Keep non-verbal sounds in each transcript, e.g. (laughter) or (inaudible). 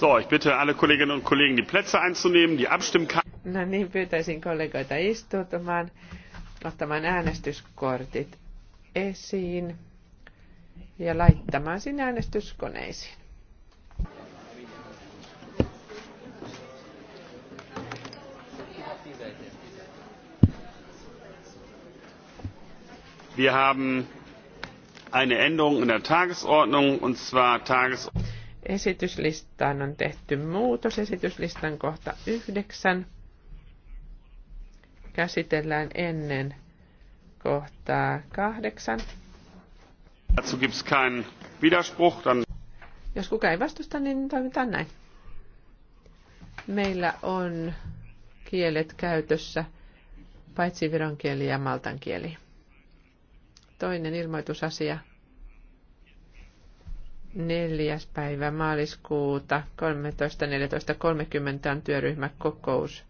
So, ich bitte alle Kolleginnen und Kollegen, die Plätze einzunehmen, die Abstimmkarten. No niin, pyytäisin kollegoita istuutumaan, ottamaan äänestyskortit esiin ja laittamaan sinne äänestyskoneisiin. Wir haben eine Änderung in der Tagesordnung und zwar Tagesordnung Esityslistaan on tehty muutos. Esityslistan kohta yhdeksän käsitellään ennen kohtaa kahdeksan. Dazu gibt's keinen Widerspruch, dann... Jos kuka ei vastusta, niin toimitaan näin. Meillä on kielet käytössä, paitsi viron kieli ja maltan kieli. Toinen ilmoitusasia – 4. päivä maaliskuuta 13.14.30 on työryhmäkokous.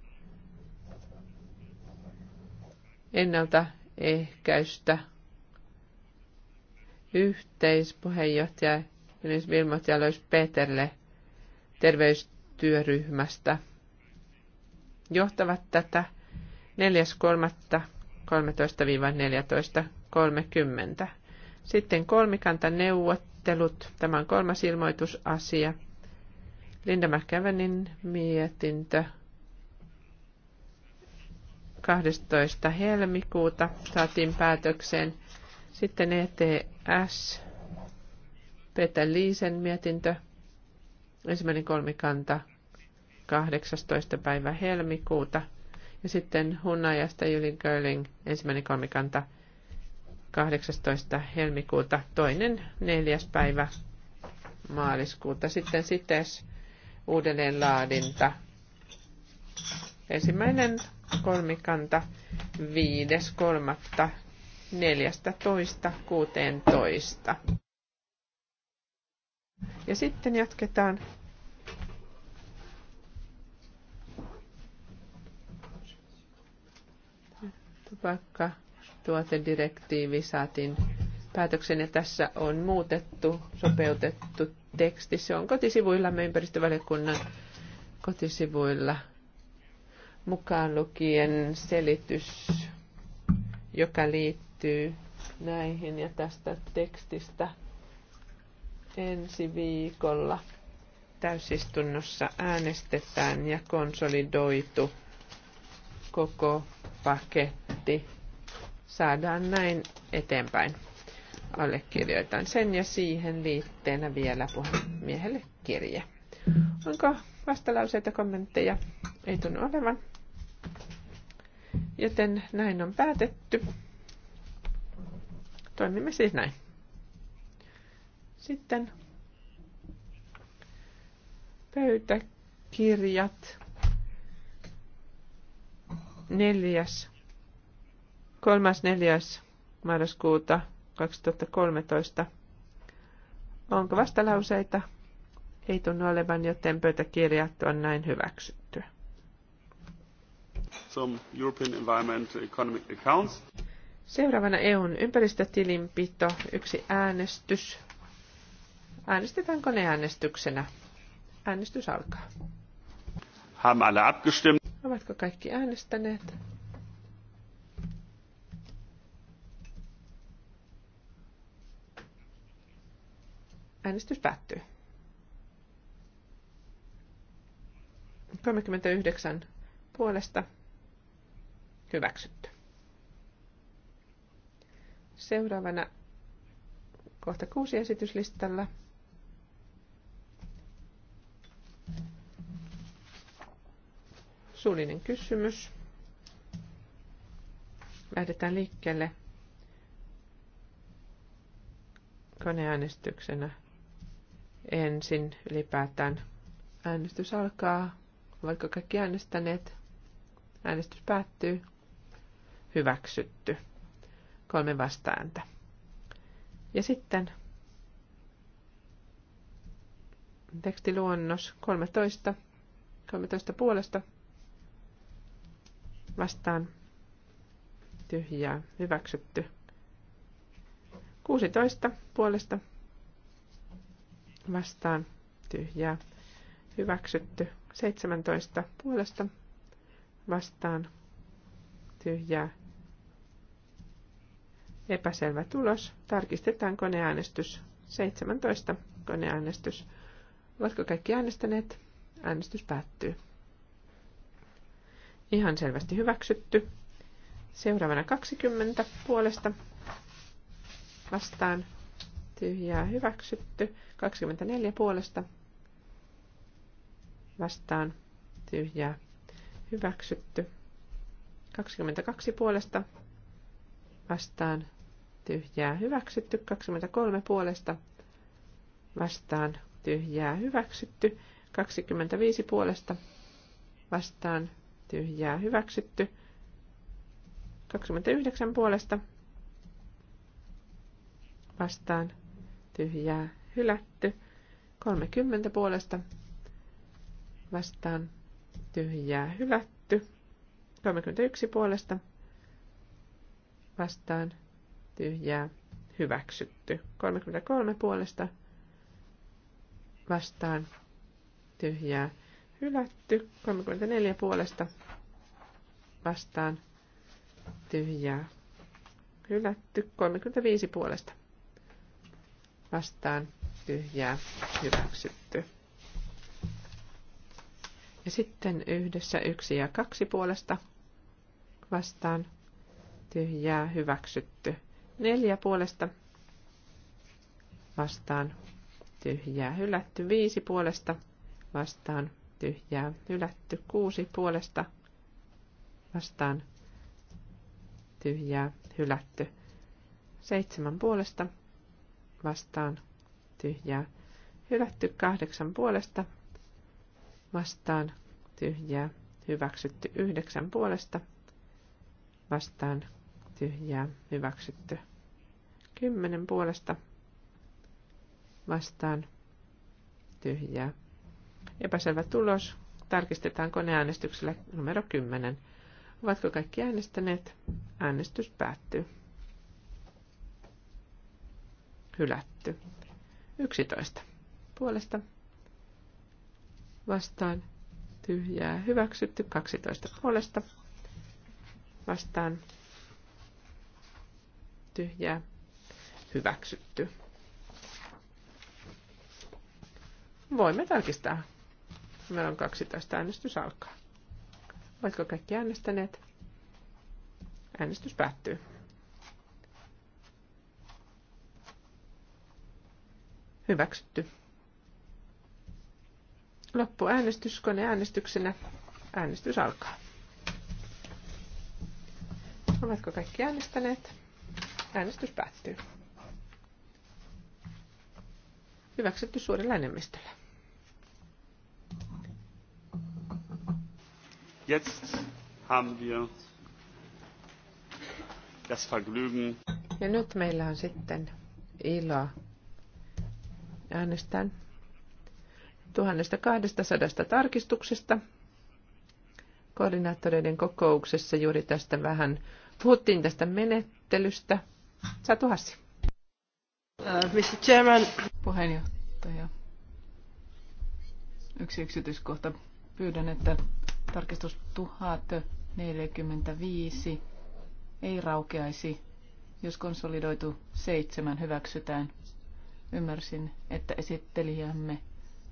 Ennaltaehkäystä yhteispuheenjohtaja Ylis Vilmot ja Löys Peterle terveystyöryhmästä johtavat tätä 4.3. 1430 Sitten kolmikanta neuvot onnittelut. Tämä on kolmas ilmoitusasia. Linda McCavenin mietintö 12. helmikuuta saatiin päätökseen. Sitten ETS, Peter Liisen mietintö, ensimmäinen kolmikanta 18. päivä helmikuuta. Ja sitten Hunnajasta Jylin Görling, ensimmäinen kolmikanta 18. helmikuuta, toinen neljäs päivä maaliskuuta. Sitten sites uudelleen laadinta. Ensimmäinen kolmikanta kolmatta 5.3. toista Ja sitten jatketaan vaikka tuotedirektiivi saatiin päätöksen ja tässä on muutettu, sopeutettu teksti. Se on me ympäristövaliokunnan kotisivuilla mukaan lukien selitys, joka liittyy näihin ja tästä tekstistä ensi viikolla täysistunnossa äänestetään ja konsolidoitu koko paketti saadaan näin eteenpäin. Allekirjoitan sen ja siihen liitteenä vielä puhemiehelle kirje. Onko vastalauseita, kommentteja? Ei tunnu olevan. Joten näin on päätetty. Toimimme siis näin. Sitten pöytäkirjat. Neljäs 3.4. marraskuuta 2013. Onko vastalauseita? Ei tunnu olevan, joten pöytäkirjat on näin hyväksytty. Some European Environment Economic Accounts. Seuraavana EUn ympäristötilinpito, yksi äänestys. ne äänestyksenä? Äänestys alkaa. Haben alle abgestimmt? Ovatko kaikki äänestäneet? Äänestys päättyy. 39 puolesta hyväksytty. Seuraavana kohta kuusi esityslistalla. Suullinen kysymys. Lähdetään liikkeelle koneäänestyksenä ensin ylipäätään äänestys alkaa. Ovatko kaikki äänestäneet? Äänestys päättyy. Hyväksytty. Kolme vastaääntä. Ja sitten tekstiluonnos 13. 13 puolesta vastaan tyhjää hyväksytty. 16 puolesta vastaan tyhjää hyväksytty. 17 puolesta vastaan tyhjää epäselvä tulos. Tarkistetaan koneäänestys. 17 koneäänestys. Ovatko kaikki äänestäneet? Äänestys päättyy. Ihan selvästi hyväksytty. Seuraavana 20 puolesta vastaan tyhjää hyväksytty. 24 puolesta vastaan tyhjää hyväksytty. 22 puolesta vastaan tyhjää hyväksytty. 23 puolesta vastaan tyhjää hyväksytty. 25 puolesta vastaan tyhjää hyväksytty. 29 puolesta vastaan tyhjää hylätty. 30 puolesta vastaan tyhjää hylätty. 31 puolesta vastaan tyhjää hyväksytty. 33 puolesta vastaan tyhjää hylätty. 34 puolesta vastaan tyhjää hylätty. 35 puolesta vastaan tyhjää hyväksytty. Ja sitten yhdessä yksi ja kaksi puolesta vastaan tyhjää hyväksytty. Neljä puolesta vastaan tyhjää hylätty. Viisi puolesta vastaan tyhjää hylätty. Kuusi puolesta vastaan tyhjää hylätty. Seitsemän puolesta vastaan tyhjää. Hylätty kahdeksan puolesta vastaan tyhjää. Hyväksytty yhdeksän puolesta vastaan tyhjää. Hyväksytty kymmenen puolesta vastaan tyhjää. Epäselvä tulos. Tarkistetaan koneäänestyksellä numero 10. Ovatko kaikki äänestäneet? Äänestys päättyy hylätty. 11. Puolesta vastaan tyhjää hyväksytty. 12. Puolesta vastaan tyhjää hyväksytty. Voimme tarkistaa. Meillä on 12 äänestys alkaa. Oletko kaikki äänestäneet? Äänestys päättyy. Hyväksytty. Loppu äänestyskone äänestyksenä Äänestys alkaa. Oletko kaikki äänestäneet? Äänestys päättyy. Hyväksytty suurella enemmistöllä. Jetzt haben wir das Vergnügen. Ja nyt meillä on sitten ilo äänestään 1200 tarkistuksesta. Koordinaattoreiden kokouksessa juuri tästä vähän puhuttiin tästä menettelystä. Satu Hassi. Uh, Mr. Chairman. Puheenjohtaja. Yksi yksityiskohta. Pyydän, että tarkistus 1045 ei raukeaisi, jos konsolidoitu seitsemän hyväksytään. Ymmärsin, että esittelijämme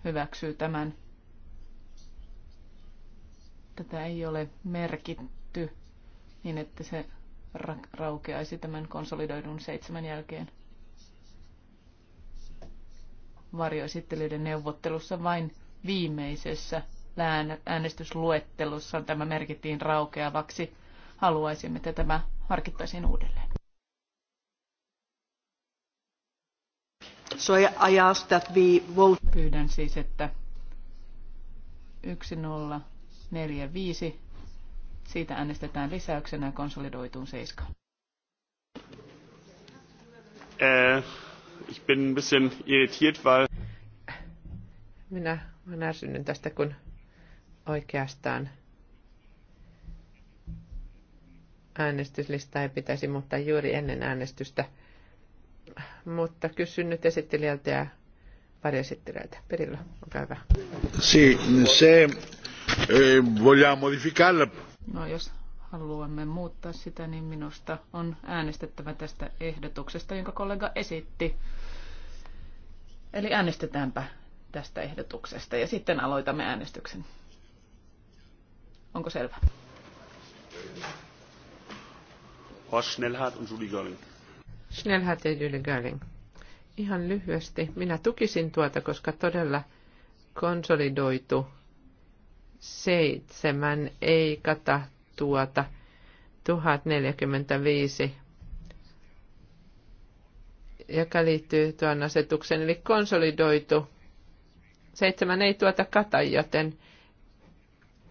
hyväksyy tämän. Tätä ei ole merkitty niin, että se ra- raukeaisi tämän konsolidoidun seitsemän jälkeen. Varjoesittelijöiden neuvottelussa vain viimeisessä äänestysluettelussa tämä merkittiin raukeavaksi. Haluaisimme, että tämä harkittaisiin uudelleen. So I ask that we vote. Pyydän siis, että 1045 siitä äänestetään lisäyksenä konsolidoituun seiskaan. Äh, ich bin ein bisschen irritiert, weil... Minä, minä ärsynnin tästä, kun oikeastaan äänestyslista ei pitäisi mutta juuri ennen äänestystä – mutta kysyn nyt esittelijältä ja varjoesittelijältä. Perillä, olkaa hyvä. Si, se eh, voidaan modificarla. No jos haluamme muuttaa sitä, niin minusta on äänestettävä tästä ehdotuksesta, jonka kollega esitti. Eli äänestetäänpä tästä ehdotuksesta ja sitten aloitamme äänestyksen. Onko selvä? Horst Schnellhardt und Julie Görling. Schnellhäte Jyli Ihan lyhyesti. Minä tukisin tuota, koska todella konsolidoitu seitsemän ei kata tuota 1045, joka liittyy tuon asetuksen, Eli konsolidoitu seitsemän ei tuota kata, joten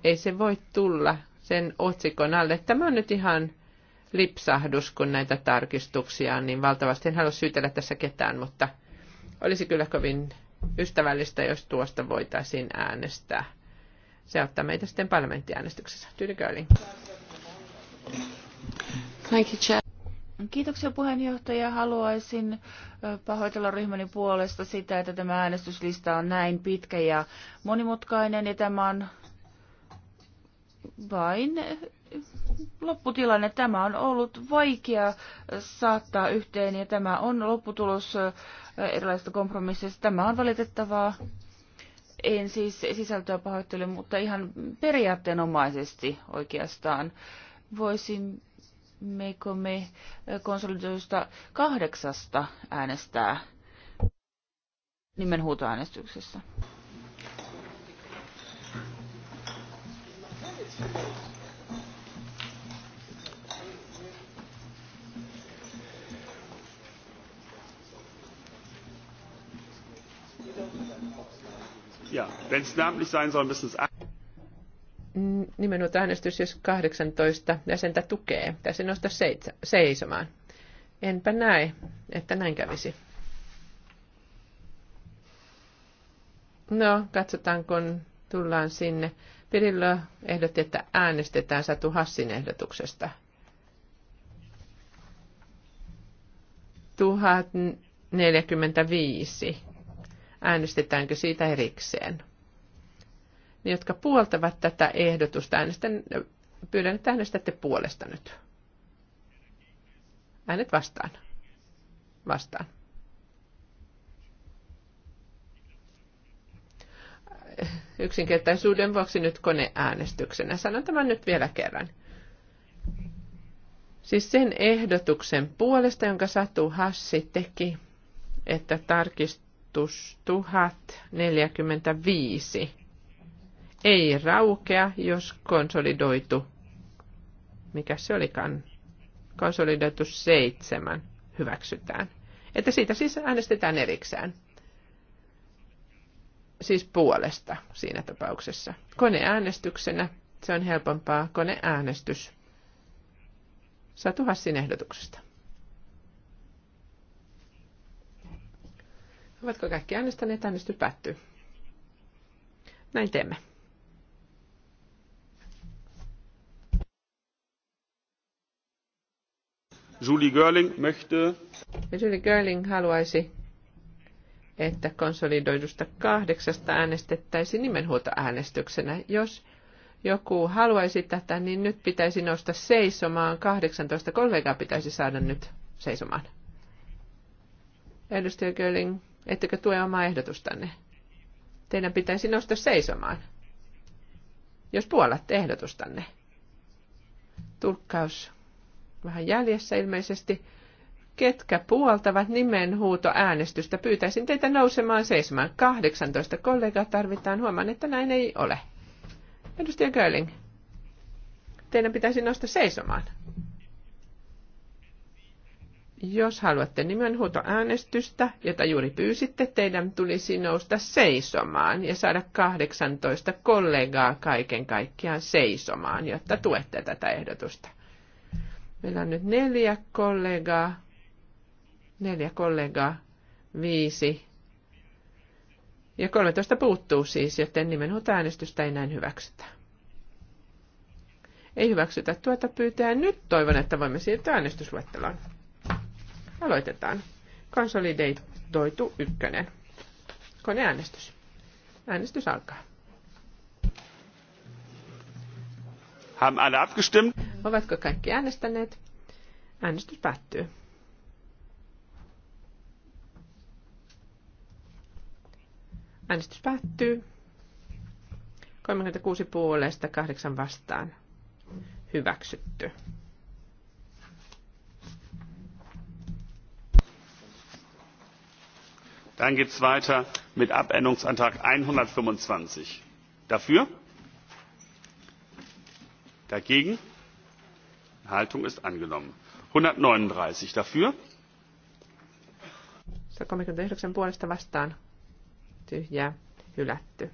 ei se voi tulla sen otsikon alle. Tämä on nyt ihan lipsahdus, kun näitä tarkistuksia on niin valtavasti. En halua syytellä tässä ketään, mutta olisi kyllä kovin ystävällistä, jos tuosta voitaisiin äänestää. Se ottaa meitä sitten parlamenttiäänestyksessä. Tyylikööliin. Kiitoksia puheenjohtaja. Haluaisin pahoitella ryhmäni puolesta sitä, että tämä äänestyslista on näin pitkä ja monimutkainen ja tämä on vain lopputilanne. Tämä on ollut vaikea saattaa yhteen ja tämä on lopputulos äh, erilaisista kompromisseista. Tämä on valitettavaa. En siis sisältöä pahoittele, mutta ihan periaatteenomaisesti oikeastaan voisin meikö me äh, konsolidoista kahdeksasta äänestää nimenhuutoäänestyksessä. Thank you. Ja, wenn es namentlich sein soll, müssen es Nimenomaan äänestys, jos siis 18 jäsentä tukee. Tässä nostaa seisomaan. Enpä näe, että näin kävisi. No, katsotaan kun tullaan sinne. Pirillo ehdotti, että äänestetään Satu Hassin ehdotuksesta. 1045 äänestetäänkö siitä erikseen. Ne, jotka puoltavat tätä ehdotusta, äänestän, pyydän, että äänestätte puolesta nyt. Äänet vastaan. Vastaan. Yksinkertaisuuden vuoksi nyt koneäänestyksenä. Sanon tämän nyt vielä kerran. Siis sen ehdotuksen puolesta, jonka Satu Hassi teki, että tarkist tarkistus 1045 ei raukea, jos konsolidoitu, mikä se olikaan, konsolidoitu seitsemän hyväksytään. Että siitä siis äänestetään erikseen. Siis puolesta siinä tapauksessa. Koneäänestyksenä se on helpompaa koneäänestys. Satu Hassin ehdotuksesta. Ovatko kaikki äänestäneet? Äänestys päättyy. Näin teemme. Julie Görling möchte. Julie Görling haluaisi, että konsolidoidusta kahdeksasta äänestettäisiin äänestyksenä, Jos joku haluaisi tätä, niin nyt pitäisi nousta seisomaan. 18 kollegaa pitäisi saada nyt seisomaan. Edustaja Görling, Ettekö tue omaa ehdotustanne? Teidän pitäisi nousta seisomaan, jos puolatte ehdotustanne. Tulkkaus vähän jäljessä ilmeisesti. Ketkä puoltavat äänestystä? pyytäisin teitä nousemaan seisomaan. 18 kollegaa tarvitaan. Huomaan, että näin ei ole. Edustaja Köling, teidän pitäisi nousta seisomaan. Jos haluatte nimenhuutoäänestystä, jota juuri pyysitte, teidän tulisi nousta seisomaan ja saada 18 kollegaa kaiken kaikkiaan seisomaan, jotta tuette tätä ehdotusta. Meillä on nyt neljä kollegaa, neljä kollegaa, viisi. Ja 13 puuttuu siis, joten nimenhuutoäänestystä ei näin hyväksytä ei hyväksytä tuota pyytää. Nyt toivon, että voimme siirtyä äänestysluetteloon. Aloitetaan. Konsolideitoitu ykkönen. Koneäänestys. Äänestys alkaa. Haben alle abgestimmt? Ovatko kaikki äänestäneet? Äänestys päättyy. Äänestys päättyy. 36 puolesta, 8 vastaan. Hyväksytty. Dann geht es weiter mit änderungsantrag einhundertfünfundzwanzig Dafür? Dagegen? Enthaltung ist angenommen. einhundertneununddreißig dafür. 139 puolesta vastaan. Tyhjää. Hylätty.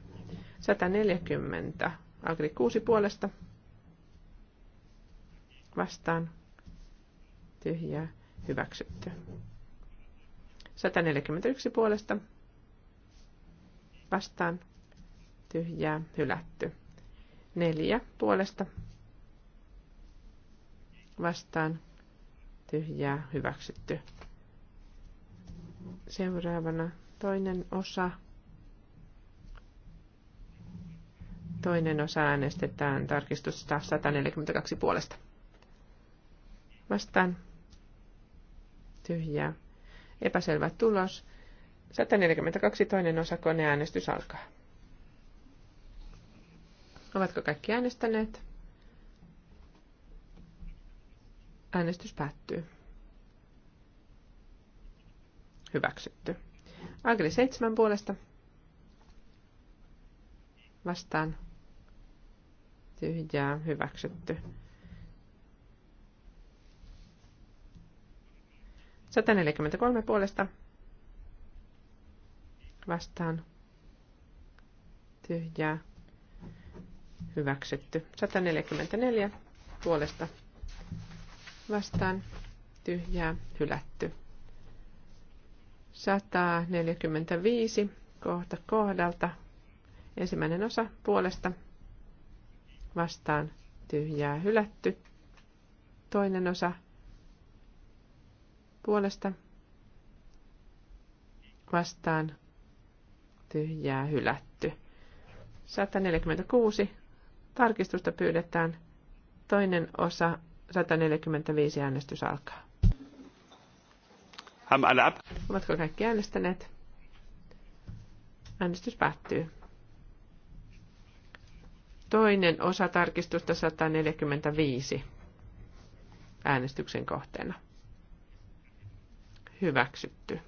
140. Agri 6 puolesta. Vastaan. Tyhjää. Hyväksytty. 141 puolesta vastaan tyhjää hylätty. 4 puolesta vastaan tyhjää hyväksytty. Seuraavana toinen osa. Toinen osa äänestetään tarkistusta 142 puolesta. Vastaan tyhjää Epäselvä tulos. 142 toinen osa koneäänestys alkaa. Ovatko kaikki äänestäneet? Äänestys päättyy. Hyväksytty. Agri 7 puolesta. Vastaan. Tyhjää. Hyväksytty. 143 puolesta vastaan tyhjää hyväksytty. 144 puolesta vastaan tyhjää hylätty. 145 kohta kohdalta ensimmäinen osa puolesta vastaan tyhjää hylätty. Toinen osa puolesta vastaan tyhjää hylätty. 146 tarkistusta pyydetään. Toinen osa 145 äänestys alkaa. Ovatko kaikki äänestäneet? Äänestys päättyy. Toinen osa tarkistusta 145 äänestyksen kohteena hyväksytty.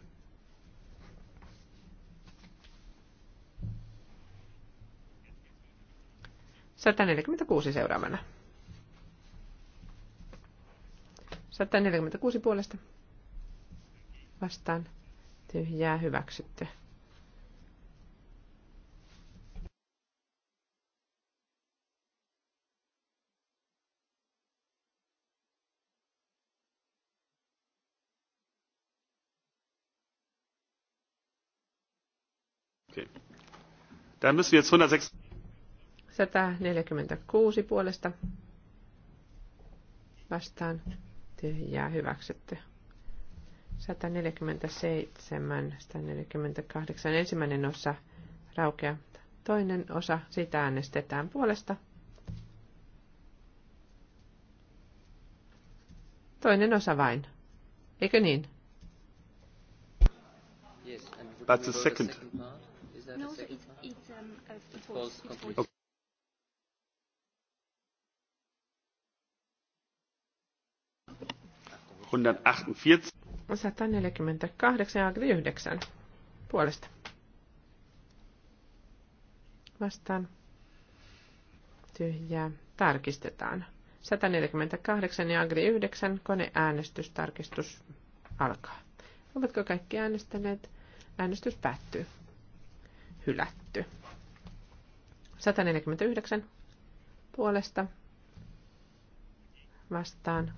Sata neljäkymmentäkuusi seuraavana. 146 puolesta vastaan tyhjää hyväksytty. Da müssen 146 puolesta vastaan tyhjää hyväksytty. 147, 148, ensimmäinen osa raukea. Toinen osa, sitä äänestetään puolesta. Toinen osa vain, eikö niin? That's the second it 148 ja 9 puolesta. Vastaan. Tyhjää. Tarkistetaan. 148 ja Agri 9 koneäänestystarkistus alkaa. Ovatko kaikki äänestäneet? Äänestys päättyy. Hylätty. 149 puolesta vastaan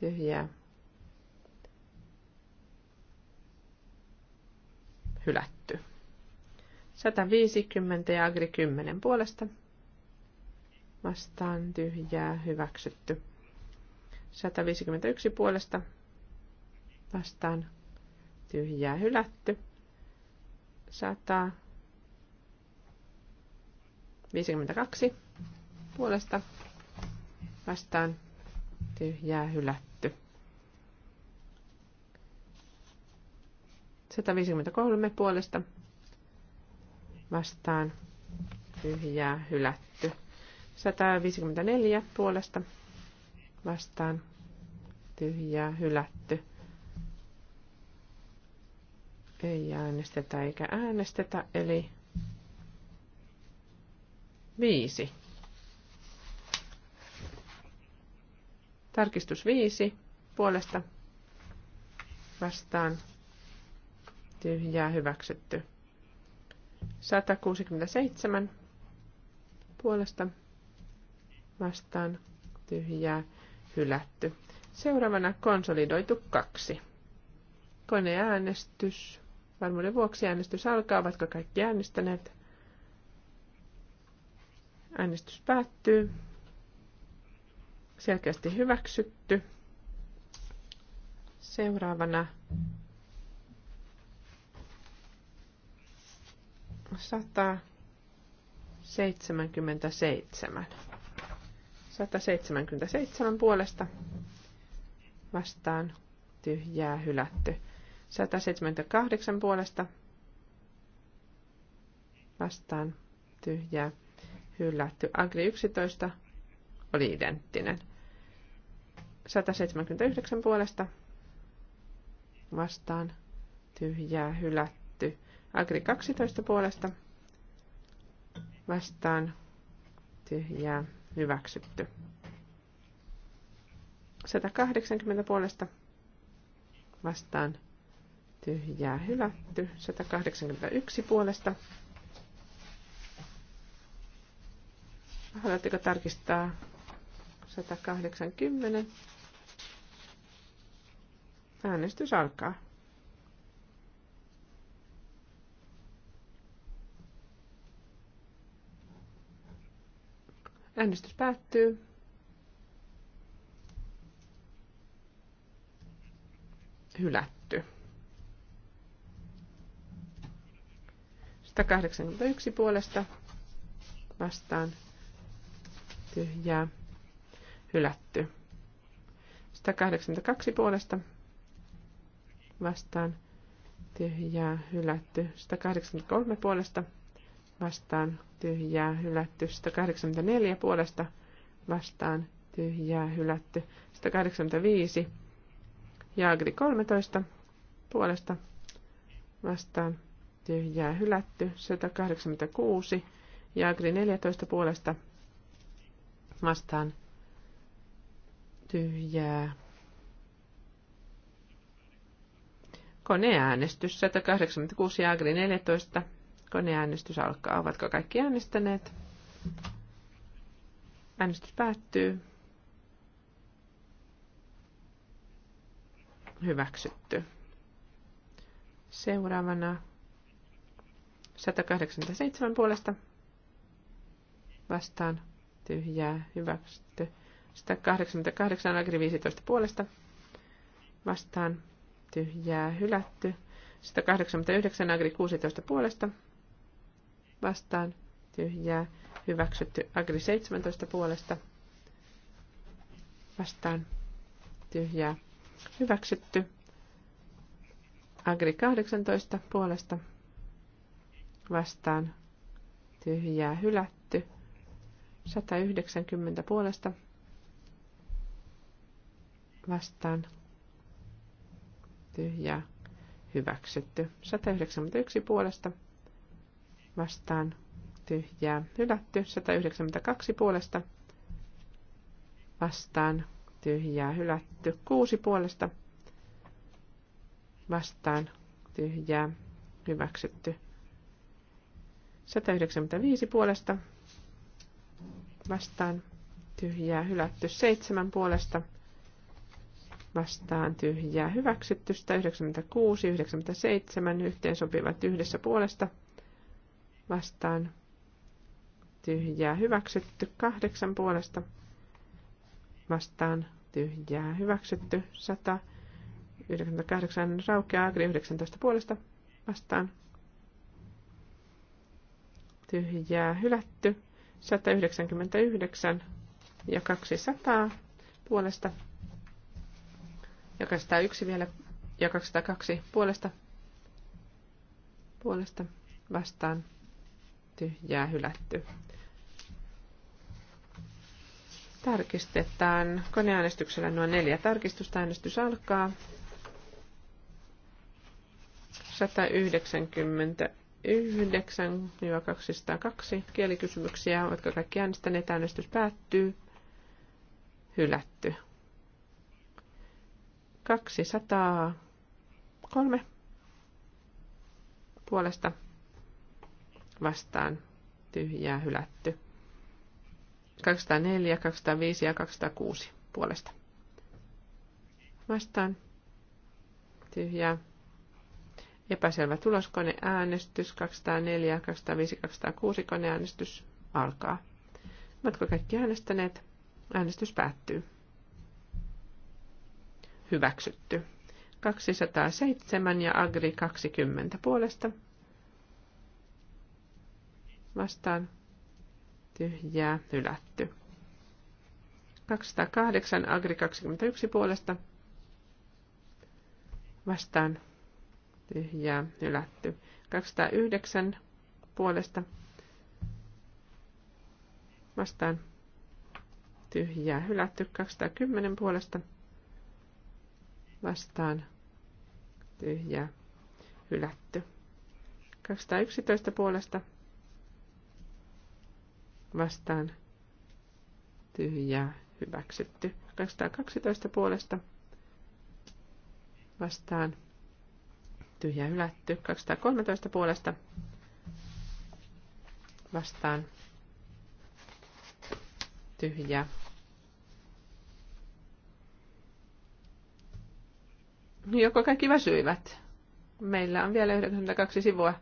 tyhjää hylätty. 150 ja agri 10 puolesta vastaan tyhjää hyväksytty. 151 puolesta vastaan tyhjää hylätty. 100 52 puolesta vastaan tyhjää hylätty. 153 puolesta vastaan tyhjää hylätty. 154 puolesta vastaan tyhjää hylätty. Ei äänestetä eikä äänestetä, eli Viisi. Tarkistus viisi puolesta vastaan tyhjää hyväksytty. 167 puolesta vastaan tyhjää hylätty. Seuraavana konsolidoitu kaksi. Koneäänestys. Varmuuden vuoksi äänestys alkaa. Ovatko kaikki äänestäneet? Äänestys päättyy. Selkeästi hyväksytty. Seuraavana 177. 177 puolesta vastaan tyhjää hylätty. 178 puolesta vastaan tyhjää hylätty. Agri 11 oli identtinen. 179 puolesta vastaan tyhjää hylätty. Agri 12 puolesta vastaan tyhjää hyväksytty. 180 puolesta vastaan tyhjää hylätty. 181 puolesta vastaan Haluatteko tarkistaa 180? Äänestys alkaa. Äänestys päättyy. Hylätty. 181 puolesta vastaan tyhjää hylätty. 182 puolesta vastaan tyhjää hylätty. 183 puolesta vastaan tyhjää hylätty. 184 puolesta vastaan tyhjää hylätty. 185 Jaagri 13 puolesta vastaan tyhjää hylätty. 186 Jaagri 14 puolesta vastaan tyhjää. Koneäänestys 186 ja Agri 14. Koneäänestys alkaa. Ovatko kaikki äänestäneet? Äänestys päättyy. Hyväksytty. Seuraavana 187 puolesta vastaan tyhjää hyväksytty. 188 agri 15 puolesta vastaan tyhjää hylätty. 189 agri 16 puolesta vastaan tyhjää hyväksytty. Agri 17 puolesta vastaan tyhjää hyväksytty. Agri 18 puolesta vastaan tyhjää hylätty. 190 puolesta vastaan tyhjää hyväksytty. 191 puolesta vastaan tyhjää hylätty. 192 puolesta vastaan tyhjää hylätty. 6 puolesta vastaan tyhjää hyväksytty. 195 puolesta vastaan tyhjää hylätty 7 puolesta vastaan tyhjää hyväksytty 196, 97 yhteensopivat yhdessä puolesta vastaan tyhjää hyväksytty 8 puolesta vastaan tyhjää hyväksytty 100 98 raukeaa Agri 19 puolesta vastaan tyhjää hylätty 199 ja 200 puolesta ja 201 vielä ja 202 puolesta puolesta vastaan tyhjää hylätty. Tarkistetaan koneäänestyksellä nuo neljä tarkistusta. Äänestys alkaa. 190 109-202 kielikysymyksiä. Oletko kaikki äänestäneet? Äänestys päättyy. Hylätty. 203 puolesta vastaan tyhjää hylätty. 204, 205 ja 206 puolesta. Vastaan tyhjää Epäselvä tuloskoneäänestys 204, 205, 206 koneäänestys alkaa. Oletko kaikki äänestäneet? Äänestys päättyy. Hyväksytty. 207 ja Agri 20 puolesta. Vastaan tyhjää hylätty. 208 Agri 21 puolesta. Vastaan tyhjää hylätty. 209 puolesta vastaan tyhjää hylätty. 210 puolesta vastaan tyhjää hylätty. 211 puolesta vastaan tyhjää hyväksytty. 212 puolesta vastaan tyhjä hylätty. 213 puolesta vastaan tyhjä. Joko kaikki väsyivät? Meillä on vielä 92 sivua.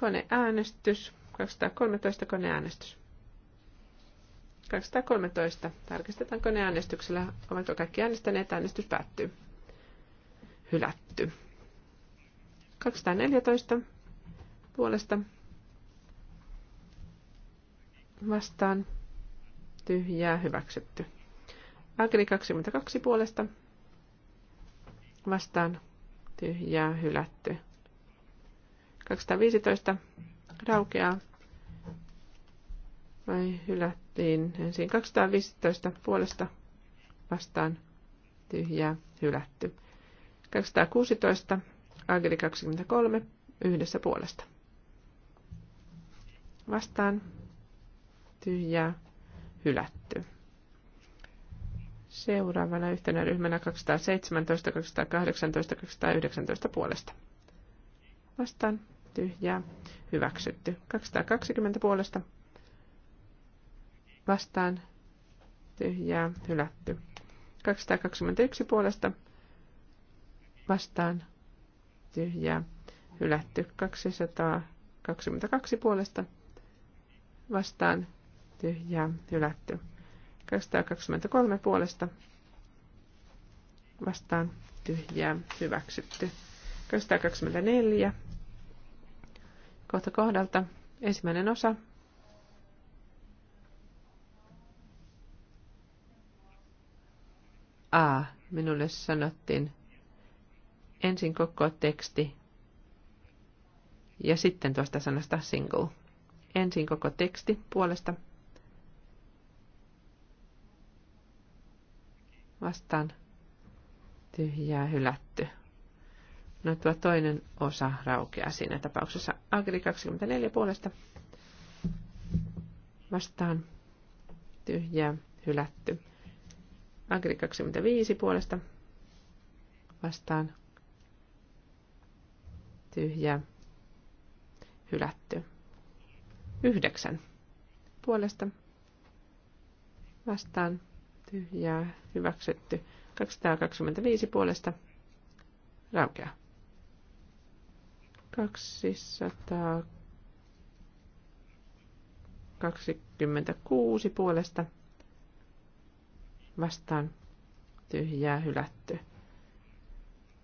Koneäänestys. 213 koneäänestys. 213. Tarkistetaan koneäänestyksellä. Ovatko kaikki äänestäneet? Äänestys päättyy. Hylätty. 214 puolesta vastaan tyhjää hyväksytty. Agri 22 puolesta vastaan tyhjää hylätty. 215 raukeaa. Vai hylättiin ensin 215 puolesta vastaan tyhjää hylätty. 216 Agri 23 yhdessä puolesta. Vastaan tyhjää hylätty. Seuraavana yhtenä ryhmänä 217, 218, 219 puolesta. Vastaan tyhjää hyväksytty. 220 puolesta. Vastaan tyhjää hylätty. 221 puolesta vastaan tyhjää hylätty 222 puolesta vastaan tyhjää hylätty 223 puolesta vastaan tyhjää hyväksytty 224 kohta kohdalta ensimmäinen osa A. Minulle sanottiin ensin koko teksti ja sitten tuosta sanasta single. Ensin koko teksti puolesta vastaan tyhjää hylätty. No tuo toinen osa raukeaa siinä tapauksessa. Agri 24 puolesta vastaan tyhjää hylätty. Agri 25 puolesta vastaan tyhjä, hylätty. Yhdeksän. Puolesta vastaan tyhjää, hyväksytty. 225 puolesta raukea. 226 puolesta vastaan tyhjää hylätty.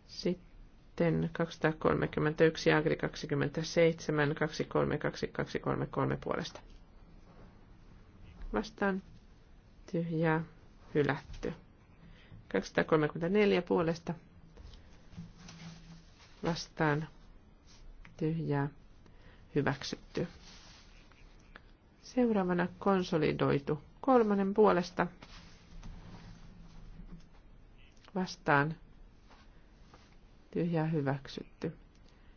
Sitten sitten 231 Agri 27 232233 puolesta. Vastaan tyhjää hylätty. 234 puolesta vastaan tyhjää hyväksytty. Seuraavana konsolidoitu kolmannen puolesta vastaan tyhjää hyväksytty.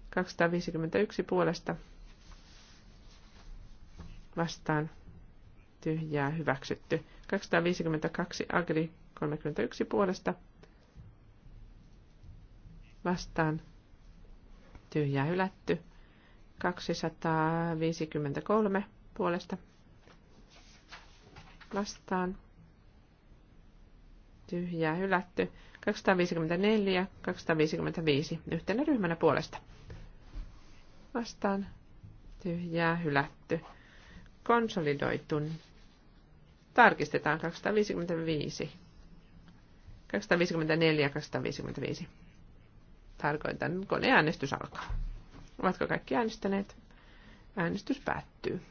251 puolesta vastaan tyhjää hyväksytty. 252 agri 31 puolesta vastaan tyhjää hylätty. 253 puolesta vastaan tyhjää hylätty. 254, 255 yhtenä ryhmänä puolesta. Vastaan tyhjää hylätty. Konsolidoitun. Tarkistetaan 255. 254, 255. Tarkoitan, koneäänestys alkaa. Ovatko kaikki äänestäneet? Äänestys päättyy.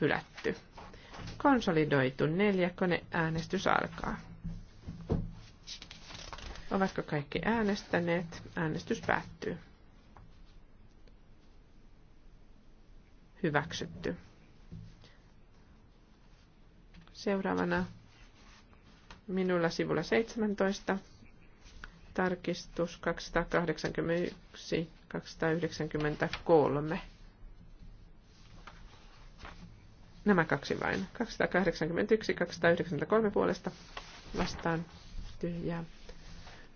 Hylätty. Konsolidoitu neljä koneäänestys alkaa. Ovatko kaikki äänestäneet? Äänestys päättyy. Hyväksytty. Seuraavana minulla sivulla 17, tarkistus 281, 293. Nämä kaksi vain. 281, 293 puolesta vastaan tyhjää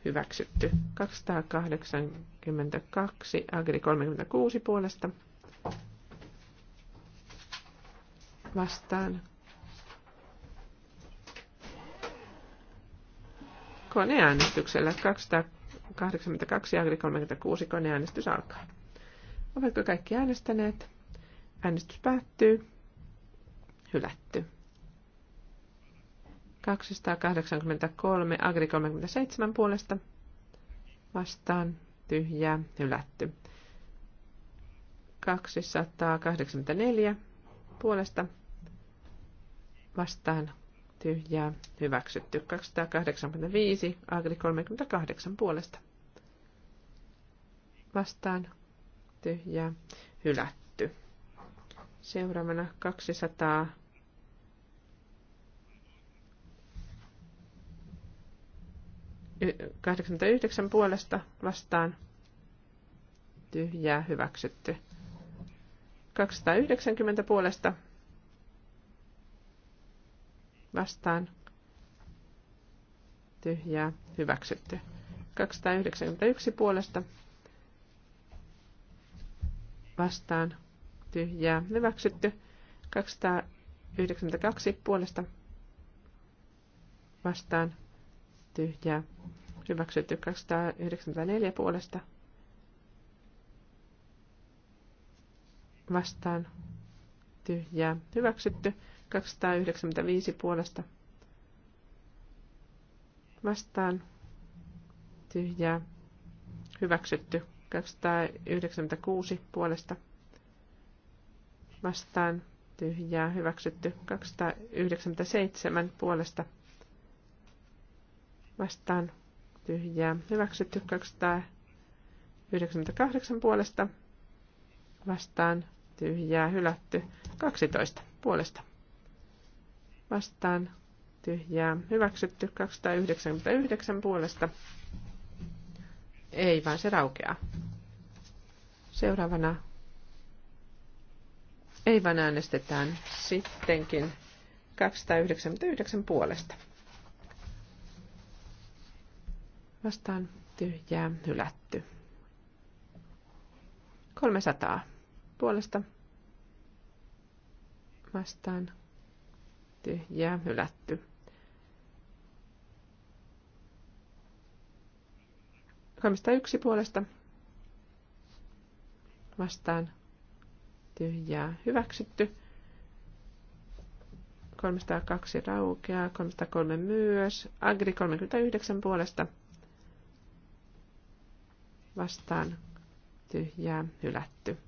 hyväksytty. 282, Agri 36 puolesta vastaan. Koneäänestyksellä 282 Agri 36 koneäänestys alkaa. Ovatko kaikki äänestäneet? Äänestys päättyy. Hylätty. 283, Agri 37 puolesta vastaan tyhjää hylätty. 284 puolesta vastaan tyhjää hyväksytty. 285, Agri 38 puolesta vastaan tyhjää hylätty. Seuraavana 200 89 puolesta vastaan tyhjää hyväksytty. 290 puolesta vastaan tyhjää hyväksytty. 291 puolesta vastaan tyhjää hyväksytty. 292 puolesta vastaan tyhjää. Hyväksytty 294 puolesta. Vastaan tyhjää. Hyväksytty 295 puolesta. Vastaan tyhjää. Hyväksytty 296 puolesta. Vastaan tyhjää. Hyväksytty 297 puolesta vastaan tyhjää. Hyväksytty 298 puolesta vastaan tyhjää. Hylätty 12 puolesta vastaan tyhjää. Hyväksytty 299 puolesta. Ei, vaan se raukeaa. Seuraavana ei vaan äänestetään sittenkin 299 puolesta Vastaan tyhjää hylätty. 300 puolesta vastaan tyhjää hylätty. 301 puolesta vastaan tyhjää hyväksytty. 302 raukeaa, 303 myös, Agri 39 puolesta vastaan tyhjää hylätty.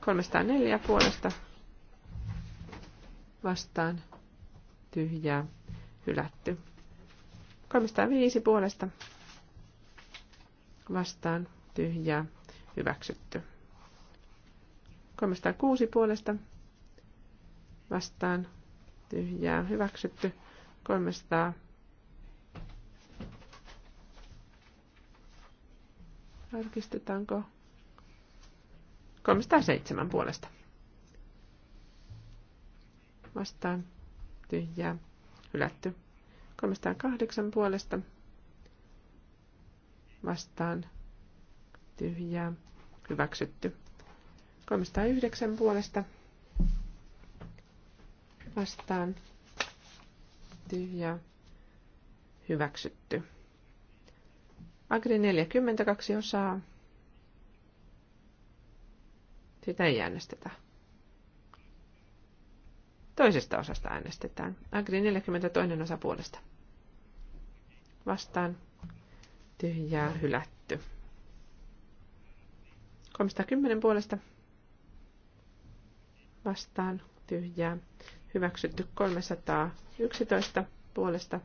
304 puolesta vastaan tyhjää hylätty. 305 puolesta vastaan tyhjää hyväksytty. 306 puolesta vastaan tyhjää hyväksytty. 300 Tarkistetaanko? 307 puolesta. Vastaan tyhjää, hylätty. 308 puolesta. Vastaan tyhjää, hyväksytty. 309 puolesta. Vastaan tyhjää, hyväksytty. Agri 42 osaa. Sitä ei äänestetä. Toisesta osasta äänestetään. Agri 42 osa puolesta. Vastaan. Tyhjää hylätty. 310 puolesta. Vastaan. Tyhjää. Hyväksytty 311 puolesta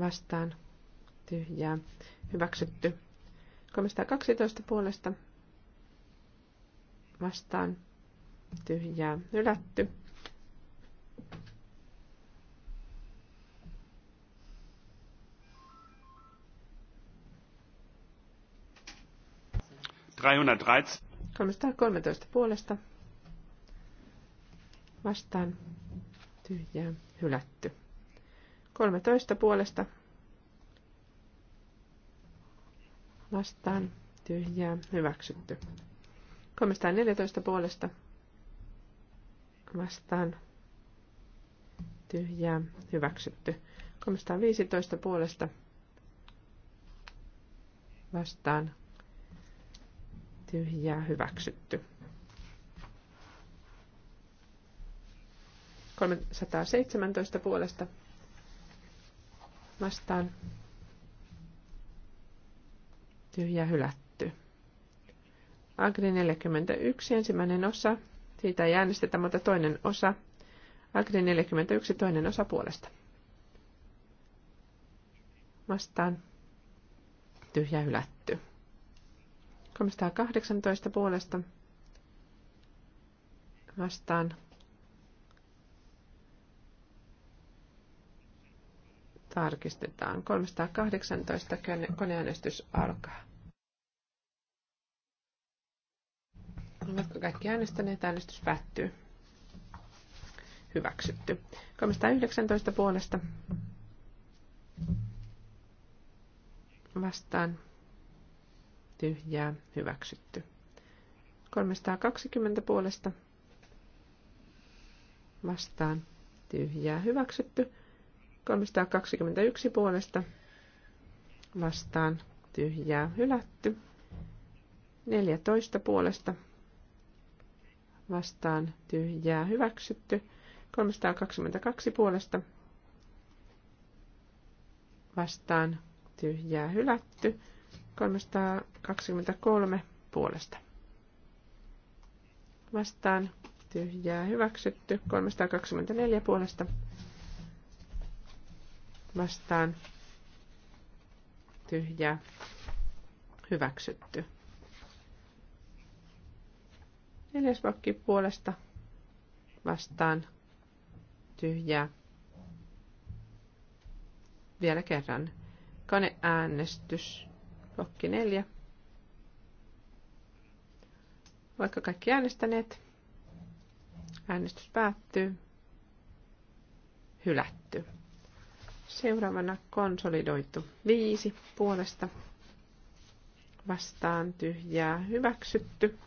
vastaan tyhjää hyväksytty. 312 puolesta vastaan tyhjää hylätty. kolmetoista puolesta vastaan tyhjää hylätty. 13 puolesta vastaan tyhjää hyväksytty. 314 puolesta vastaan tyhjää hyväksytty. 315 puolesta vastaan tyhjää hyväksytty. 317 puolesta vastaan tyhjä hylätty. Agri 41, ensimmäinen osa. Siitä ei äänestetä, mutta toinen osa. Agri 41, toinen osa puolesta. Vastaan tyhjä hylätty. 318 puolesta vastaan tarkistetaan. 318 koneäänestys alkaa. Oletko kaikki äänestäneet? Äänestys päättyy. Hyväksytty. 319 puolesta. Vastaan. Tyhjää. Hyväksytty. 320 puolesta. Vastaan. Tyhjää. Hyväksytty. 321 puolesta vastaan tyhjää hylätty. 14 puolesta vastaan tyhjää hyväksytty. 322 puolesta vastaan tyhjää hylätty. 323 puolesta vastaan tyhjää hyväksytty. 324 puolesta vastaan tyhjä hyväksytty. Neljäs blokki puolesta vastaan tyhjä. Vielä kerran kaneäänestys. blokki neljä. Vaikka kaikki äänestäneet, äänestys päättyy. Hylätty. Seuraavana konsolidoitu viisi puolesta vastaan tyhjää hyväksytty.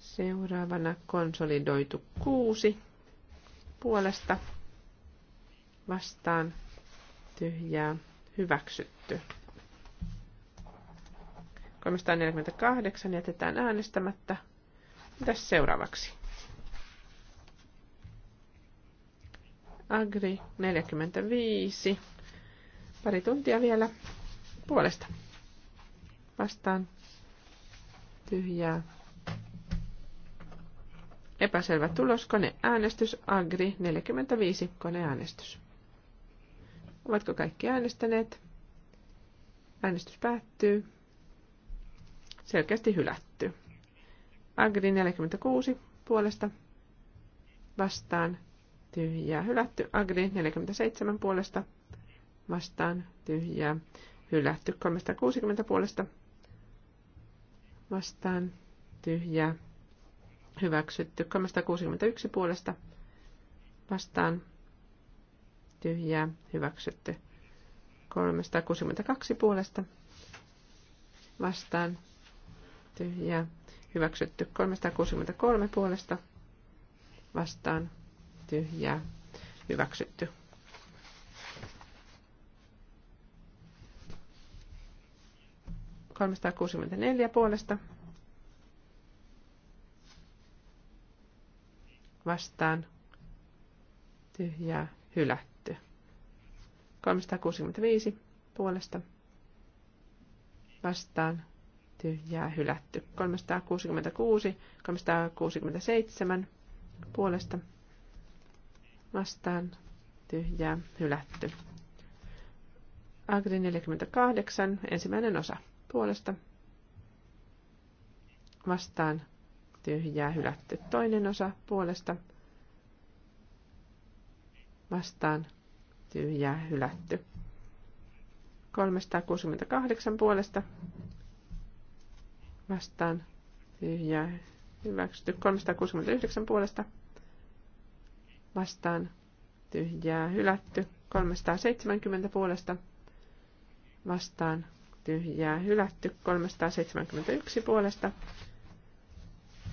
Seuraavana konsolidoitu kuusi puolesta vastaan tyhjää hyväksytty. 348 jätetään äänestämättä. Mitäs seuraavaksi? Agri 45. Pari tuntia vielä puolesta. Vastaan tyhjää. Epäselvä tulos, koneäänestys, Agri 45, koneäänestys. Ovatko kaikki äänestäneet? Äänestys päättyy. Selkeästi hylätty. Agri 46 puolesta vastaan tyhjää hylätty. Agri 47 puolesta vastaan tyhjää hylätty. 360 puolesta vastaan tyhjää hyväksytty. 361 puolesta vastaan tyhjää hyväksytty. 362 puolesta vastaan tyhjää hyväksytty. 363 puolesta vastaan tyhjää hyväksytty. Kolmesta kuusikymmentäneljä puolesta vastaan tyhjää hylätty. 365 puolesta vastaan tyhjää hylätty. 366, 367 puolesta vastaan tyhjää hylätty. Agri 48, ensimmäinen osa puolesta vastaan tyhjää hylätty. Toinen osa puolesta vastaan tyhjää hylätty. 368 puolesta vastaan tyhjää hyväksytty. 369 puolesta vastaan tyhjää hylätty. 370 puolesta vastaan tyhjää hylätty. 371 puolesta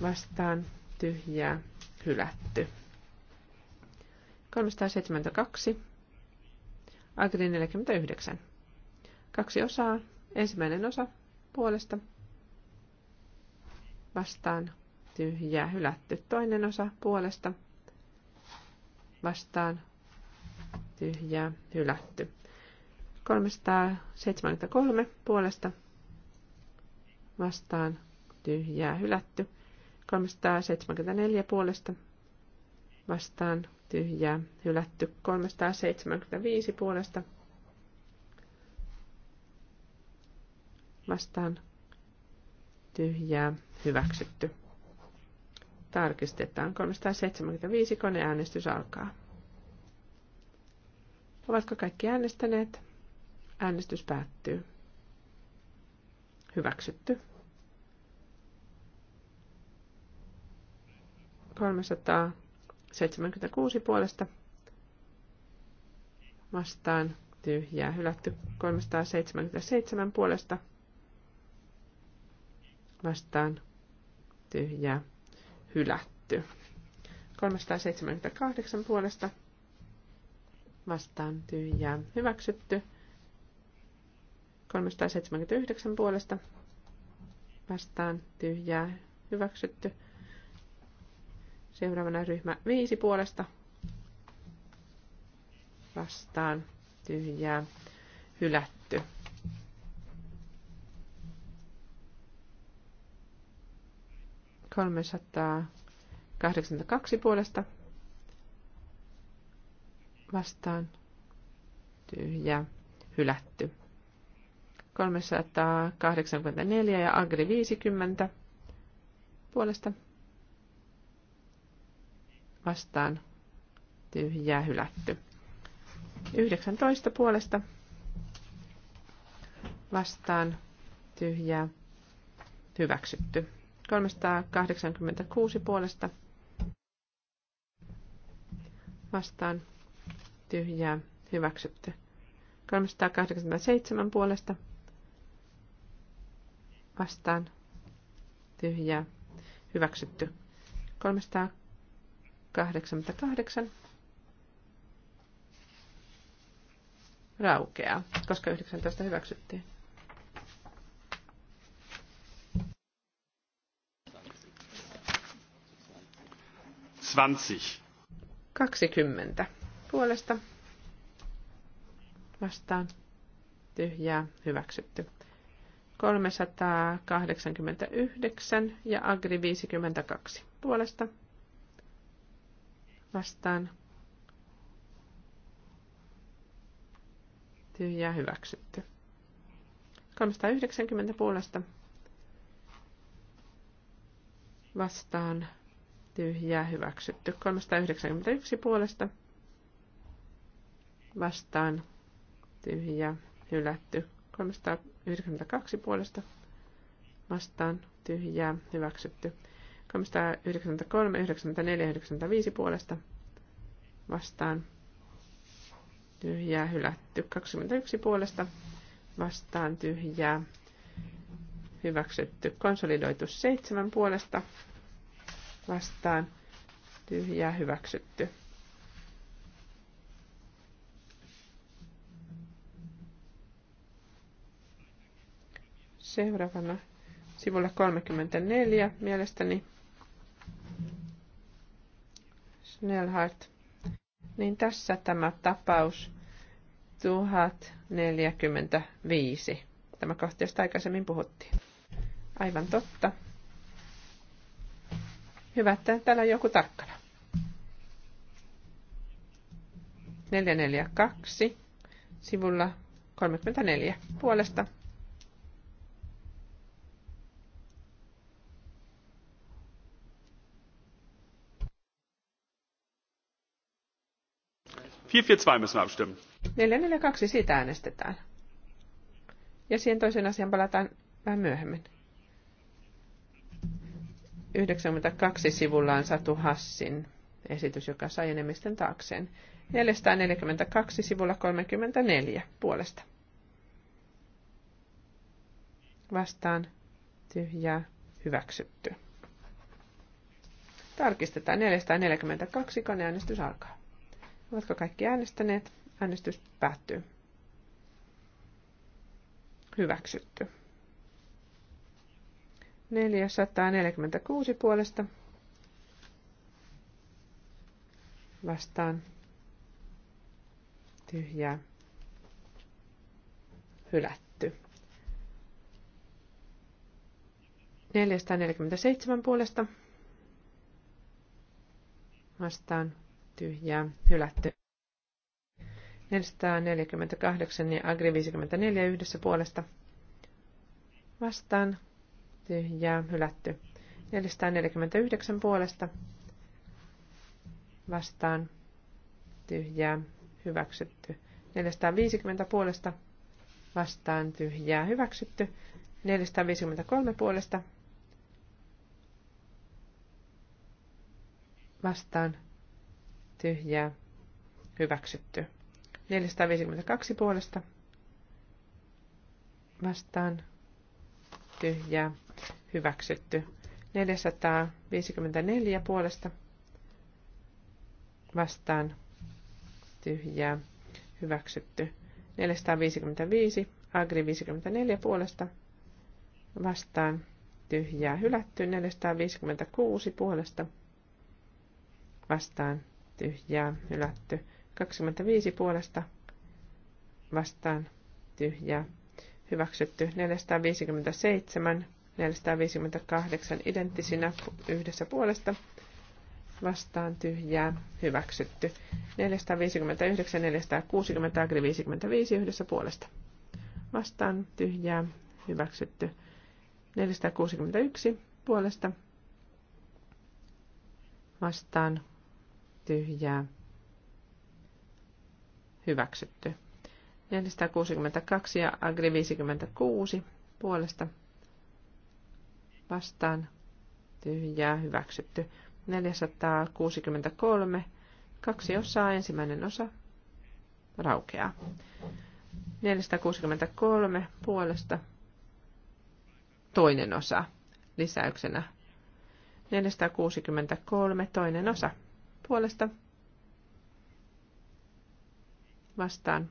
vastaan tyhjää hylätty. 372. Agri 49. Kaksi osaa. Ensimmäinen osa puolesta vastaan tyhjää hylätty. Toinen osa puolesta vastaan tyhjää hylätty. 373 puolesta vastaan tyhjää hylätty. 374 puolesta vastaan tyhjää hylätty. 375 puolesta vastaan tyhjää hyväksytty. Tarkistetaan. 375 koneäänestys alkaa. Ovatko kaikki äänestäneet? Äänestys päättyy. Hyväksytty. 376 puolesta vastaan tyhjää hylätty 377 puolesta vastaan tyhjää hylätty. 378 puolesta vastaan tyhjää hyväksytty. 379 puolesta vastaan tyhjää hyväksytty. Seuraavana ryhmä 5 puolesta vastaan tyhjää hylätty. 382 puolesta vastaan tyhjä hylätty. 384 ja Agri 50 puolesta vastaan tyhjä hylätty. 19 puolesta vastaan tyhjä hyväksytty. 386 puolesta vastaan tyhjää hyväksytty. 387 puolesta vastaan tyhjää hyväksytty. 388 raukeaa, koska 19 hyväksyttiin. 20. 20 puolesta vastaan tyhjää hyväksytty. 389 ja Agri 52 puolesta vastaan tyhjää hyväksytty. 390 puolesta vastaan tyhjää hyväksytty. 391 puolesta vastaan tyhjää hylätty. 392 puolesta vastaan tyhjää hyväksytty. 393, 94, 95 puolesta vastaan tyhjää hylätty. 21 puolesta vastaan tyhjää hyväksytty. Konsolidoitu 7 puolesta vastaan tyhjää hyväksytty. Seuraavana sivulla 34 mielestäni Snellhardt. Niin tässä tämä tapaus 1045. Tämä kohta, josta aikaisemmin puhuttiin. Aivan totta. Hyvä, että täällä on joku tarkkana. 442 sivulla 34 puolesta. müssen wir abstimmen. 442 siitä äänestetään. Ja siihen toisen asian palataan vähän myöhemmin. 92 sivullaan Satu Hassin esitys, joka sai enemmistön taakseen. 442 sivulla 34 puolesta. Vastaan tyhjää hyväksytty. Tarkistetaan 442, koneäänestys alkaa. Ovatko kaikki äänestäneet? Äänestys päättyy. Hyväksytty. 446 puolesta vastaan tyhjää hylätty. 447 puolesta vastaan tyhjää hylätty. 448 ja Agri 54 yhdessä puolesta vastaan tyhjää hylätty. 449 puolesta vastaan tyhjää hyväksytty. 450 puolesta vastaan tyhjää hyväksytty. 453 puolesta vastaan tyhjää hyväksytty. 452 puolesta vastaan tyhjää hyväksytty. 454 puolesta vastaan tyhjää hyväksytty. 455, Agri 54 puolesta vastaan tyhjää hylätty. 456 puolesta vastaan tyhjää hylätty. 25 puolesta vastaan tyhjää hyväksytty. 457 458 identtisinä yhdessä puolesta vastaan tyhjää hyväksytty. 459, 460, agri 55 yhdessä puolesta vastaan tyhjää hyväksytty. 461 puolesta vastaan tyhjää hyväksytty. 462 ja agri 56 puolesta vastaan tyhjää hyväksytty. 463, kaksi osaa, ensimmäinen osa raukeaa. 463 puolesta toinen osa lisäyksenä. 463 toinen osa puolesta vastaan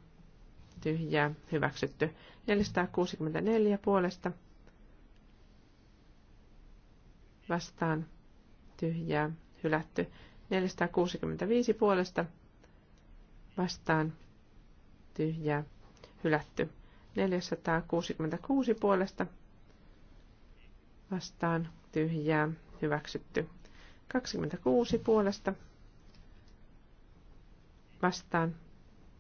tyhjää hyväksytty. 464 puolesta vastaan tyhjää hylätty. 465 puolesta vastaan tyhjää hylätty. 466 puolesta vastaan tyhjää hyväksytty. 26 puolesta vastaan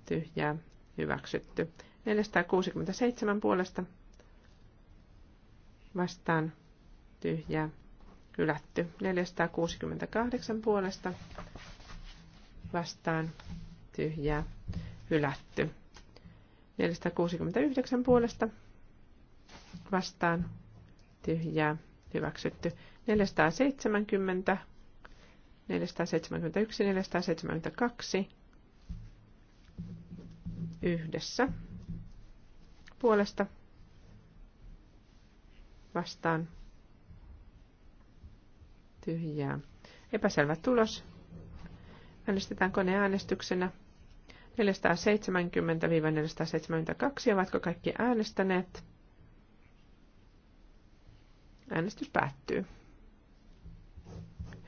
tyhjää hyväksytty. 467 puolesta vastaan tyhjää hylätty. 468 puolesta vastaan tyhjää hylätty. 469 puolesta vastaan tyhjää hyväksytty. 470, 471, 472 yhdessä puolesta vastaan tyhjää. Epäselvä tulos. Äänestetään koneäänestyksenä. 470-472. Ovatko kaikki äänestäneet? Äänestys päättyy.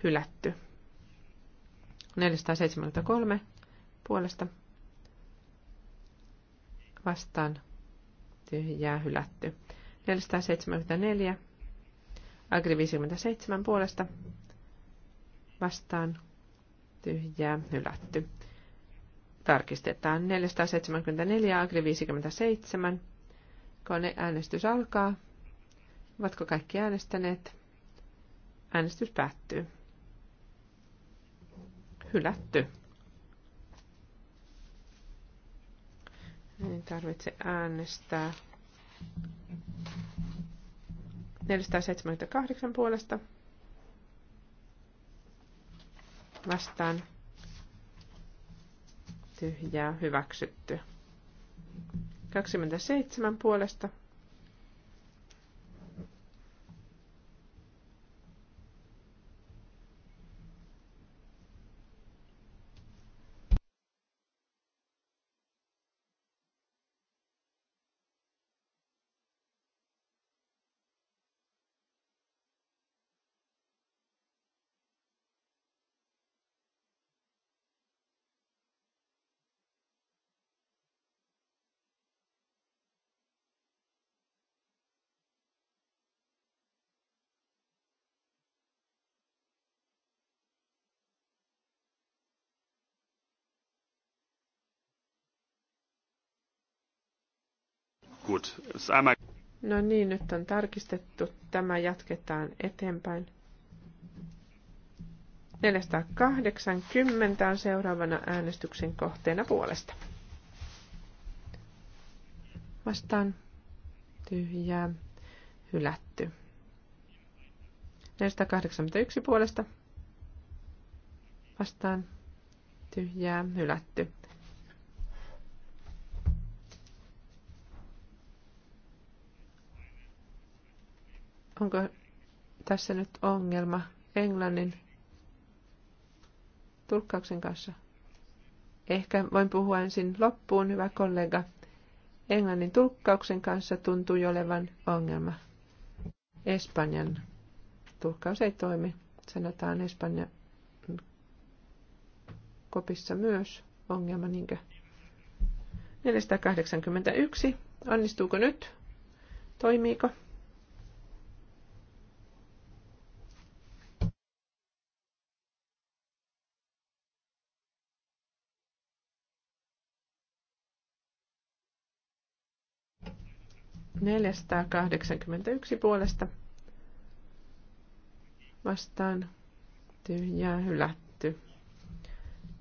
Hylätty. 473 puolesta vastaan tyhjää hylätty. 474 Agri 57 puolesta vastaan tyhjää hylätty. Tarkistetaan 474 Agri 57. Koneäänestys alkaa. Ovatko kaikki äänestäneet? Äänestys päättyy. Hylätty. Ei tarvitse äänestää. 478 puolesta vastaan tyhjää hyväksytty. 27 puolesta Gut. No niin, nyt on tarkistettu. Tämä jatketaan eteenpäin. 480 on seuraavana äänestyksen kohteena puolesta. Vastaan tyhjää, hylätty. 481 puolesta vastaan tyhjää, hylätty. Onko tässä nyt ongelma englannin tulkkauksen kanssa? Ehkä voin puhua ensin loppuun, hyvä kollega. Englannin tulkkauksen kanssa tuntui olevan ongelma. Espanjan tulkkaus ei toimi. Sanotaan Espanjan kopissa myös ongelma, niinkö? 481. Onnistuuko nyt? Toimiiko? 481 puolesta vastaan tyhjää hylätty.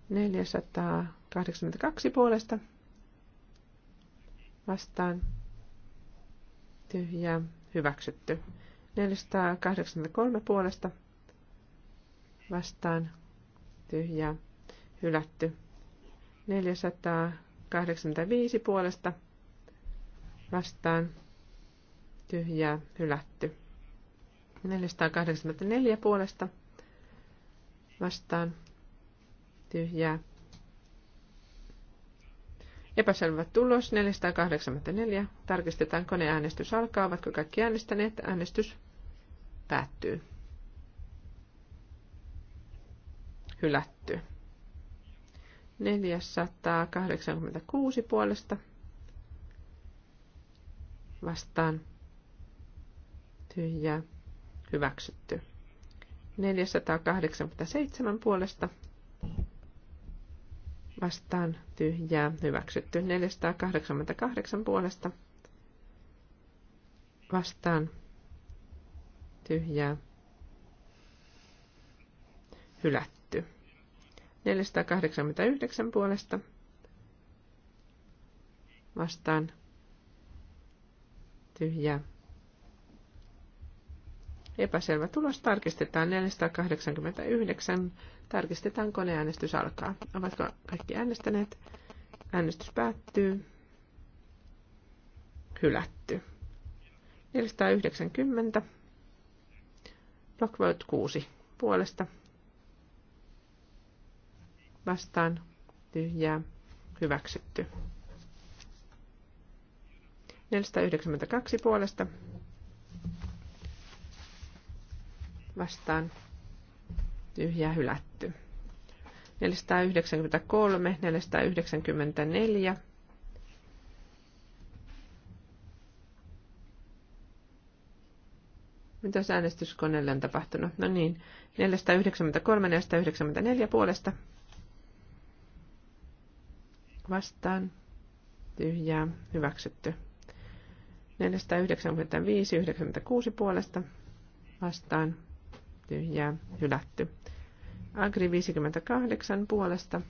482 puolesta vastaan tyhjää hyväksytty. 483 puolesta vastaan tyhjää hylätty. 485 puolesta vastaan tyhjää, hylätty. 484 puolesta vastaan tyhjää. Epäselvä tulos 484. Tarkistetaan koneäänestys alkaa. Ovatko kaikki äänestäneet? Äänestys päättyy. Hylätty. 486 puolesta vastaan tyhjää hyväksytty. 487 puolesta vastaan tyhjää hyväksytty. 488 puolesta vastaan tyhjää hylätty. 489 puolesta vastaan tyhjää Epäselvä tulos tarkistetaan 489. Tarkistetaan koneäänestys alkaa. Ovatko kaikki äänestäneet? Äänestys päättyy. Hylätty. 490. Blockvote 6 puolesta. Vastaan tyhjää. Hyväksytty. 492 puolesta vastaan tyhjä hylätty. 493, 494. Mitäs äänestyskoneelle on tapahtunut? No niin, 493, 494 puolesta. Vastaan. Tyhjää. Hyväksytty. 495, 96 puolesta. Vastaan tyhjää hylätty. Agri 58 puolesta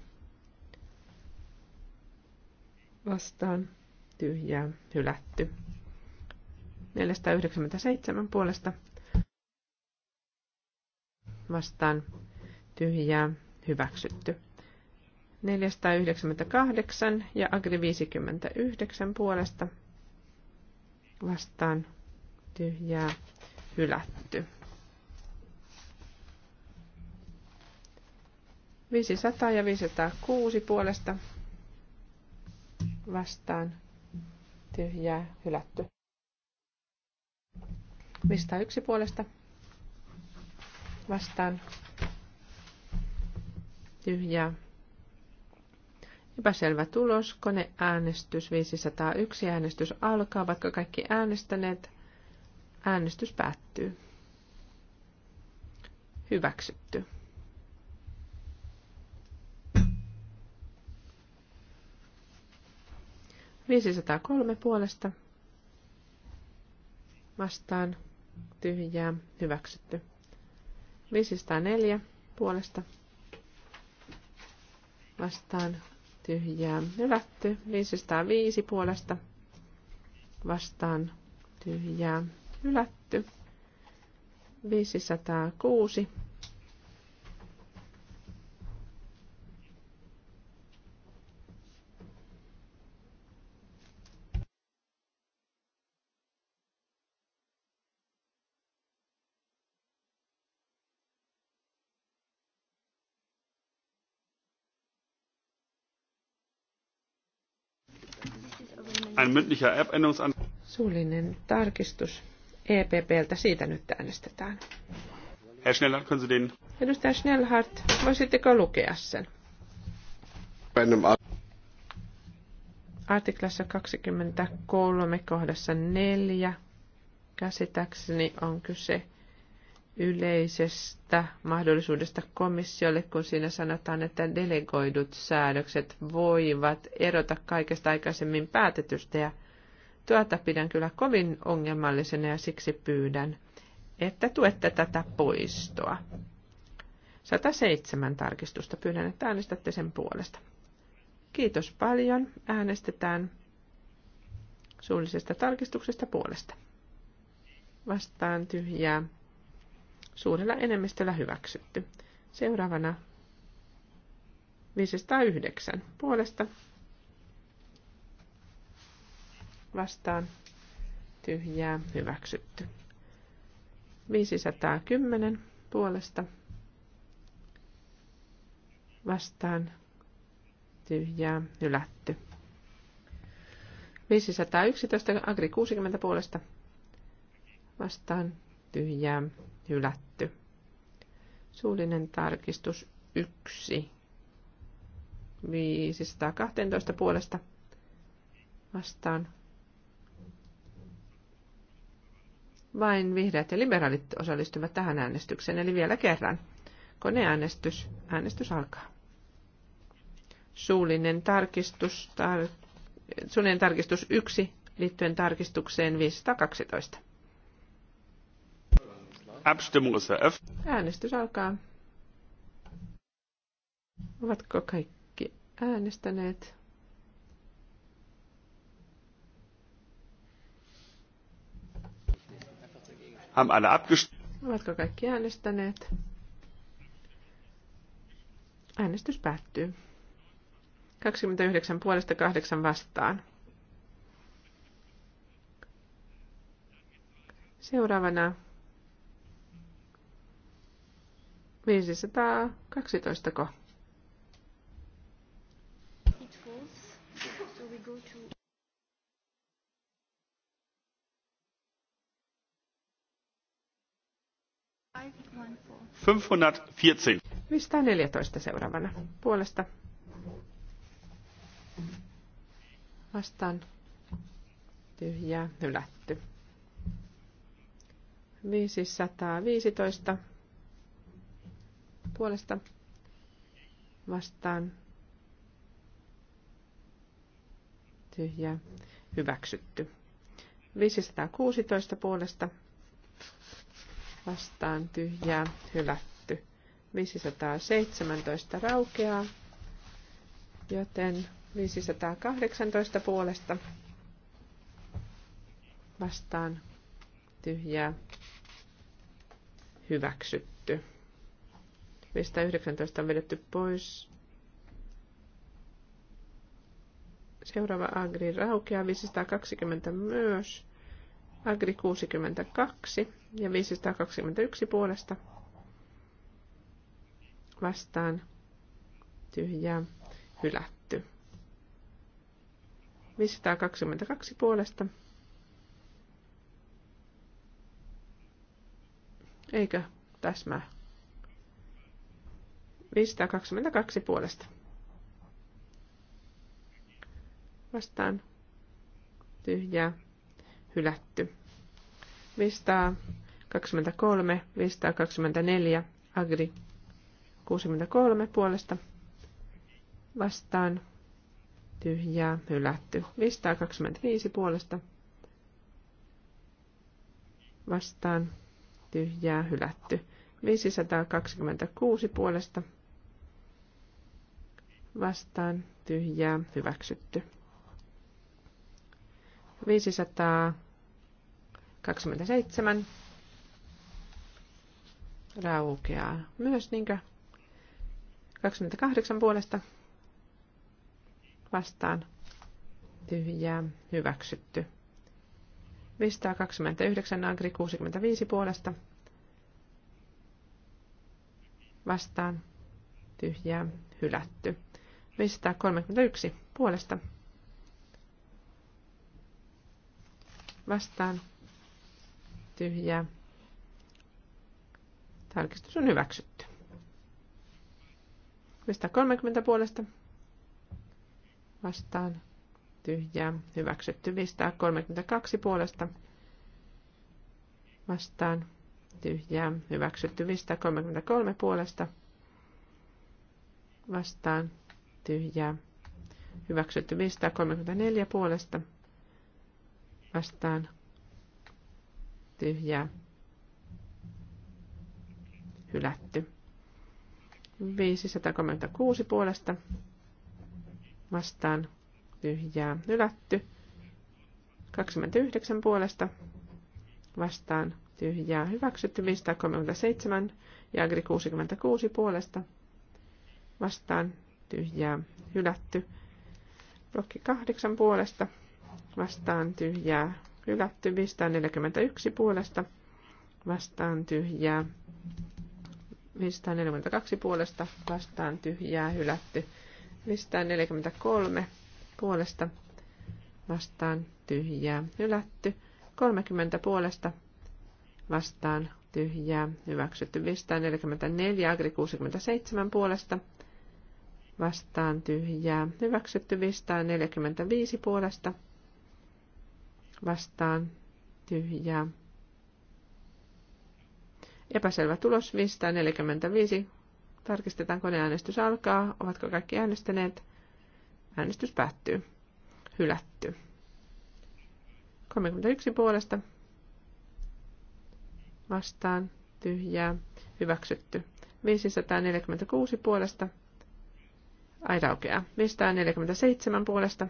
vastaan tyhjää hylätty. 497 puolesta vastaan tyhjää hyväksytty. 498 ja Agri 59 puolesta vastaan tyhjää hylätty. 500 ja 506 puolesta vastaan tyhjää hylätty. 501 puolesta vastaan tyhjää. Epäselvä tulos, koneäänestys 501, äänestys alkaa, vaikka kaikki äänestäneet, äänestys päättyy. Hyväksytty. 503 puolesta vastaan tyhjää hyväksytty. 504 puolesta vastaan tyhjää hylätty. 505 puolesta vastaan tyhjää hylätty. 506 Ein mündlicher Erbänderungsantrag. Suullinen tarkistus EPPltä. Siitä nyt äänestetään. Herr Schnellhardt, können Sie den... Edustaja Schnellhardt, voisitteko lukea sen? Artiklassa 23 kohdassa 4 käsittääkseni on kyse yleisestä mahdollisuudesta komissiolle, kun siinä sanotaan, että delegoidut säädökset voivat erota kaikesta aikaisemmin päätetystä. Ja tuota pidän kyllä kovin ongelmallisena ja siksi pyydän, että tuette tätä poistoa. 107 tarkistusta pyydän, että äänestätte sen puolesta. Kiitos paljon. Äänestetään suullisesta tarkistuksesta puolesta. Vastaan tyhjää suurella enemmistöllä hyväksytty. Seuraavana 509 puolesta vastaan tyhjää hyväksytty. 510 puolesta vastaan tyhjää hylätty. 511 Agri 60 puolesta vastaan tyhjää hylätty. Suullinen tarkistus 1. 512 puolesta vastaan. Vain vihreät ja liberaalit osallistuvat tähän äänestykseen, eli vielä kerran. Koneäänestys. Äänestys alkaa. Suullinen tarkistus, tar, suullinen tarkistus 1 liittyen tarkistukseen 512. Abstimmung ist eröffnet. Äänestys alkaa. Ovatko kaikki äänestäneet? Haben alle abgestimmt? Ovatko kaikki äänestäneet? Äänestys päättyy. 29 puolesta 8 vastaan. Seuraavana 512 ko. Fünfhundertvierzehn. 14 seuraavana puolesta. Vastaan tyhjää hylätty. 515 puolesta vastaan tyhjä hyväksytty. 516 puolesta vastaan tyhjää hylätty. 517 raukeaa, joten 518 puolesta vastaan tyhjää hyväksytty. 519 on vedetty pois. Seuraava Agri raukeaa 520 myös. Agri 62 ja 521 puolesta vastaan tyhjää hylätty. 522 puolesta. Eikö täsmää? 522 puolesta. Vastaan tyhjää, hylätty. 523, 524, agri 63 puolesta vastaan, tyhjää, hylätty. 525 puolesta vastaan, tyhjää, hylätty. 526 puolesta vastaan tyhjää hyväksytty. 527 raukeaa myös niinkö 28 puolesta vastaan tyhjää hyväksytty. 529 Agri 65 puolesta vastaan tyhjää hylätty. 531 puolesta vastaan tyhjää. Tarkistus on hyväksytty. 530 puolesta vastaan tyhjää. Hyväksytty 532 puolesta vastaan tyhjää. Hyväksytty 533 puolesta vastaan tyhjää. Hyväksytty 534 puolesta vastaan tyhjää. Hylätty. 536 puolesta vastaan tyhjää. Hylätty. 29 puolesta vastaan tyhjää. Hyväksytty 537 ja Agri 66 puolesta vastaan tyhjää hylätty. Blokki kahdeksan puolesta vastaan tyhjää hylätty. 541 puolesta vastaan tyhjää 542 puolesta vastaan tyhjää hylätty. 543 puolesta vastaan tyhjää hylätty. 30 puolesta vastaan tyhjää hyväksytty. 544 agri 67 puolesta vastaan tyhjää. Hyväksytty 545 puolesta vastaan tyhjää. Epäselvä tulos 545. Tarkistetaan koneäänestys alkaa. Ovatko kaikki äänestäneet? Äänestys päättyy. Hylätty. 31 puolesta vastaan tyhjää. Hyväksytty. 546 puolesta Ai raukeaa. 547 puolesta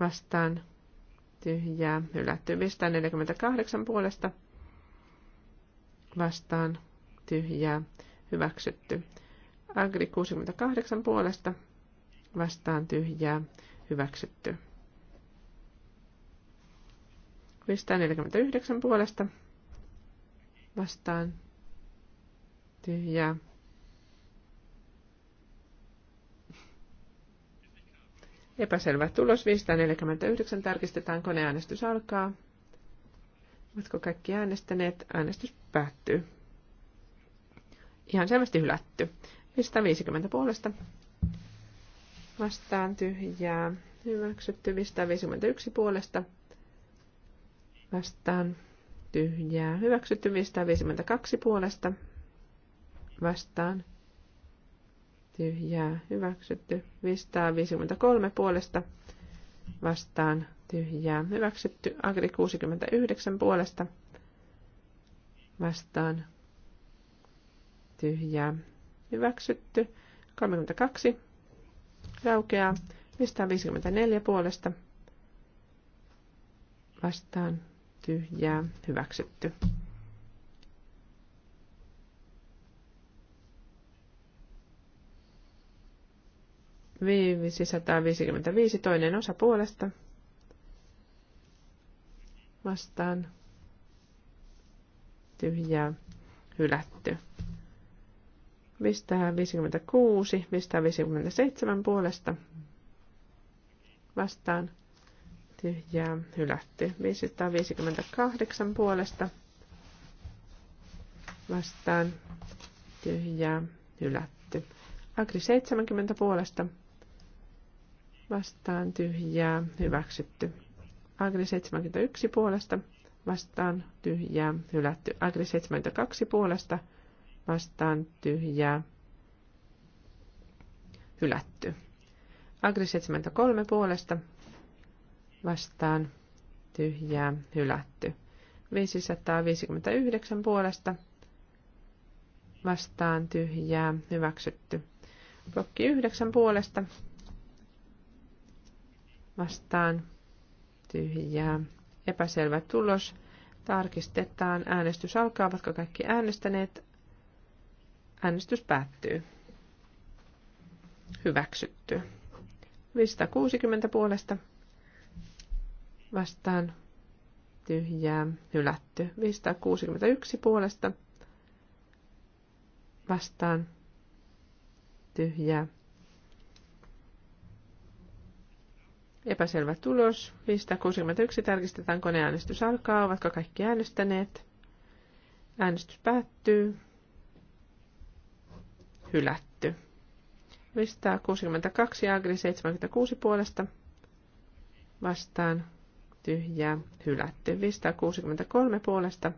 vastaan tyhjää hylätty. 548 puolesta vastaan tyhjää hyväksytty. Agri 68 puolesta vastaan tyhjää hyväksytty. 549 puolesta vastaan tyhjää Epäselvä tulos 549 tarkistetaan koneäänestys alkaa. Oletko kaikki äänestäneet? Äänestys päättyy. Ihan selvästi hylätty. 550 puolesta. Vastaan tyhjää. Hyväksytty 551 puolesta. Vastaan tyhjää. Hyväksytty 552 puolesta. Vastaan tyhjää hyväksytty. 553 puolesta vastaan tyhjää hyväksytty. Agri 69 puolesta vastaan tyhjää hyväksytty. 32 raukeaa. 554 puolesta vastaan tyhjää hyväksytty. 555 toinen osa puolesta vastaan tyhjää hylätty. 556, 557 puolesta vastaan tyhjää hylätty. 558 puolesta vastaan tyhjää hylätty. Agri 70 puolesta vastaan tyhjää hyväksytty. Agri 71 puolesta vastaan tyhjää hylätty. Agri 72 puolesta vastaan tyhjää hylätty. Agri 73 puolesta vastaan tyhjää hylätty. 559 puolesta vastaan tyhjää hyväksytty. Blokki 9 puolesta vastaan tyhjää. Epäselvä tulos. Tarkistetaan. Äänestys alkaa. Ovatko kaikki äänestäneet? Äänestys päättyy. Hyväksytty. 560 puolesta vastaan tyhjää, hylätty. 561 puolesta vastaan tyhjää, Epäselvä tulos. 561 tarkistetaan koneäänestys alkaa. Ovatko kaikki äänestäneet? Äänestys päättyy. Hylätty. 562 Agri 76 puolesta. Vastaan. Tyhjää. Hylätty. 563 puolesta.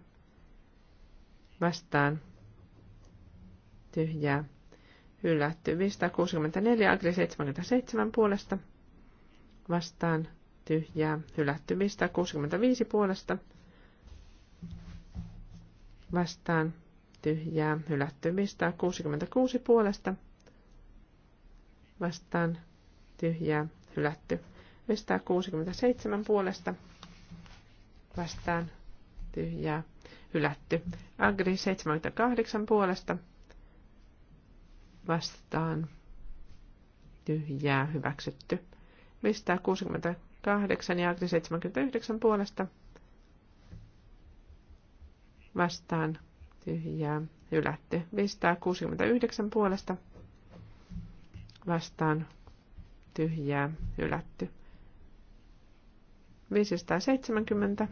Vastaan. Tyhjää. Hylätty. 564 Agri 77 puolesta vastaan tyhjää hylätty 565 puolesta vastaan tyhjää hylätty 566 puolesta vastaan tyhjää hylätty 567 puolesta vastaan tyhjää hylätty Agri 78 puolesta vastaan tyhjää hyväksytty 568 ja Agri 79 puolesta vastaan tyhjää hylätty. 569 puolesta vastaan tyhjää hylätty. 570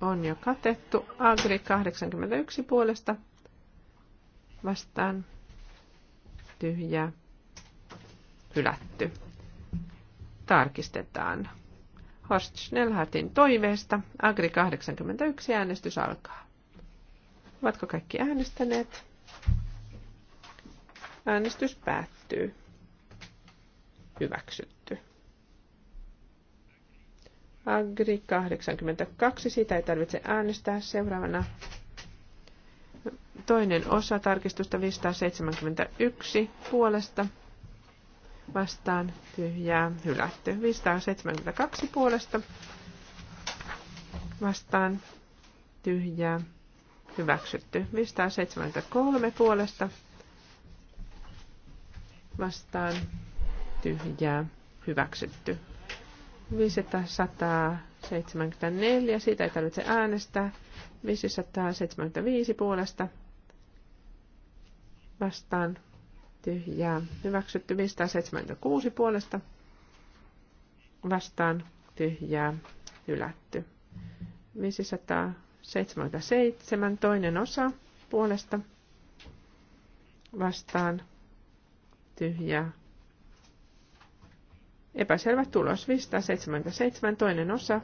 on jo katettu. Agri 81 puolesta vastaan tyhjä, hylätty. Tarkistetaan. Horst Schnellhartin toiveesta Agri 81 äänestys alkaa. Ovatko kaikki äänestäneet? Äänestys päättyy. Hyväksytty. Agri 82, siitä ei tarvitse äänestää. Seuraavana Toinen osa tarkistusta 571 puolesta vastaan tyhjää hylätty. 572 puolesta vastaan tyhjää hyväksytty. 573 puolesta vastaan tyhjää hyväksytty. 574, siitä ei tarvitse äänestää. 575 puolesta vastaan tyhjää. Hyväksytty 576 puolesta vastaan tyhjää. Hylätty. 577 toinen osa puolesta vastaan tyhjää Epäselvä tulos. 577, toinen osa.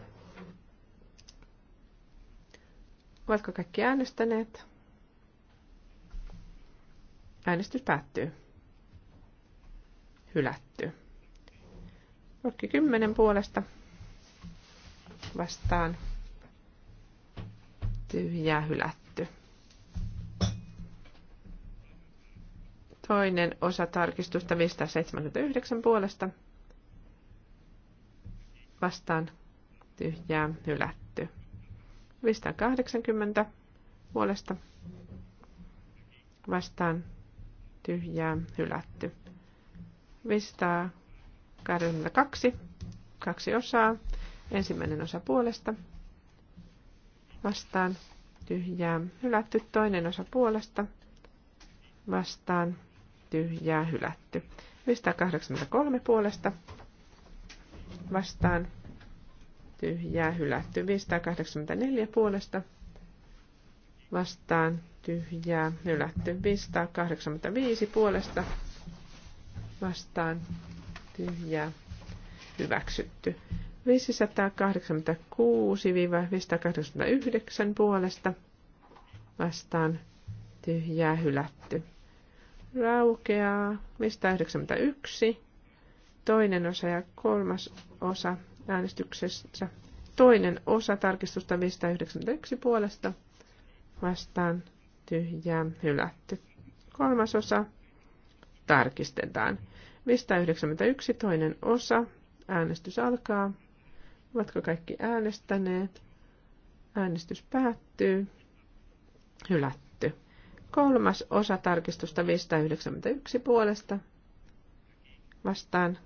Ovatko kaikki äänestäneet? Äänestys päättyy. Hylätty. Rokki 10 puolesta vastaan tyhjää hylätty. Toinen osa tarkistusta 579 puolesta vastaan tyhjää hylätty. 580 puolesta vastaan tyhjää hylätty. 582, kaksi osaa. Ensimmäinen osa puolesta vastaan tyhjää hylätty. Toinen osa puolesta vastaan tyhjää hylätty. 583 puolesta vastaan tyhjää hylätty. 584 puolesta vastaan tyhjää hylätty. 585 puolesta vastaan tyhjää hyväksytty. 586-589 puolesta vastaan tyhjää hylätty. Raukeaa 591 toinen osa ja kolmas osa äänestyksessä. Toinen osa tarkistusta 591 puolesta vastaan tyhjää hylätty. Kolmas osa tarkistetaan. 591 toinen osa. Äänestys alkaa. Ovatko kaikki äänestäneet? Äänestys päättyy. Hylätty. Kolmas osa tarkistusta 591 puolesta. Vastaan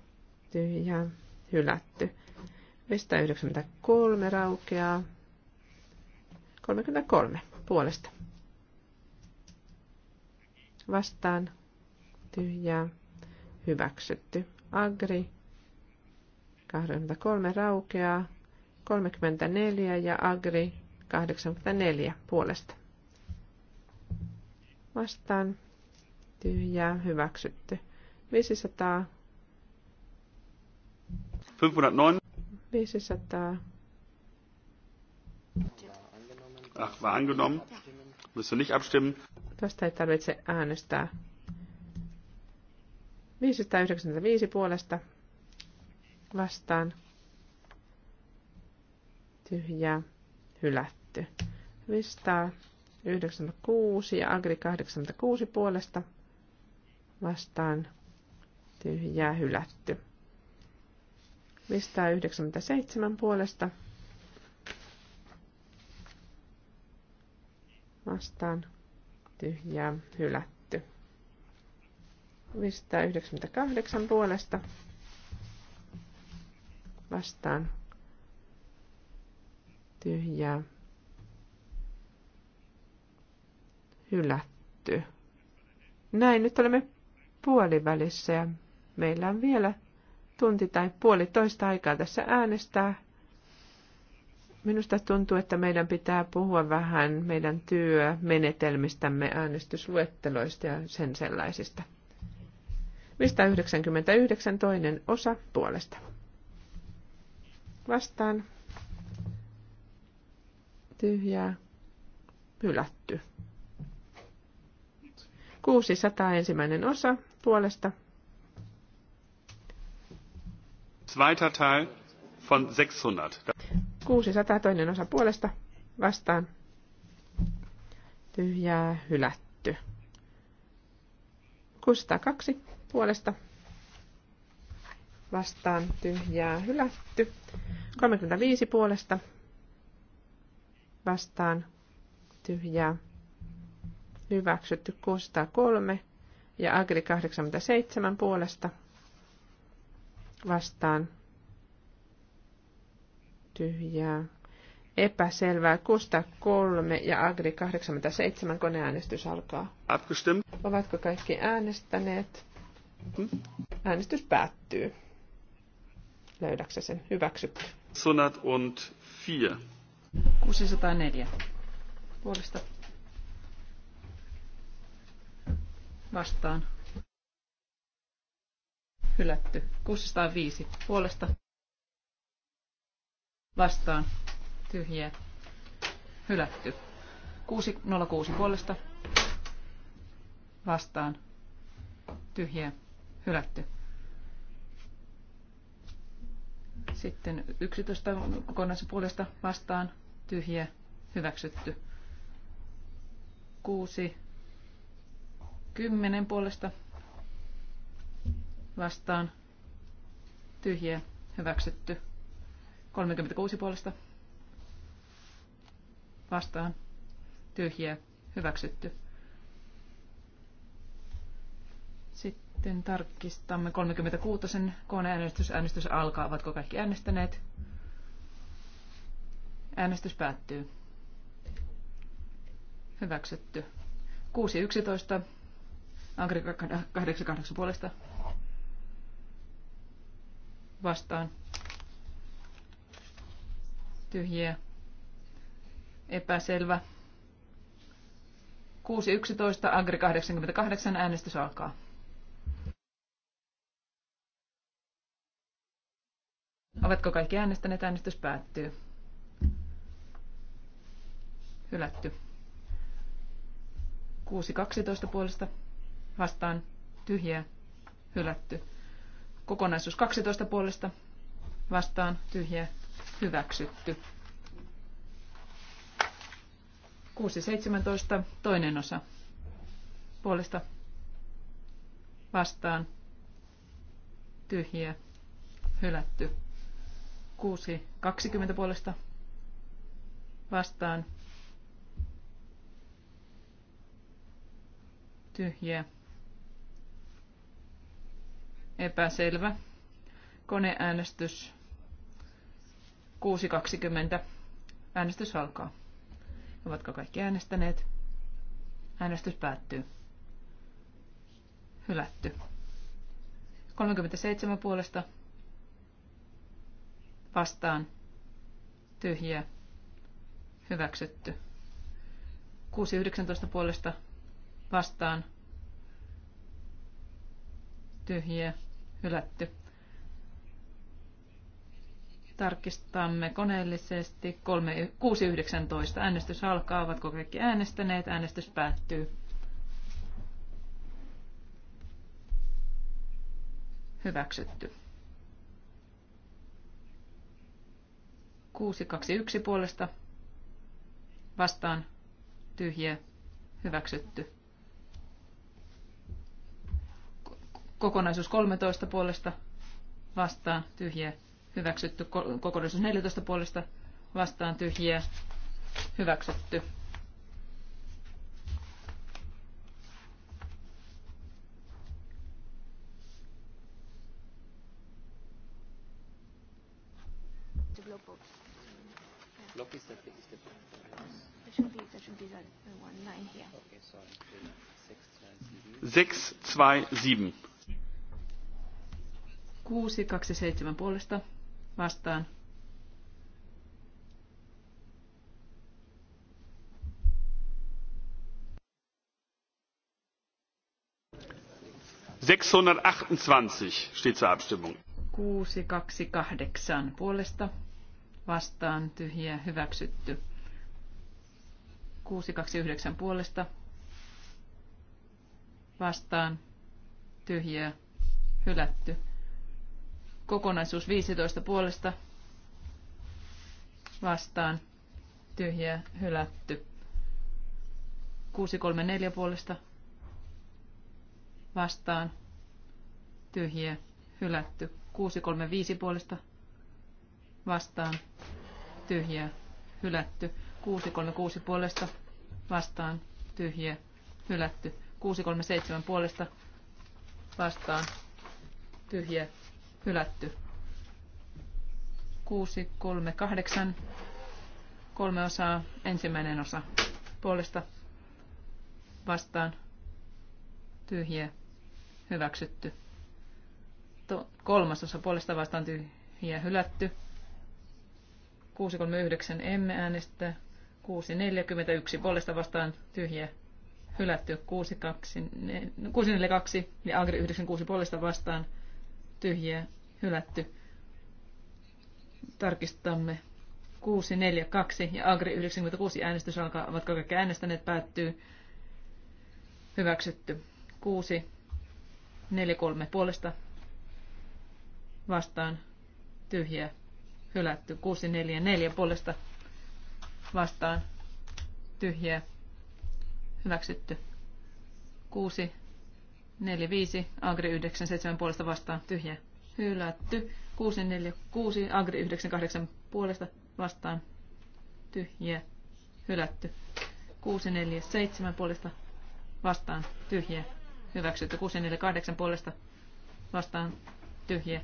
tyhjää, hylätty. 593 raukeaa. 33 puolesta. Vastaan tyhjää, hyväksytty. Agri 23 raukeaa. 34 ja Agri 84 puolesta. Vastaan tyhjää, hyväksytty. 500 509. 500. Ach, war angenommen. Müssen nicht abstimmen. Tästä ei tarvitse äänestää. 595 puolesta vastaan. tyhjä, Hylätty. 596 ja Agri 86 puolesta vastaan. tyhjä, Hylätty. 597 puolesta vastaan tyhjää hylätty. 598 puolesta vastaan tyhjää hylätty. Näin, nyt olemme puolivälissä ja meillä on vielä tunti tai puolitoista aikaa tässä äänestää. Minusta tuntuu, että meidän pitää puhua vähän meidän työmenetelmistämme, äänestysluetteloista ja sen sellaisista. Mistä 99 toinen osa puolesta? Vastaan. Tyhjää. Hylätty. 600 ensimmäinen osa puolesta zweiter Teil von 600. 600 toinen osa puolesta vastaan. Tyhjää hylätty. 602 puolesta vastaan tyhjää hylätty. 35 puolesta vastaan tyhjää hyväksytty 603 ja Agri 87 puolesta vastaan tyhjää. Epäselvää. Kusta 3 ja Agri 87 koneäänestys alkaa. Abgestimmt. Ovatko kaikki äänestäneet? Hm? Äänestys päättyy. Löydäksä sen? Hyväksytty. 604. 604. Puolesta vastaan hylätty. 605 puolesta vastaan tyhjiä hylätty. 606 puolesta vastaan tyhjiä hylätty. Sitten 11 kokonaisen puolesta vastaan tyhjiä hyväksytty. 6 10 puolesta vastaan tyhjiä hyväksytty. 36 puolesta vastaan tyhjiä hyväksytty. Sitten tarkistamme 36. koneäänestys. Äänestys alkaa. Ovatko kaikki äänestäneet? Äänestys päättyy. Hyväksytty. 6.11. Agri 88 puolesta vastaan tyhjiä epäselvä 6.11, Agri 88, äänestys alkaa. Ovatko kaikki äänestäneet? Äänestys päättyy. Hylätty. 6.12 puolesta vastaan tyhjää. Hylätty. Kokonaisuus 12 puolesta vastaan tyhjä hyväksytty. 6.17 toinen osa puolesta vastaan tyhjä hylätty. 6.20 puolesta vastaan tyhjä epäselvä. Koneäänestys 6.20. Äänestys alkaa. Ovatko kaikki äänestäneet? Äänestys päättyy. Hylätty. 37 puolesta. Vastaan. Tyhjiä. Hyväksytty. 6.19 puolesta. Vastaan. Tyhjiä hylätty. Tarkistamme koneellisesti 6.19. Äänestys alkaa. Ovatko kaikki äänestäneet? Äänestys päättyy. Hyväksytty. 621 puolesta vastaan tyhjä hyväksytty. Kokonaisuus 13 puolesta vastaan tyhjiä. Hyväksytty kokonaisuus 14 puolesta vastaan tyhjiä. Hyväksytty. sechs zwei sieben 6, 2, 7 puolesta vastaan. steht zur Abstimmung. 628 puolesta vastaan tyhjiä hyväksytty. 629 puolesta vastaan tyhjiä hylätty. Kokonaisuus 15 puolesta vastaan tyhjä hylätty. 634 puolesta vastaan tyhjä hylätty. 635 puolesta vastaan tyhjä hylätty. 636 puolesta vastaan tyhjä hylätty. 637 puolesta vastaan tyhjä Hylätty. 6, 3, 8. Kolme osaa. Ensimmäinen osa puolesta vastaan. Tyhjiä. Hyväksytty. To, kolmas osa puolesta vastaan tyhjiä. Hylätty. 639 emme äänestä. 641 puolesta vastaan tyhjiä. Hylätty. 642 ja Agri 96 puolesta vastaan tyhjiä, hylätty. Tarkistamme 642 ja Agri 96 äänestys alkaa, ovatko kaikki äänestäneet, päättyy, hyväksytty. 6, 4, 3 puolesta vastaan, tyhjiä, hylätty. 6, 4, 4 puolesta vastaan, tyhjiä, hyväksytty. 6 4, 5, Agri 9, 7 puolesta vastaan, tyhjä, hylätty. 6, 4, 6, Agri 9, 8 puolesta vastaan, tyhjä, hylätty. 6, 4, 7 puolesta vastaan, tyhjä, hyväksytty. 6, 4, 8 puolesta vastaan, tyhjä,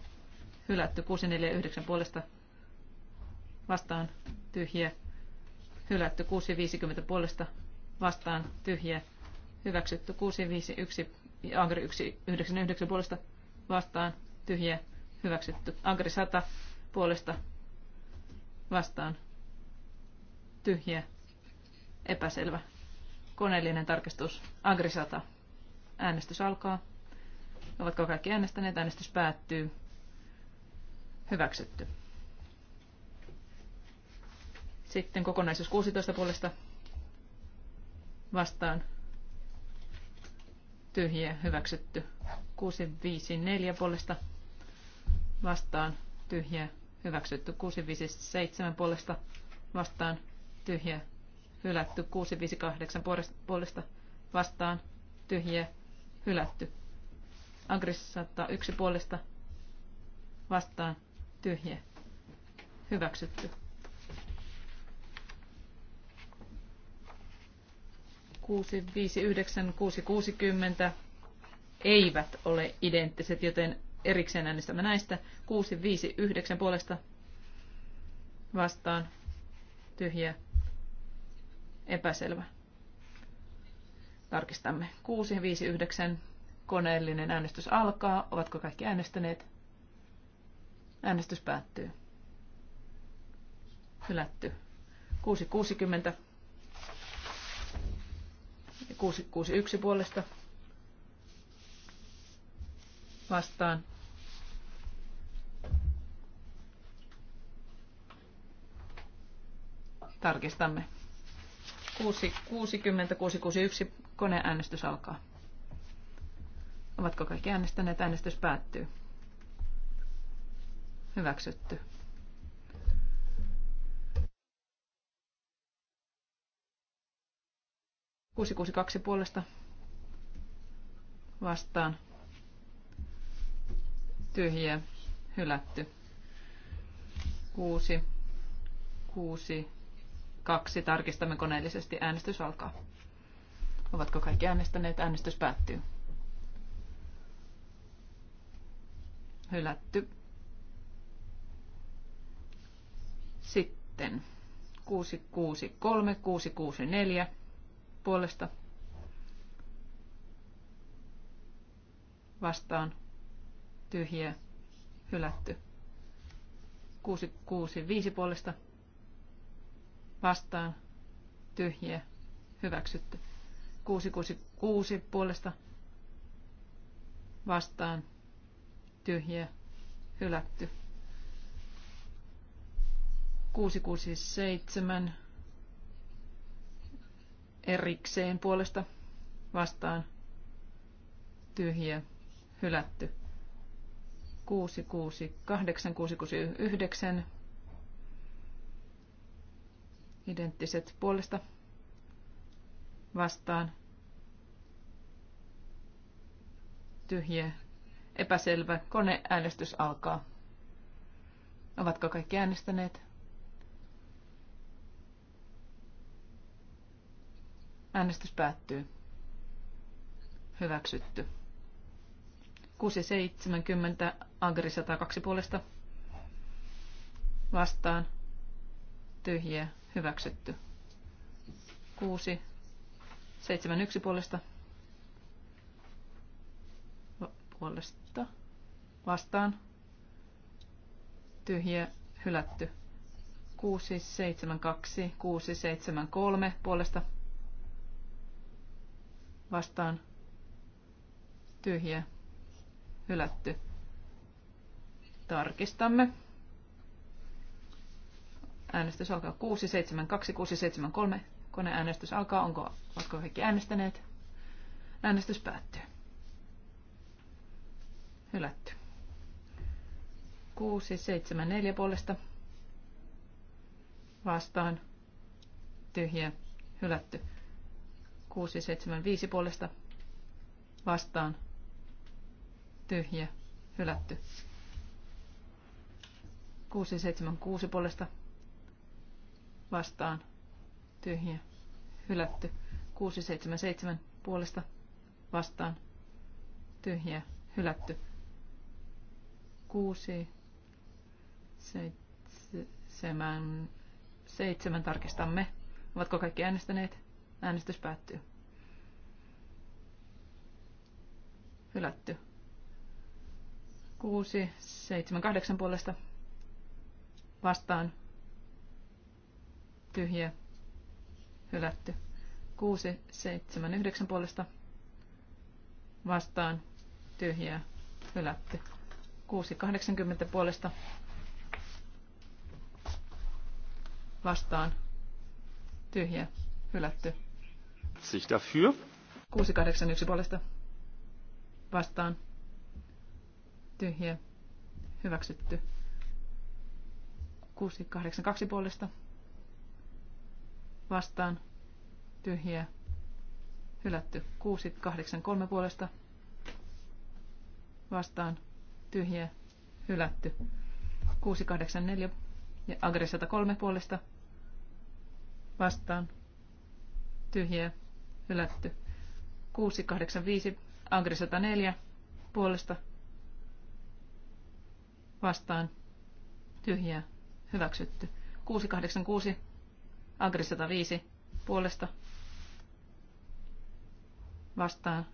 hylätty. 6, 4, 9 puolesta vastaan, tyhjä, hylätty. 6, 50 puolesta vastaan, tyhjä, hyväksytty. 651 Agri 199 puolesta vastaan tyhjä hyväksytty. Agri 100 puolesta vastaan tyhjä epäselvä. Koneellinen tarkistus. Agri 100. Äänestys alkaa. Ovatko kaikki äänestäneet? Äänestys päättyy. Hyväksytty. Sitten kokonaisuus 16 puolesta vastaan tyhjiä hyväksytty. 654 puolesta vastaan tyhjiä hyväksytty. 657 puolesta vastaan tyhjiä hylätty. 658 puolesta vastaan tyhjiä hylätty. Agri 101 puolesta vastaan tyhjiä hyväksytty. 6, 5, 9, 6, 60 eivät ole identtiset, joten erikseen äänestämme näistä. 6, 5, 9 puolesta vastaan tyhjä epäselvä. Tarkistamme. 6, 5, 9 koneellinen äänestys alkaa. Ovatko kaikki äänestäneet? Äänestys päättyy. Hylätty. 6.60 661 puolesta vastaan. Tarkistamme. 660 koneäänestys alkaa. Ovatko kaikki äänestäneet? Äänestys päättyy. Hyväksytty. 662 puolesta vastaan. Tyhjiä, hylätty. 6, 6, 2. Tarkistamme koneellisesti. Äänestys alkaa. Ovatko kaikki äänestäneet? Äänestys päättyy. Hylätty. Sitten 663, 664 puolesta vastaan tyhjiä hylätty. 5 puolesta vastaan tyhjiä hyväksytty. 6 puolesta vastaan tyhjiä hylätty. 667 erikseen puolesta vastaan Tyhjä, hylätty. 668, 669 identtiset puolesta vastaan tyhjä, epäselvä koneäänestys alkaa. Ovatko kaikki äänestäneet? Äänestys päättyy. Hyväksytty. 670 Agri 102 puolesta vastaan tyhjiä hyväksytty. 6 71 puolesta puolesta vastaan tyhjiä hylätty. 672 673 puolesta vastaan tyhjä hylätty. Tarkistamme. Äänestys alkaa 672, 673. Koneäänestys alkaa. Onko, ovatko kaikki äänestäneet? Äänestys päättyy. Hylätty. 674 puolesta vastaan tyhjä hylätty. 6, 7, 5 puolesta vastaan tyhjä hylätty. 6, 7, 6 puolesta vastaan tyhjä hylätty. 6, 7, 7 puolesta vastaan tyhjä hylätty. 6, 7, 7 tarkistamme. Ovatko kaikki äänestäneet? Äänestys päättyy. Hylätty. 6, 7, 8 puolesta vastaan. Tyhjä. Hylätty. 6, 7, 9 puolesta vastaan. Tyhjä. Hylätty. 6, 80 puolesta vastaan. Tyhjä. Hylätty. 681 dafür. 681 puolesta vastaan. Tyhjä. Hyväksytty. 682 puolesta vastaan. Tyhjä. Hylätty. 683 puolesta vastaan. Tyhjä. Hylätty. 684 ja Agri kolme puolesta vastaan. Tyhjä hylätty. 685 Angri 104 puolesta vastaan tyhjää hyväksytty. 686 Agri 105 puolesta vastaan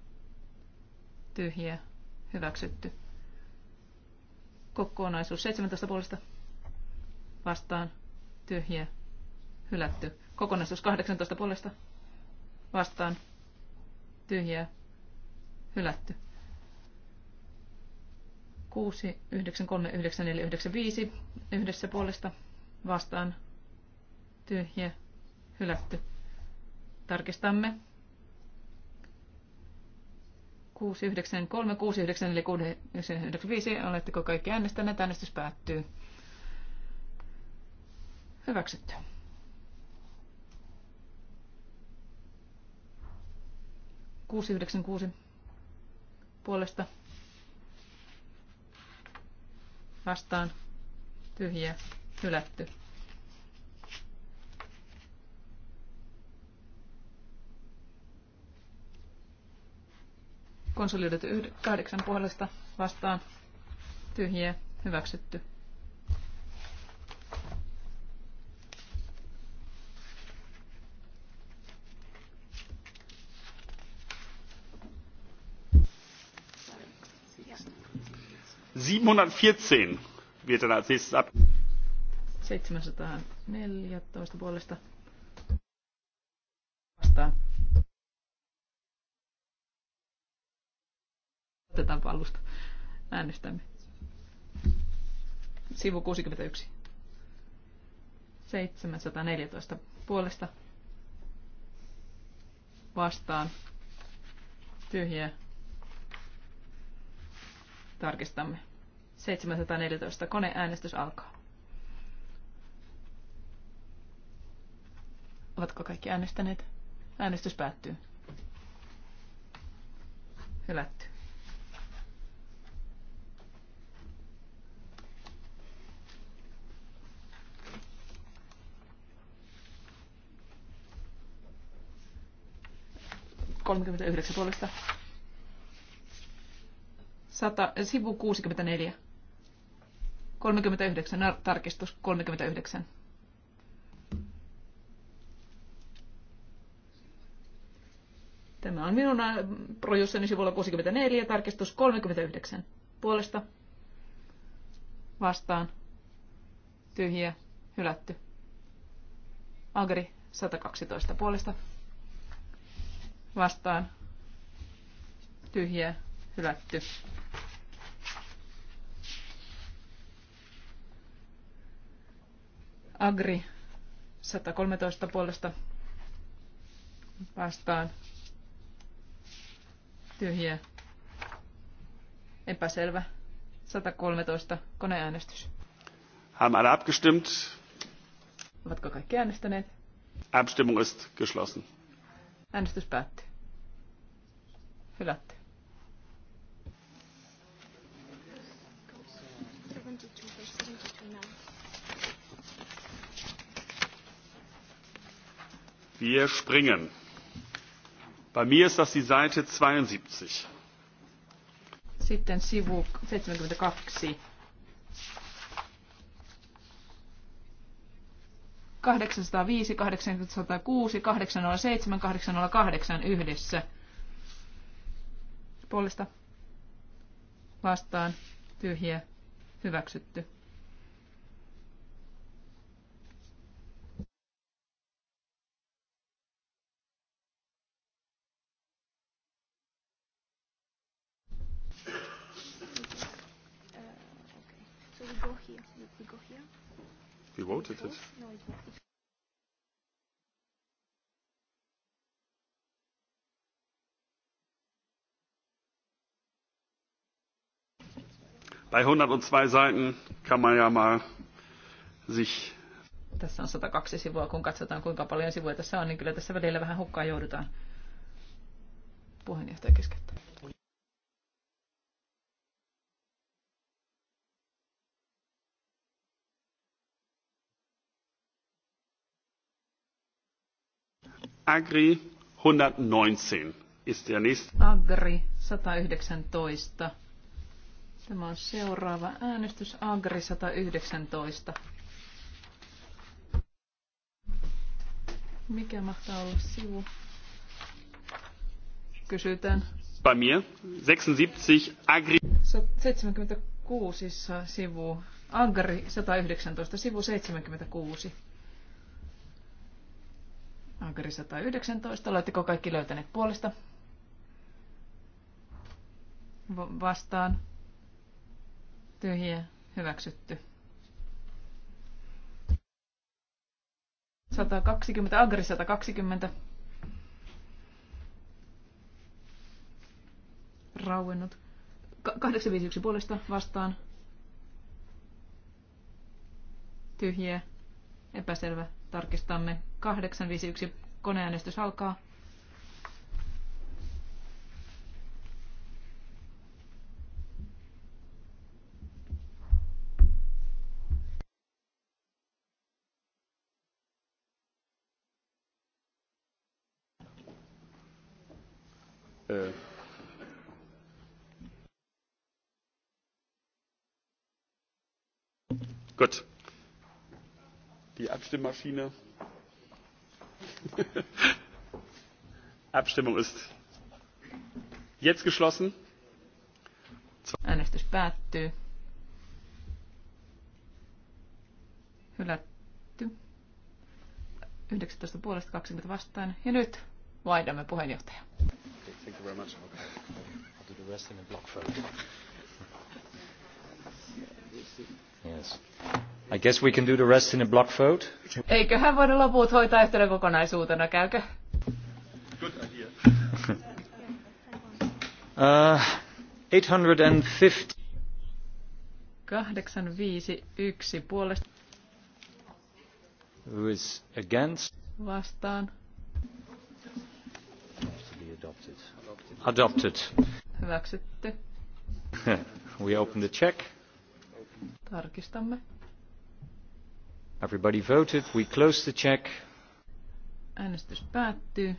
tyhjää hyväksytty. Kokonaisuus 17 puolesta vastaan tyhjää hylätty. Kokonaisuus 18 puolesta vastaan tyhjää hylätty. 6, 9, 3, 9, 4, 9, 5 yhdessä puolesta vastaan tyhjä hylätty. Tarkistamme. 6, 9, 3, 6, 9, 4, 6, 9, 9, 5. Oletteko kaikki äänestäneet? Äänestys päättyy. Hyväksytty. 696 puolesta vastaan tyhjiä hylätty. Konsolidoitu 8 puolesta vastaan tyhjiä hyväksytty. 714 wird dann als nächstes ab. 714 puolesta vastaan. Otetaan alusta. Äänestämme. Sivu 61. 714 puolesta vastaan. Tyhjä. Tarkistamme. 714. Koneäänestys alkaa. Ovatko kaikki äänestäneet? Äänestys päättyy. Hylätty. Kolmekymmentäyhdeksän puolesta. Sata, sivu 64. 39, tarkistus 39. Tämä on minun projussani sivulla 64, tarkistus 39. Puolesta vastaan tyhjiä, hylätty. Agri 112 puolesta vastaan tyhjiä, hylätty. Agri 113 puolesta vastaan tyhjiä. Epäselvä. 113 koneäänestys. Haben alle abgestimmt? Ovatko kaikki äänestäneet? Abstimmung ist geschlossen. Äänestys päättyy. Hylätty. Wir springen. Bei mir ist das die Seite 72. Sitten sivu 72. 805, 806, 807, 808 yhdessä. Puolesta vastaan tyhjä hyväksytty. We voted it. Bei 102 Seiten kann man ja mal sich tässä on 102 sivua, kun katsotaan kuinka paljon sivuja tässä on, niin kyllä tässä välillä vähän hukkaa joudutaan. Puheenjohtaja keskeyttää. Agri 119 ist der nächste. Agri 119. Tämä on seuraava äänestys Agri 119. Mikä mahtaa olla sivu? Kysytään. Bei mir 76 Agri 76 sivu Agri 119 sivu 76. Agri 119. Oletteko kaikki löytäneet puolesta? V- vastaan. Tyhjä. Hyväksytty. 120. Agri 120. Rauennut. 851 puolesta vastaan. Tyhjiä. Epäselvä. Tarkistamme 851. Koneäänestys alkaa. die (laughs) Abstimmung ist jetzt geschlossen. Äänestys päättyy. Hylätty. 19 puolesta 20 vastaan. Ja nyt vaihdamme puheenjohtaja. Okay, thank you very much. I'll do the rest in block (laughs) Yes. I guess we can do the rest in a block vote. Eiköhän voida loput hoitaa yhtenä kokonaisuutena, käykö? Good idea. (laughs) uh, 851 puolesta. Who is against? Vastaan. Adopted. Adopted. Hyväksytty. (laughs) we open the check. Tarkistamme. Everybody voted. We closed the check. Äänestys päättyy.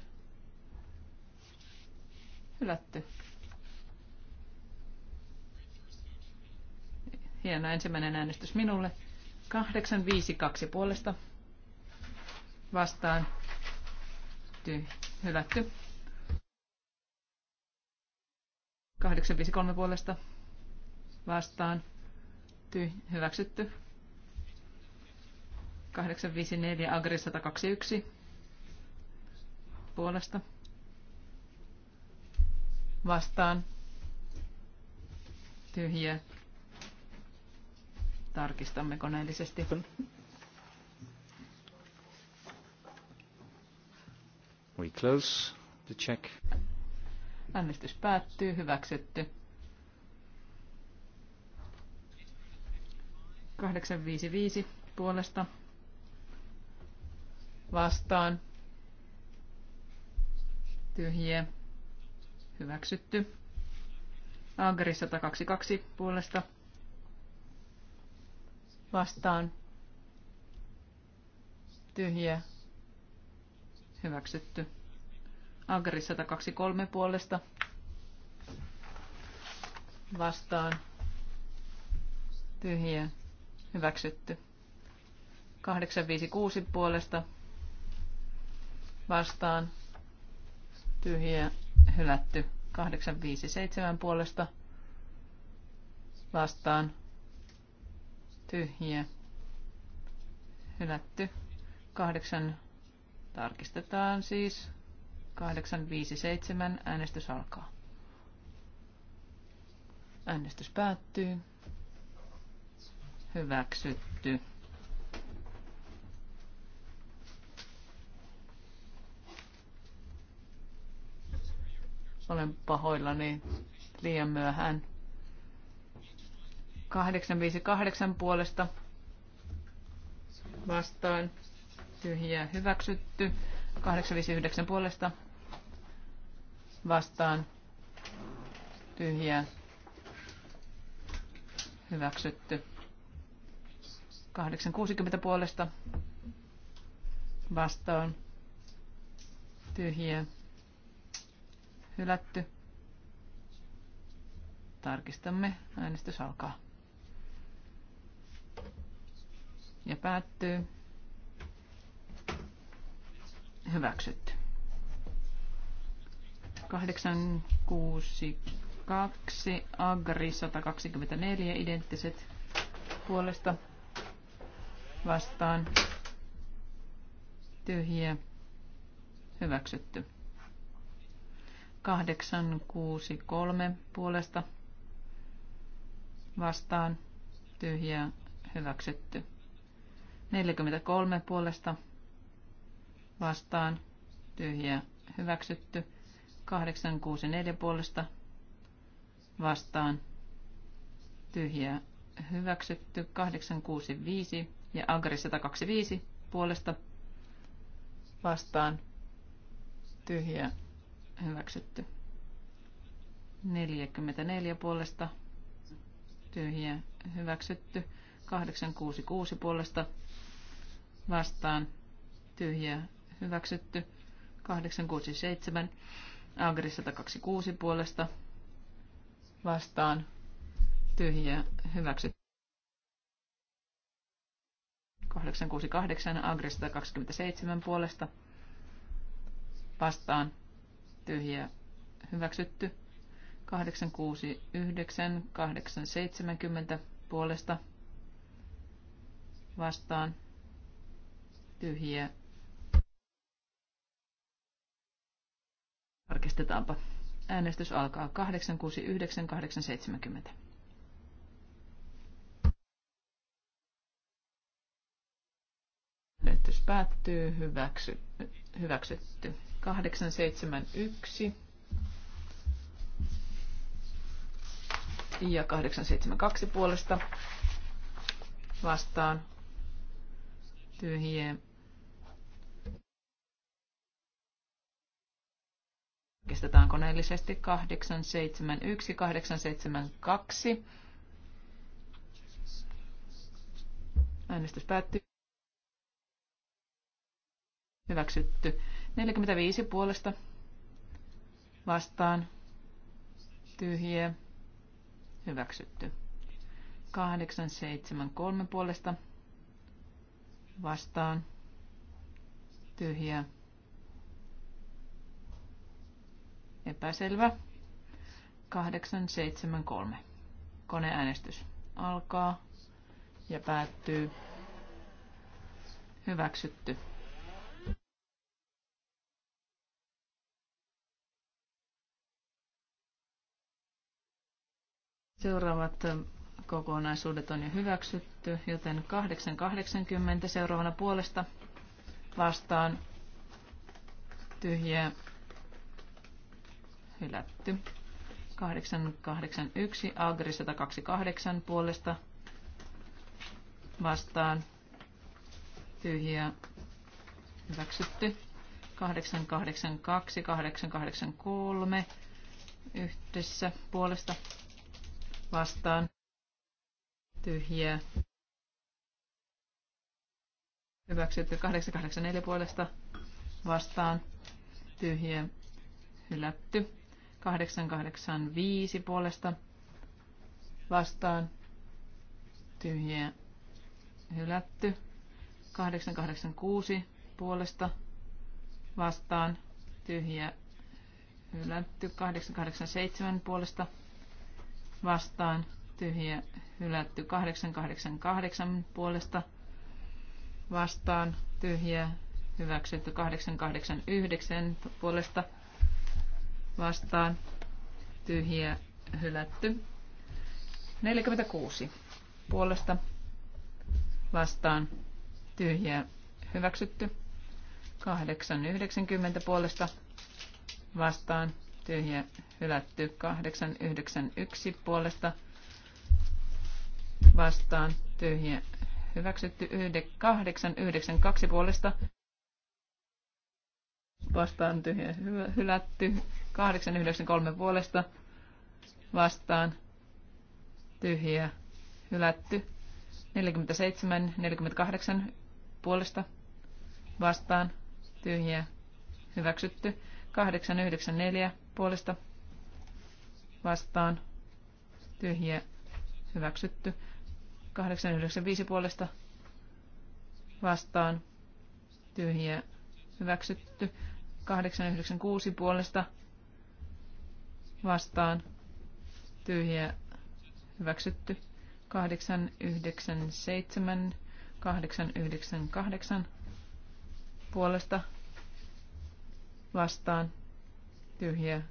Hylätty. Hieno ensimmäinen äänestys minulle. 852 puolesta vastaan ty, hylätty. 853 puolesta vastaan ty, hyväksytty. 854 Agri 121 puolesta vastaan tyhjiä. Tarkistamme koneellisesti. We close the check. Äänestys päättyy. Hyväksytty. 855 puolesta vastaan tyhjiä hyväksytty. Agri 122 puolesta vastaan tyhjiä hyväksytty. Agri 123 puolesta vastaan tyhjiä hyväksytty. 856 puolesta vastaan vastaan tyhjä hylätty. 857 puolesta vastaan tyhjä hylätty. 8 tarkistetaan siis 857 äänestys alkaa. Äänestys päättyy. Hyväksytty. Olen pahoillani liian myöhään. 858 puolesta vastaan. Tyhjää hyväksytty. 859 puolesta vastaan. Tyhjää hyväksytty. 860 puolesta vastaan. Tyhjää Hylätty. Tarkistamme. Äänestys alkaa. Ja päättyy. Hyväksytty. 862 Agri 124 identtiset puolesta vastaan tyhjiä hyväksytty. 863 puolesta vastaan tyhjää hyväksytty. 43 puolesta vastaan tyhjää hyväksytty. 864 puolesta vastaan tyhjää hyväksytty. 865 ja Agri 125 puolesta vastaan tyhjää hyväksytty. 44 puolesta tyhjä hyväksytty. 866 puolesta vastaan tyhjä hyväksytty. 867 Agri 126 puolesta vastaan tyhjä hyväksytty. 868 Agri 127 puolesta vastaan tyhjä hyväksytty. 869, 870 puolesta vastaan tyhjiä. Tarkistetaanpa. Äänestys alkaa 869, 870. Äänestys päättyy. Hyväksy, hyväksytty. 871 ja 872 puolesta vastaan tyhjien Kestetään koneellisesti 871, 872. Äänestys päättyy. Hyväksytty. 45 puolesta vastaan tyhjiä hyväksytty. 873 puolesta vastaan tyhjiä epäselvä. 873. Koneäänestys alkaa ja päättyy. Hyväksytty. Seuraavat kokonaisuudet on jo hyväksytty, joten 8.80 seuraavana puolesta vastaan tyhjää hylätty. 881 Agri 128 puolesta vastaan tyhjää hyväksytty. 882, 883 yhdessä puolesta vastaan tyhjiä. Hyväksytty 884 puolesta vastaan tyhjiä. Hylätty 885 puolesta vastaan tyhjiä. Hylätty 886 puolesta vastaan tyhjiä. Hylätty 887 puolesta vastaan tyhjä hylätty 888 puolesta vastaan tyhjä hyväksytty 889 puolesta vastaan tyhjä hylätty 46 puolesta vastaan tyhjä hyväksytty 890 puolesta vastaan tyhjä hylätty 891 puolesta vastaan tyhjä hyväksytty 892 puolesta vastaan tyhjä hylätty 893 puolesta vastaan tyhjä hylätty 47 48 puolesta vastaan tyhjä hyväksytty 894 puolesta vastaan tyhjiä hyväksytty. 895 puolesta vastaan tyhjiä hyväksytty. 896 puolesta vastaan tyhjiä hyväksytty. 897 898 puolesta vastaan tyhjiä,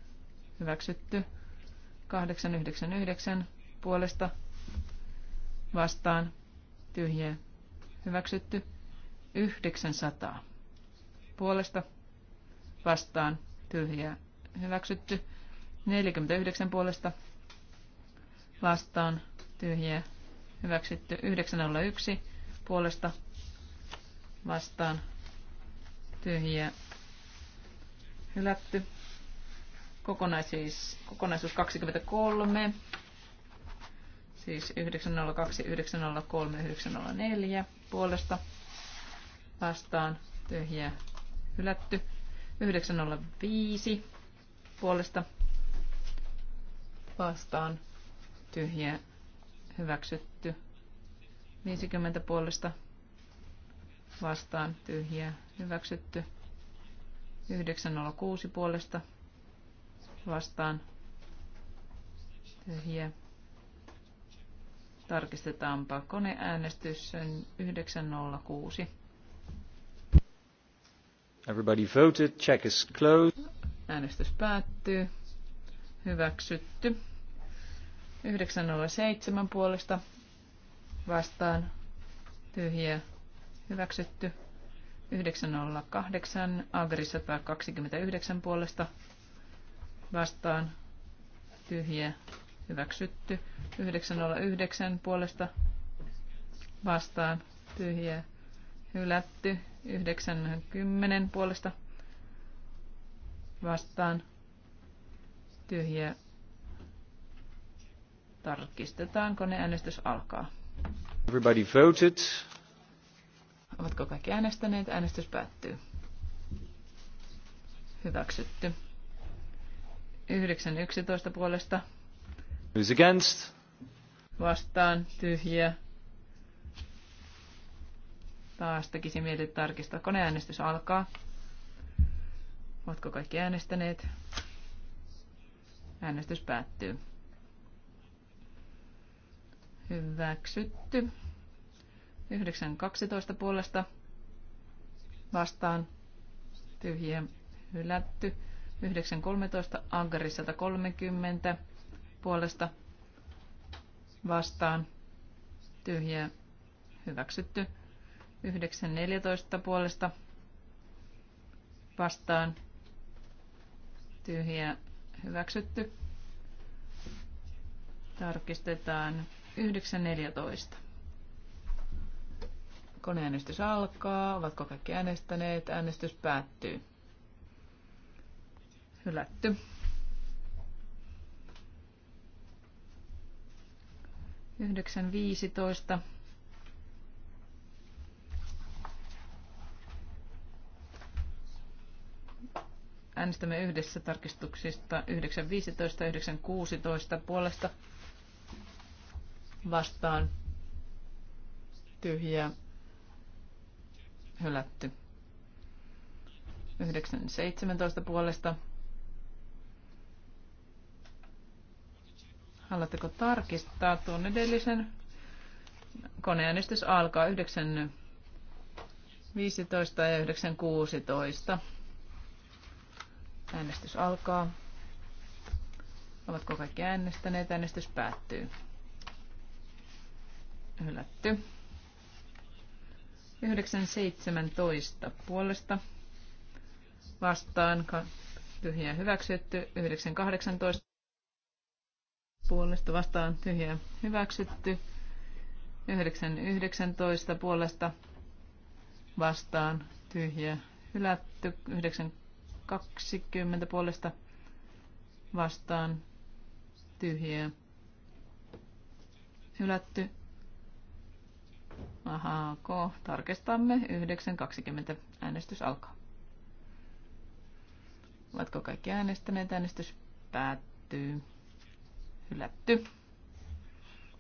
hyväksytty. 899 puolesta vastaan tyhjiä, hyväksytty. 900 puolesta vastaan tyhjiä, hyväksytty. 49 puolesta vastaan tyhjiä, hyväksytty. 901 puolesta vastaan tyhjiä, hylätty. Kokonaisuus, kokonaisuus 23, siis 902, 903, 904 puolesta vastaan tyhjä hylätty. 905 puolesta vastaan tyhjä hyväksytty. 50 puolesta vastaan tyhjä hyväksytty. 906 puolesta vastaan tyhjä. Tarkistetaanpa koneäänestys 906. Everybody voted. Check is closed. Äänestys päättyy. Hyväksytty. 907 puolesta vastaan tyhjiä. Hyväksytty. 908 Agri 129 puolesta vastaan tyhjä hyväksytty. 909 puolesta vastaan tyhjä hylätty. 910 puolesta vastaan tyhjä tarkistetaan. äänestys alkaa. Everybody voted. Ovatko kaikki äänestäneet? Äänestys päättyy. Hyväksytty. 9.11 puolesta. Who's against? Vastaan tyhjiä. Taas tekisi mieli tarkistaa. Koneäänestys alkaa. Ovatko kaikki äänestäneet? Äänestys päättyy. Hyväksytty. 9.12 puolesta vastaan tyhjiä hylätty. 9.13, Ankari 130 puolesta vastaan, tyhjä hyväksytty. 9.14 puolesta vastaan, tyhjä hyväksytty. Tarkistetaan 9.14. Koneäänestys alkaa. Ovatko kaikki äänestäneet? Äänestys päättyy. Hylätty. Yhdeksän viisitoista. Äänestämme yhdessä tarkistuksista 9.15 ja 9.16 puolesta vastaan tyhjä hylätty. 9.17 puolesta Haluatteko tarkistaa tuon edellisen? Koneäänestys alkaa 9.15 ja 9.16. Äänestys alkaa. Ovatko kaikki äänestäneet? Äänestys päättyy. Hylätty. 9.17 puolesta vastaan tyhjää hyväksytty. 9.18 puolesta vastaan tyhjä, hyväksytty. 9.19 puolesta vastaan tyhjä hylätty. 9.20 puolesta vastaan tyhjä hylätty. Aha, ko. Tarkistamme. 9.20. Äänestys alkaa. Ovatko kaikki äänestäneet? Äänestys päättyy hylätty.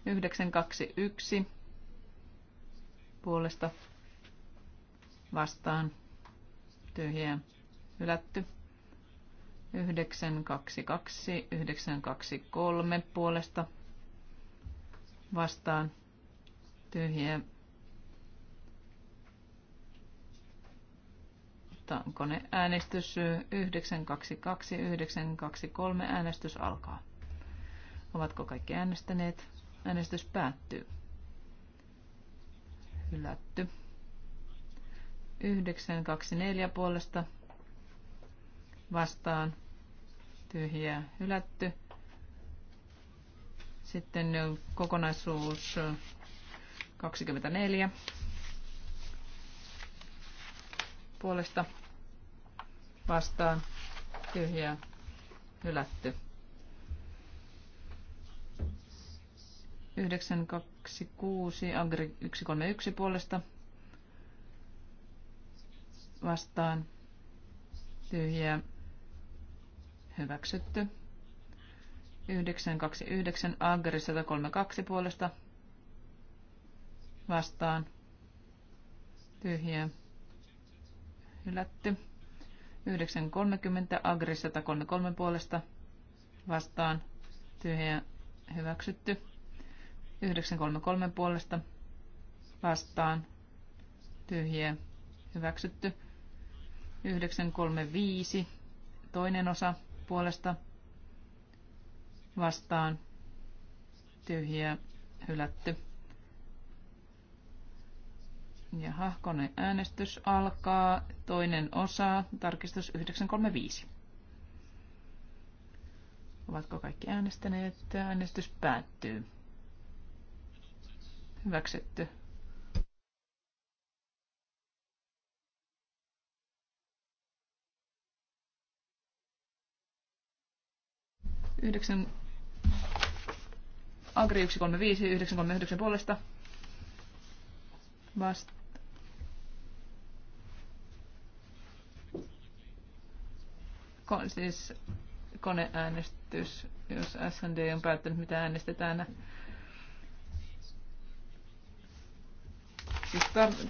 921 puolesta vastaan tyhjää hylätty. 922, 923 puolesta vastaan tyhjää. Otetaanko ne äänestys 922, 923 äänestys alkaa. Ovatko kaikki äänestäneet? Äänestys päättyy. Hylätty. 924 puolesta vastaan tyhjä hylätty. Sitten kokonaisuus 24 puolesta vastaan tyhjä hylätty. 926 Agri 131 puolesta vastaan tyhjää hyväksytty. 929 Agri 132 puolesta vastaan tyhjää hylätty. 930 Agri 133 puolesta vastaan tyhjää hyväksytty. 933 puolesta vastaan tyhjiä hyväksytty. 935 toinen osa puolesta vastaan tyhjiä hylätty. Ja hahkone äänestys alkaa. Toinen osa, tarkistus 935. Ovatko kaikki äänestäneet? Äänestys päättyy. Hyväksytty. Yhdeksän Agri 135, 939 puolesta. Vast... Kon, siis koneäänestys, jos SND on päättänyt, mitä äänestetään Siis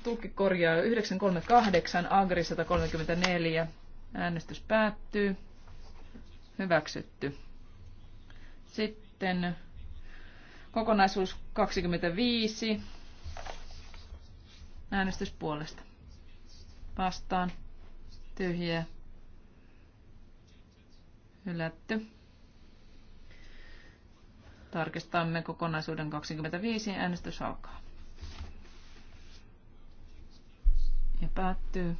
tulkki korjaa 938, Agri 134. Äänestys päättyy. Hyväksytty. Sitten kokonaisuus 25. Äänestys puolesta. Vastaan. tyhjä Hylätty. Tarkistamme kokonaisuuden 25. Äänestys alkaa. ja päättyy.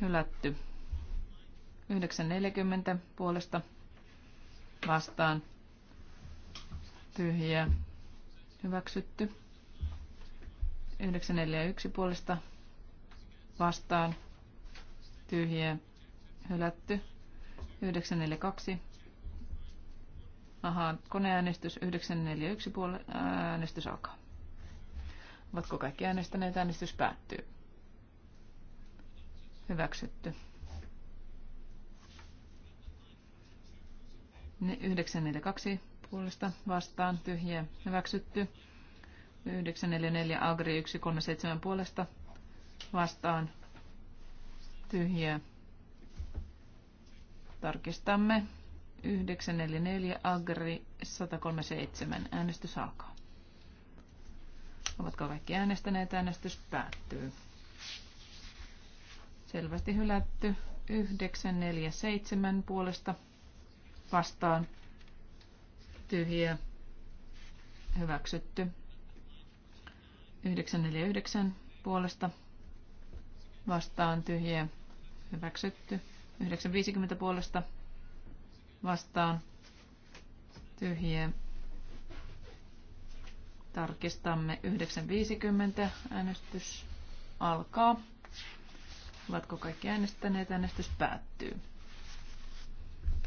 Hylätty. 9.40 puolesta vastaan. Tyhjiä. Hyväksytty. 941 puolesta vastaan. Tyhjiä. Hylätty. 942. Ahaa, koneäänestys 941 puolesta äänestys alkaa. Ovatko kaikki äänestäneet? Äänestys päättyy. Hyväksytty. 942 puolesta vastaan tyhjä hyväksytty. 944 Agri 137 puolesta vastaan tyhjä. Tarkistamme. 944 Agri 137. Äänestys alkaa. Ovatko kaikki äänestäneet? Äänestys päättyy. Selvästi hylätty. 947 puolesta vastaan. Tyhjiä. Hyväksytty. 949 puolesta vastaan. Tyhjiä. Hyväksytty. 950 puolesta vastaan. Tyhjiä Tarkistamme 9.50. Äänestys alkaa. Ovatko kaikki äänestäneet? Äänestys päättyy.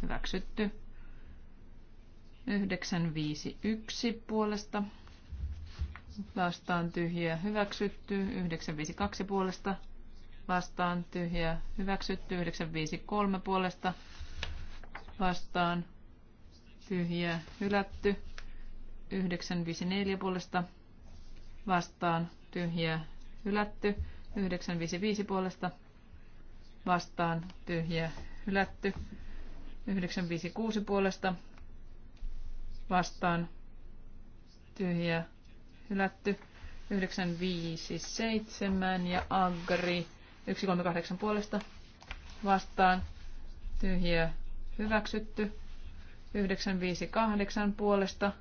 Hyväksytty. 951 puolesta. Vastaan tyhjä hyväksytty. 952 puolesta. Vastaan tyhjä hyväksytty. 953 puolesta. Vastaan tyhjä hylätty. 954 puolesta vastaan tyhjiä hylätty. 955 puolesta vastaan tyhjiä hylätty. 956 puolesta vastaan tyhjiä hylätty. 957 ja Agri 138 puolesta vastaan tyhjiä hyväksytty. 958 puolesta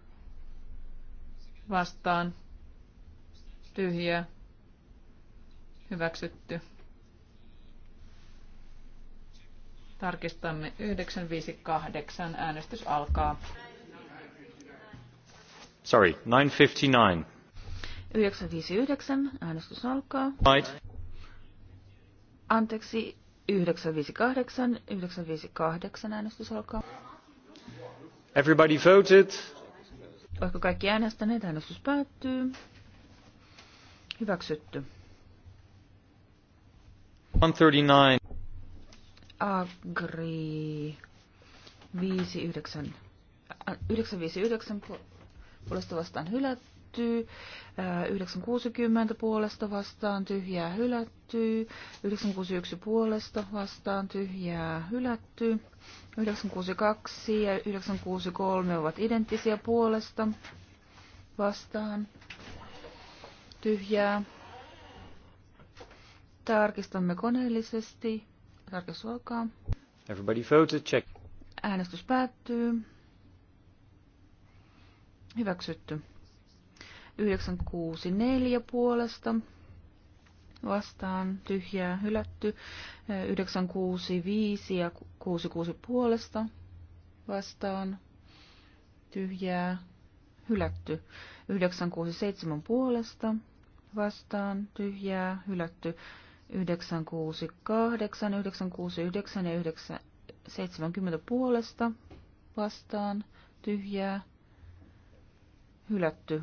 vastaan tyhjä hyväksytty. Tarkistamme 958. Äänestys alkaa. Sorry, 959. 959. Äänestys alkaa. Right. Anteeksi, 958. 958. Äänestys alkaa. Everybody voted. Oletko kaikki äänestäneet? Äänestys päättyy. Hyväksytty. 139. Agri 59, 959 äh, puolesta vastaan hylätty hylätty, 960 puolesta vastaan tyhjää hylättyy, 961 puolesta vastaan tyhjää hylätty, 962 ja 963 ovat identtisiä puolesta vastaan tyhjää. Tarkistamme koneellisesti. Tarkistus alkaa. Everybody voted, check. Äänestys päättyy. Hyväksytty. 964 puolesta vastaan tyhjää hylätty. 965 ja 66 puolesta vastaan tyhjää hylätty. 967 puolesta vastaan tyhjää hylätty. 968, 969 ja 970 puolesta vastaan tyhjää hylätty.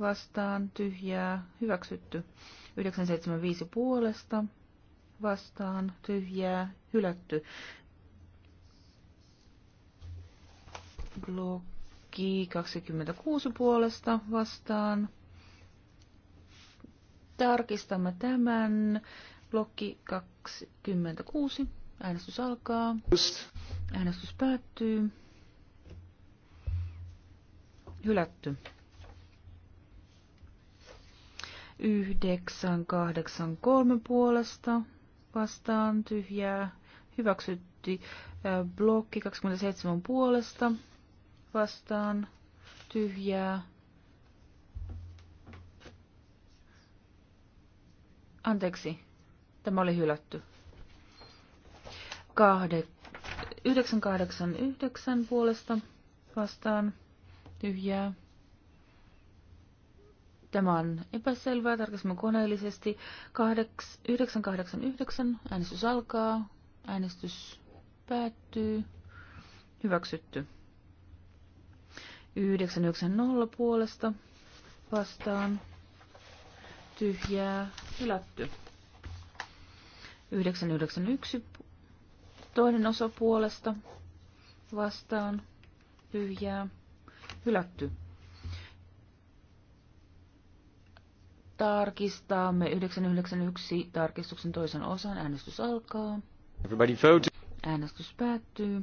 vastaan tyhjää hyväksytty. 975 puolesta vastaan tyhjää hylätty. Blokki 26 puolesta vastaan. Tarkistamme tämän. Blokki 26. Äänestys alkaa. Äänestys päättyy. Hylätty. 983 puolesta vastaan tyhjää Hyväksytti Blokki 27 puolesta vastaan tyhjää. Anteeksi, tämä oli hylätty. 989 puolesta vastaan tyhjää Tämä on epäselvää. Tarkastamme koneellisesti. 989. Äänestys alkaa. Äänestys päättyy. Hyväksytty. 990 puolesta vastaan. Tyhjää. Hylätty. 991 toinen osa puolesta vastaan. Tyhjää. Hylätty. Tarkistamme 991 tarkistuksen toisen osan. Äänestys alkaa. Everybody vote. Äänestys päättyy.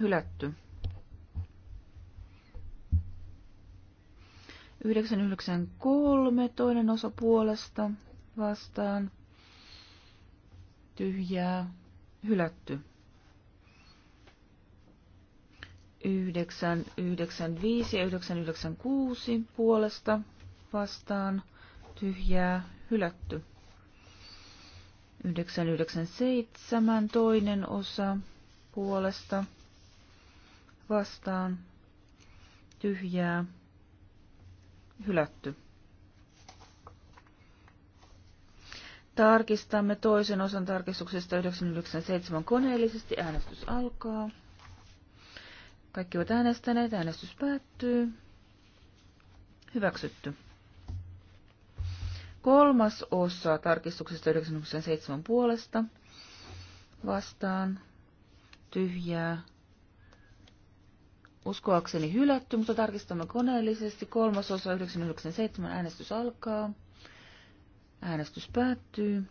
Hylätty. 993 toinen osa puolesta vastaan. Tyhjää. Hylätty. 995 ja 996 puolesta vastaan tyhjää hylätty. 997 toinen osa puolesta vastaan tyhjää hylätty. Tarkistamme toisen osan tarkistuksesta 997 koneellisesti. Äänestys alkaa. Kaikki ovat äänestäneet. Äänestys päättyy. Hyväksytty. Kolmas osa tarkistuksesta 97 puolesta. Vastaan. Tyhjää. Uskoakseni hylätty, mutta tarkistamme koneellisesti. Kolmas osa 997 äänestys alkaa. Äänestys päättyy.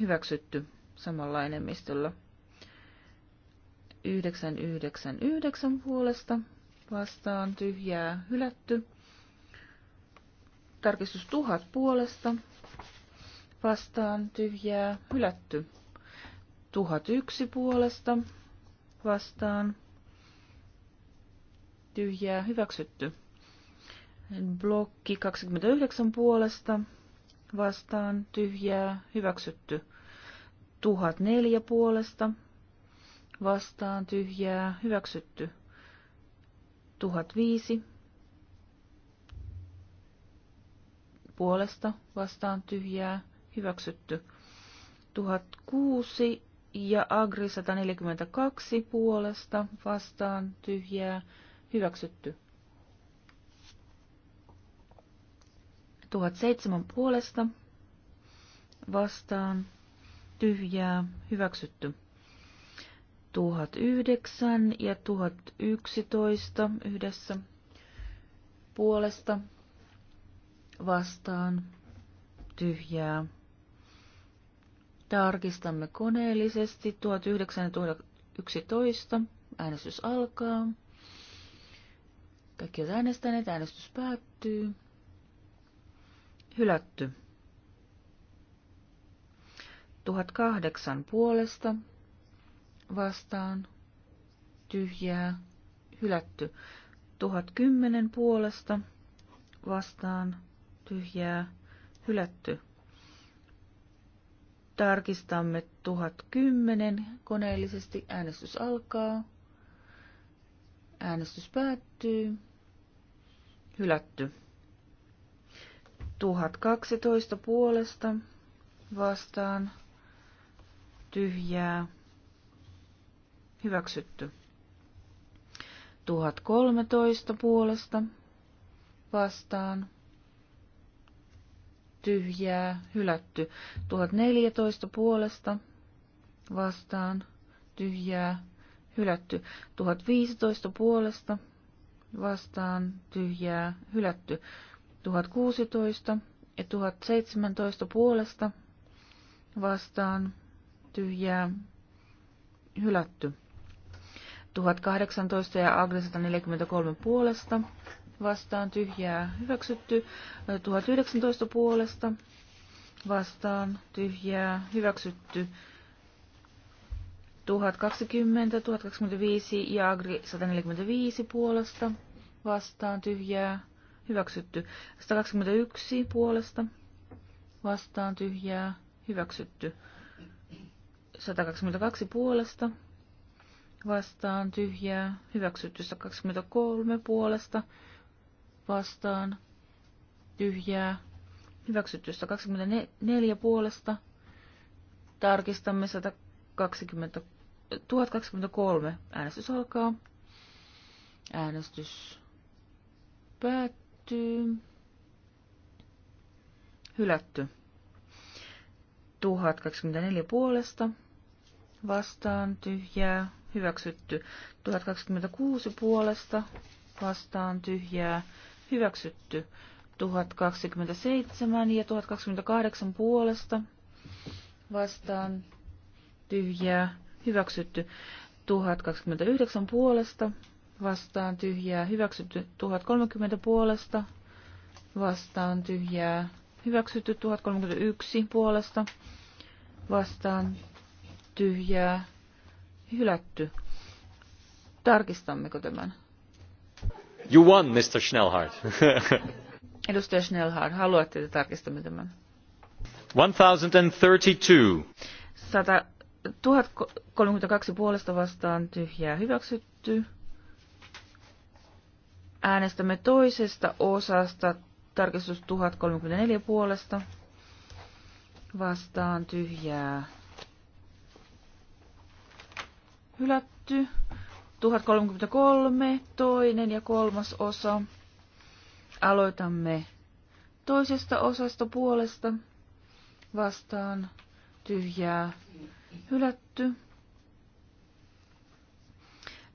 Hyväksytty samalla enemmistöllä. 999 puolesta vastaan tyhjää hylätty. Tarkistus 1000 puolesta vastaan tyhjää hylätty. 1001 puolesta vastaan tyhjää hyväksytty. Blokki 29 puolesta vastaan tyhjää hyväksytty. 1004 puolesta vastaan tyhjää hyväksytty. 1005 puolesta vastaan tyhjää hyväksytty. 1006 ja Agri 142 puolesta vastaan tyhjää hyväksytty. 1007 puolesta vastaan tyhjää hyväksytty. 1009 ja 1011 yhdessä puolesta vastaan tyhjää. Tarkistamme koneellisesti 1911. Äänestys alkaa. Kaikki ovat äänestäneet. Äänestys päättyy. Hylätty. 1008 puolesta vastaan tyhjää hylätty. 1010 puolesta vastaan tyhjää hylätty. Tarkistamme 1010 koneellisesti. Äänestys alkaa. Äänestys päättyy. Hylätty. 1012 puolesta vastaan tyhjää Hyväksytty. 1013 puolesta vastaan. Tyhjää. Hylätty. 1014 puolesta vastaan. Tyhjää. Hylätty. 1015 puolesta vastaan. Tyhjää. Hylätty. 1016 ja 1017 puolesta vastaan tyhjää hylätty. 1018 ja Agri 143 puolesta vastaan tyhjää hyväksytty. 1019 puolesta vastaan tyhjää hyväksytty. 1020, 1025 ja Agri 145 puolesta vastaan tyhjää hyväksytty. 121 puolesta vastaan tyhjää hyväksytty. 122 puolesta vastaan tyhjää, hyväksytyssä 23 puolesta vastaan tyhjää, hyväksytyssä 24 puolesta, tarkistamme 120, 1023, äänestys alkaa, äänestys päättyy, hylätty 1024 puolesta, vastaan tyhjää, hyväksytty. 1026 puolesta vastaan tyhjää, hyväksytty. 1027 ja 1028 puolesta vastaan tyhjää, hyväksytty. 1029 puolesta vastaan tyhjää, hyväksytty. 1030 puolesta vastaan tyhjää, hyväksytty. 1031 puolesta vastaan tyhjää, hylätty. Tarkistammeko tämän? You won, Mr. Schnellhardt. (laughs) Edustaja Schnellhardt, haluatte, että tarkistamme tämän? 1032. 100, 1032 puolesta vastaan tyhjää hyväksytty. Äänestämme toisesta osasta tarkistus 1034 puolesta vastaan tyhjää hylätty. 1033, toinen ja kolmas osa. Aloitamme toisesta osasta puolesta vastaan tyhjää hylätty.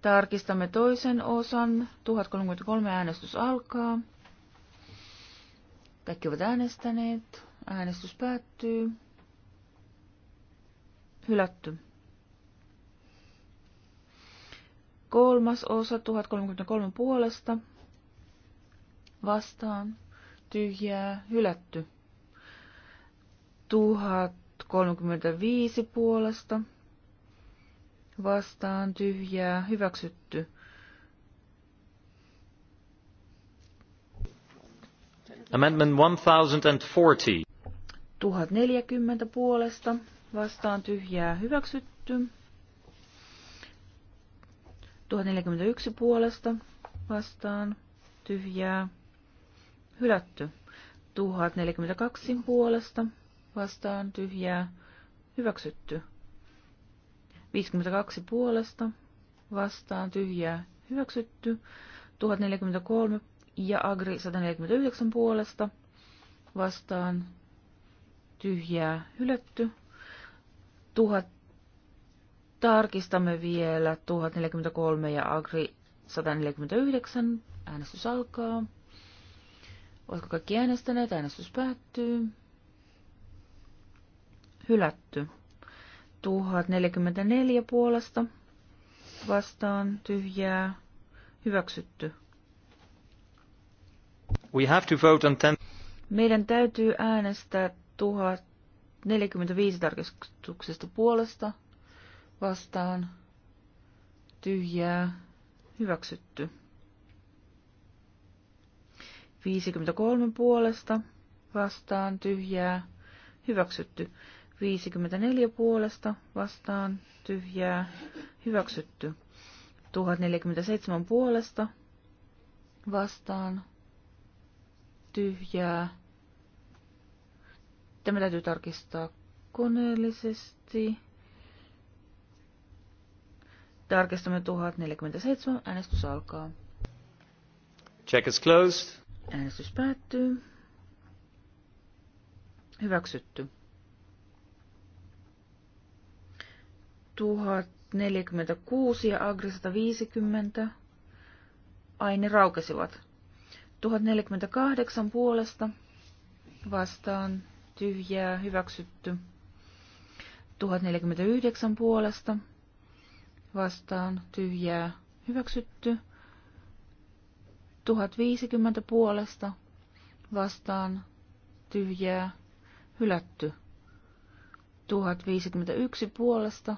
Tarkistamme toisen osan. 1033 äänestys alkaa. Kaikki ovat äänestäneet. Äänestys päättyy. Hylätty. Kolmas osa 1033 puolesta vastaan tyhjää hylätty. 1035 puolesta vastaan tyhjää hyväksytty. Amendment 1040. 1040 puolesta vastaan tyhjää hyväksytty. 1041 puolesta vastaan tyhjää hylätty. 1042 puolesta vastaan tyhjää hyväksytty. 52 puolesta vastaan tyhjää hyväksytty. 1043 ja Agri 149 puolesta vastaan tyhjää hylätty. 1000 Tarkistamme vielä 1043 ja Agri 149. Äänestys alkaa. Oletko kaikki äänestäneet? Äänestys päättyy. Hylätty. 1044 puolesta vastaan tyhjää hyväksytty. We have to vote on ten... Meidän täytyy äänestää 1045 tarkistuksesta puolesta vastaan tyhjää hyväksytty. 53 puolesta vastaan tyhjää hyväksytty. 54 puolesta vastaan tyhjää hyväksytty. 1047 puolesta vastaan tyhjää. Tämä täytyy tarkistaa koneellisesti. Tarkistamme 1047. Äänestys alkaa. Check is closed. Äänestys päättyy. Hyväksytty. 1046 ja Agri 150. Aini raukesivat. 1048 puolesta vastaan tyhjää hyväksytty. 1049 puolesta vastaan tyhjää hyväksytty. 1050 puolesta vastaan tyhjää hylätty. 1051 puolesta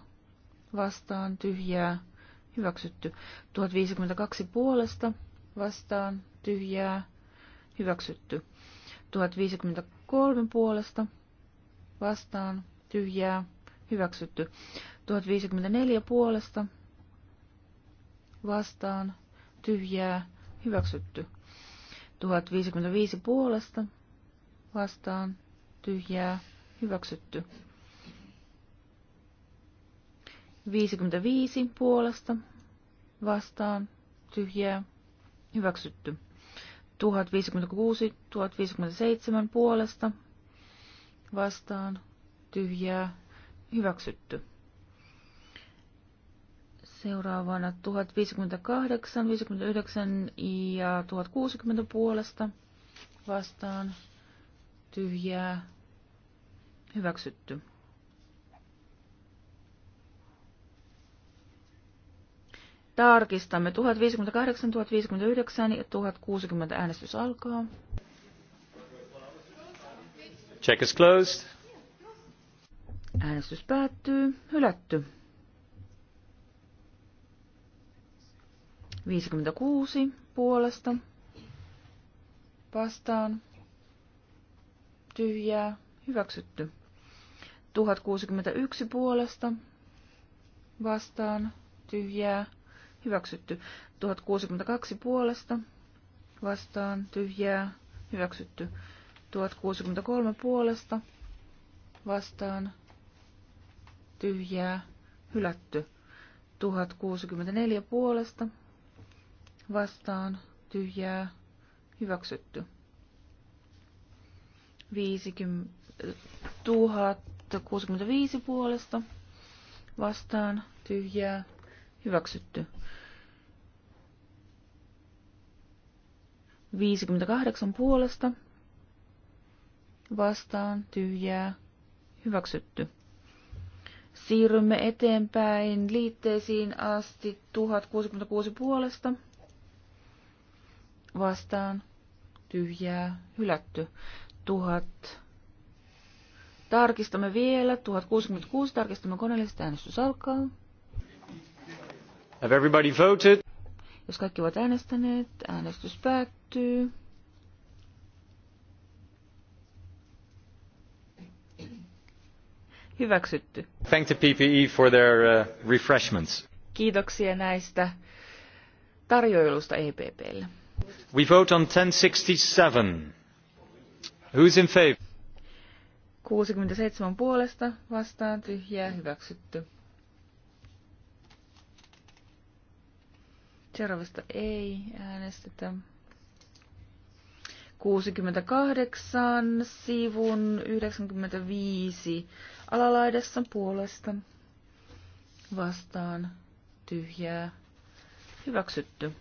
vastaan tyhjää hyväksytty. 1052 puolesta vastaan tyhjää hyväksytty. 1053 puolesta vastaan tyhjää hyväksytty. 1054 puolesta vastaan tyhjää hyväksytty. 1055 puolesta vastaan tyhjää hyväksytty. 55 puolesta vastaan tyhjää hyväksytty. 1056, 1057 puolesta vastaan tyhjää hyväksytty. Seuraavana 1058, 59 ja 1060 puolesta vastaan tyhjää hyväksytty. Tarkistamme 1058, 1059 ja 1060 äänestys alkaa. Check is closed. Äänestys päättyy. Hylätty. 56 puolesta vastaan tyhjää hyväksytty. 1061 puolesta vastaan tyhjää hyväksytty. 1062 puolesta vastaan tyhjää hyväksytty. 1063 puolesta vastaan tyhjää hylätty. 1064 puolesta vastaan tyhjää hyväksytty. 50, 1065 puolesta vastaan tyhjää hyväksytty. 58 puolesta vastaan tyhjää hyväksytty. Siirrymme eteenpäin liitteisiin asti 1066 puolesta vastaan tyhjää hylätty. Tuhat. Tarkistamme vielä. 1066 tarkistamme koneellista äänestys alkaa. Have everybody voted? Jos kaikki ovat äänestäneet, äänestys päättyy. Hyväksytty. Thank the PPE for their uh, refreshments. Kiitoksia näistä tarjoilusta EPPlle. We vote on 1067. Who's in favor? 67 puolesta vastaan tyhjää hyväksytty. Seuraavasta ei äänestetä. 68 sivun 95 alalaidassa puolesta vastaan tyhjää hyväksytty.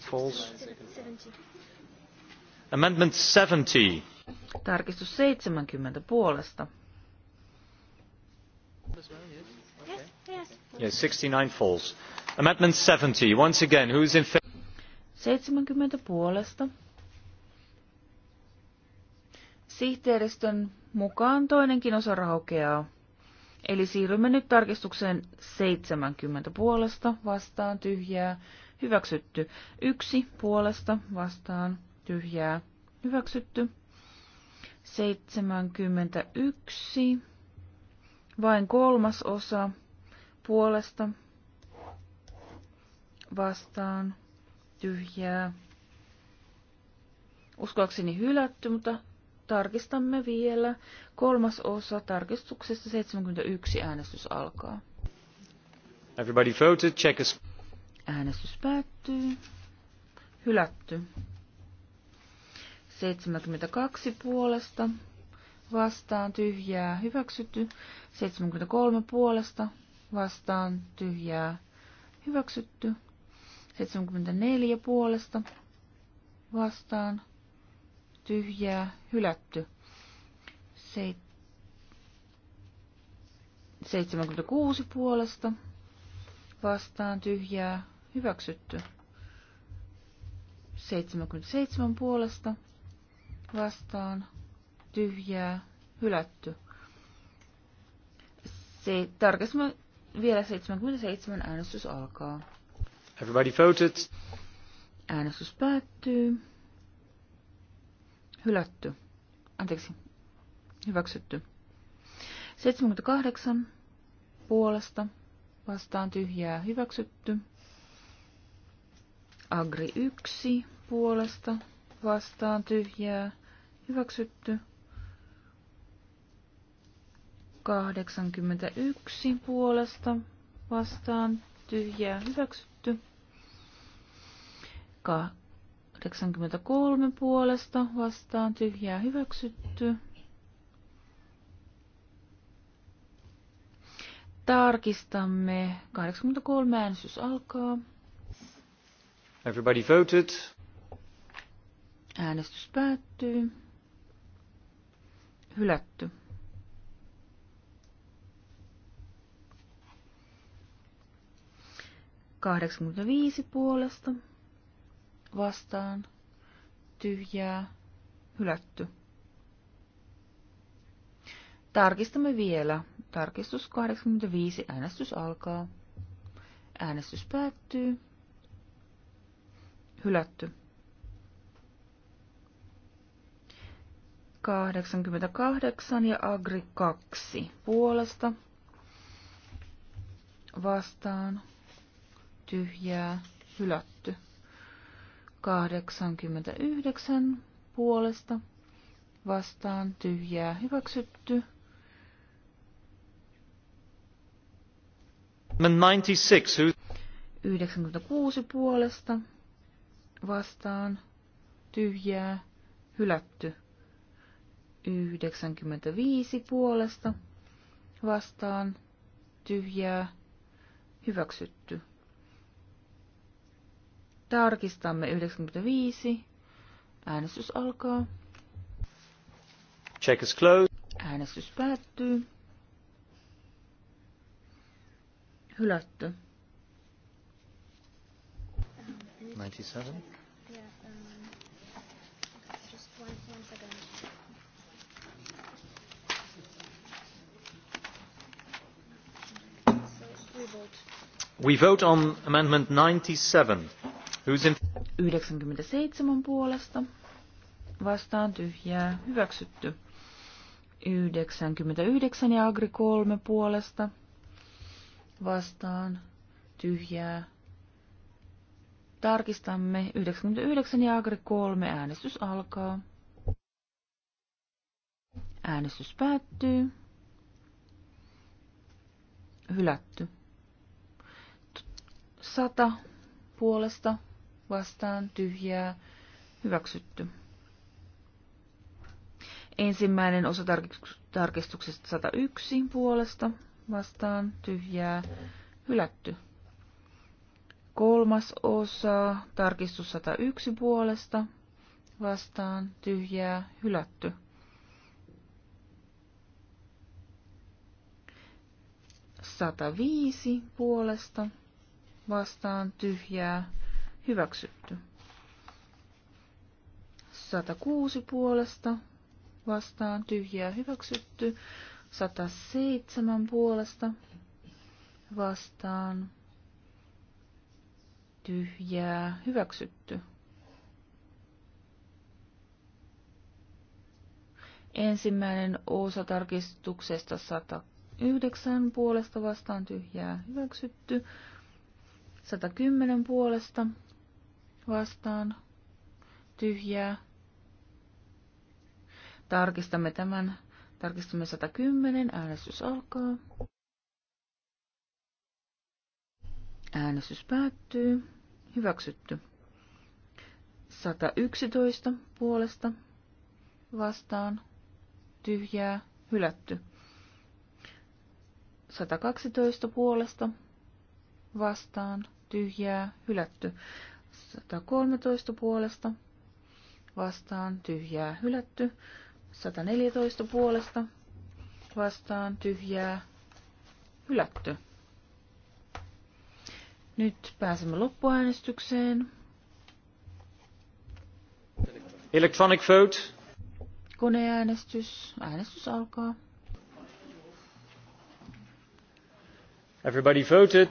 It falls. Amendment 70. Tarkistus 70 puolesta. Yes, yes. yes 69 falls. Amendment 70. Once again, who is in favor? 70 puolesta. Sihteeristön mukaan toinenkin osa raukeaa. Eli siirrymme nyt tarkistukseen 70 puolesta vastaan tyhjää hyväksytty. Yksi puolesta vastaan tyhjää hyväksytty. 71. Vain kolmas osa puolesta vastaan tyhjää. Uskoakseni hylätty, mutta tarkistamme vielä. Kolmas osa tarkistuksesta 71 äänestys alkaa. Everybody voted, check us. Äänestys päättyy. Hylätty. 72 puolesta. Vastaan tyhjää. Hyväksytty. 73 puolesta. Vastaan tyhjää. Hyväksytty. 74 puolesta. Vastaan tyhjää. Hylätty. 76 puolesta vastaan tyhjää Hyväksytty. 77 puolesta vastaan tyhjää hylätty. Se, tarkistamme vielä 77 äänestys alkaa. Everybody voted. Äänestys päättyy. Hylätty. Anteeksi. Hyväksytty. 78 puolesta vastaan tyhjää hyväksytty. Agri 1 puolesta vastaan tyhjää hyväksytty. 81 puolesta vastaan tyhjää hyväksytty. 83 puolesta vastaan tyhjää hyväksytty. Tarkistamme. 83 äänestys alkaa. Everybody voted. Äänestys päättyy. Hylätty. viisi puolesta vastaan tyhjää hylätty. Tarkistamme vielä. Tarkistus 85. Äänestys alkaa. Äänestys päättyy hylätty. 88 ja Agri 2 puolesta vastaan tyhjää hylätty. 89 puolesta vastaan tyhjää hyväksytty. 96 puolesta vastaan tyhjää hylätty. 95 puolesta vastaan tyhjää hyväksytty. Tarkistamme 95. Äänestys alkaa. Check is closed. Äänestys päättyy. Hylätty. 97? We vote on amendment 97. Who's in... 97 puolesta. Vastaan tyhjää. Hyväksytty. 99 ja Agri 3 puolesta. Vastaan tyhjää. Tarkistamme 99 ja Agri 3. Äänestys alkaa. Äänestys päättyy. Hylätty. 100 puolesta vastaan tyhjää hyväksytty. Ensimmäinen osa tarkistuksesta 101 puolesta vastaan tyhjää hylätty. Kolmas osa, tarkistus 101 puolesta, vastaan, tyhjää, hylätty. Sata viisi puolesta, vastaan, tyhjää, hyväksytty. kuusi puolesta, vastaan, tyhjää, hyväksytty. seitsemän puolesta, vastaan, tyhjää hyväksytty. Ensimmäinen osa tarkistuksesta 109 puolesta vastaan tyhjää hyväksytty. 110 puolesta vastaan tyhjää. Tarkistamme tämän. Tarkistamme 110. Äänestys alkaa. Äänestys päättyy. Hyväksytty. 111 puolesta vastaan tyhjää hylätty. 112 puolesta vastaan tyhjää hylätty. 113 puolesta vastaan tyhjää hylätty. 114 puolesta vastaan tyhjää hylätty. Nyt pääsemme loppuäänestykseen. Electronic vote. Koneäänestys. Äänestys alkaa. Everybody voted.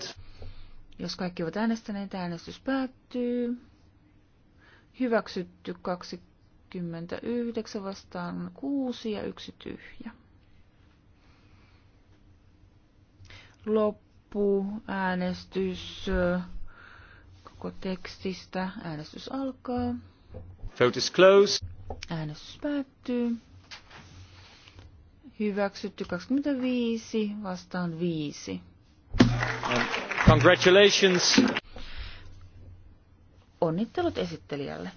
Jos kaikki ovat äänestäneet, äänestys päättyy. Hyväksytty 29 vastaan 6 ja 1 tyhjä. Loppu äänestys äh, koko tekstistä. Äänestys alkaa. Vote is closed. Äänestys päättyy. Hyväksytty 25, vastaan 5. Congratulations. Onnittelut esittelijälle.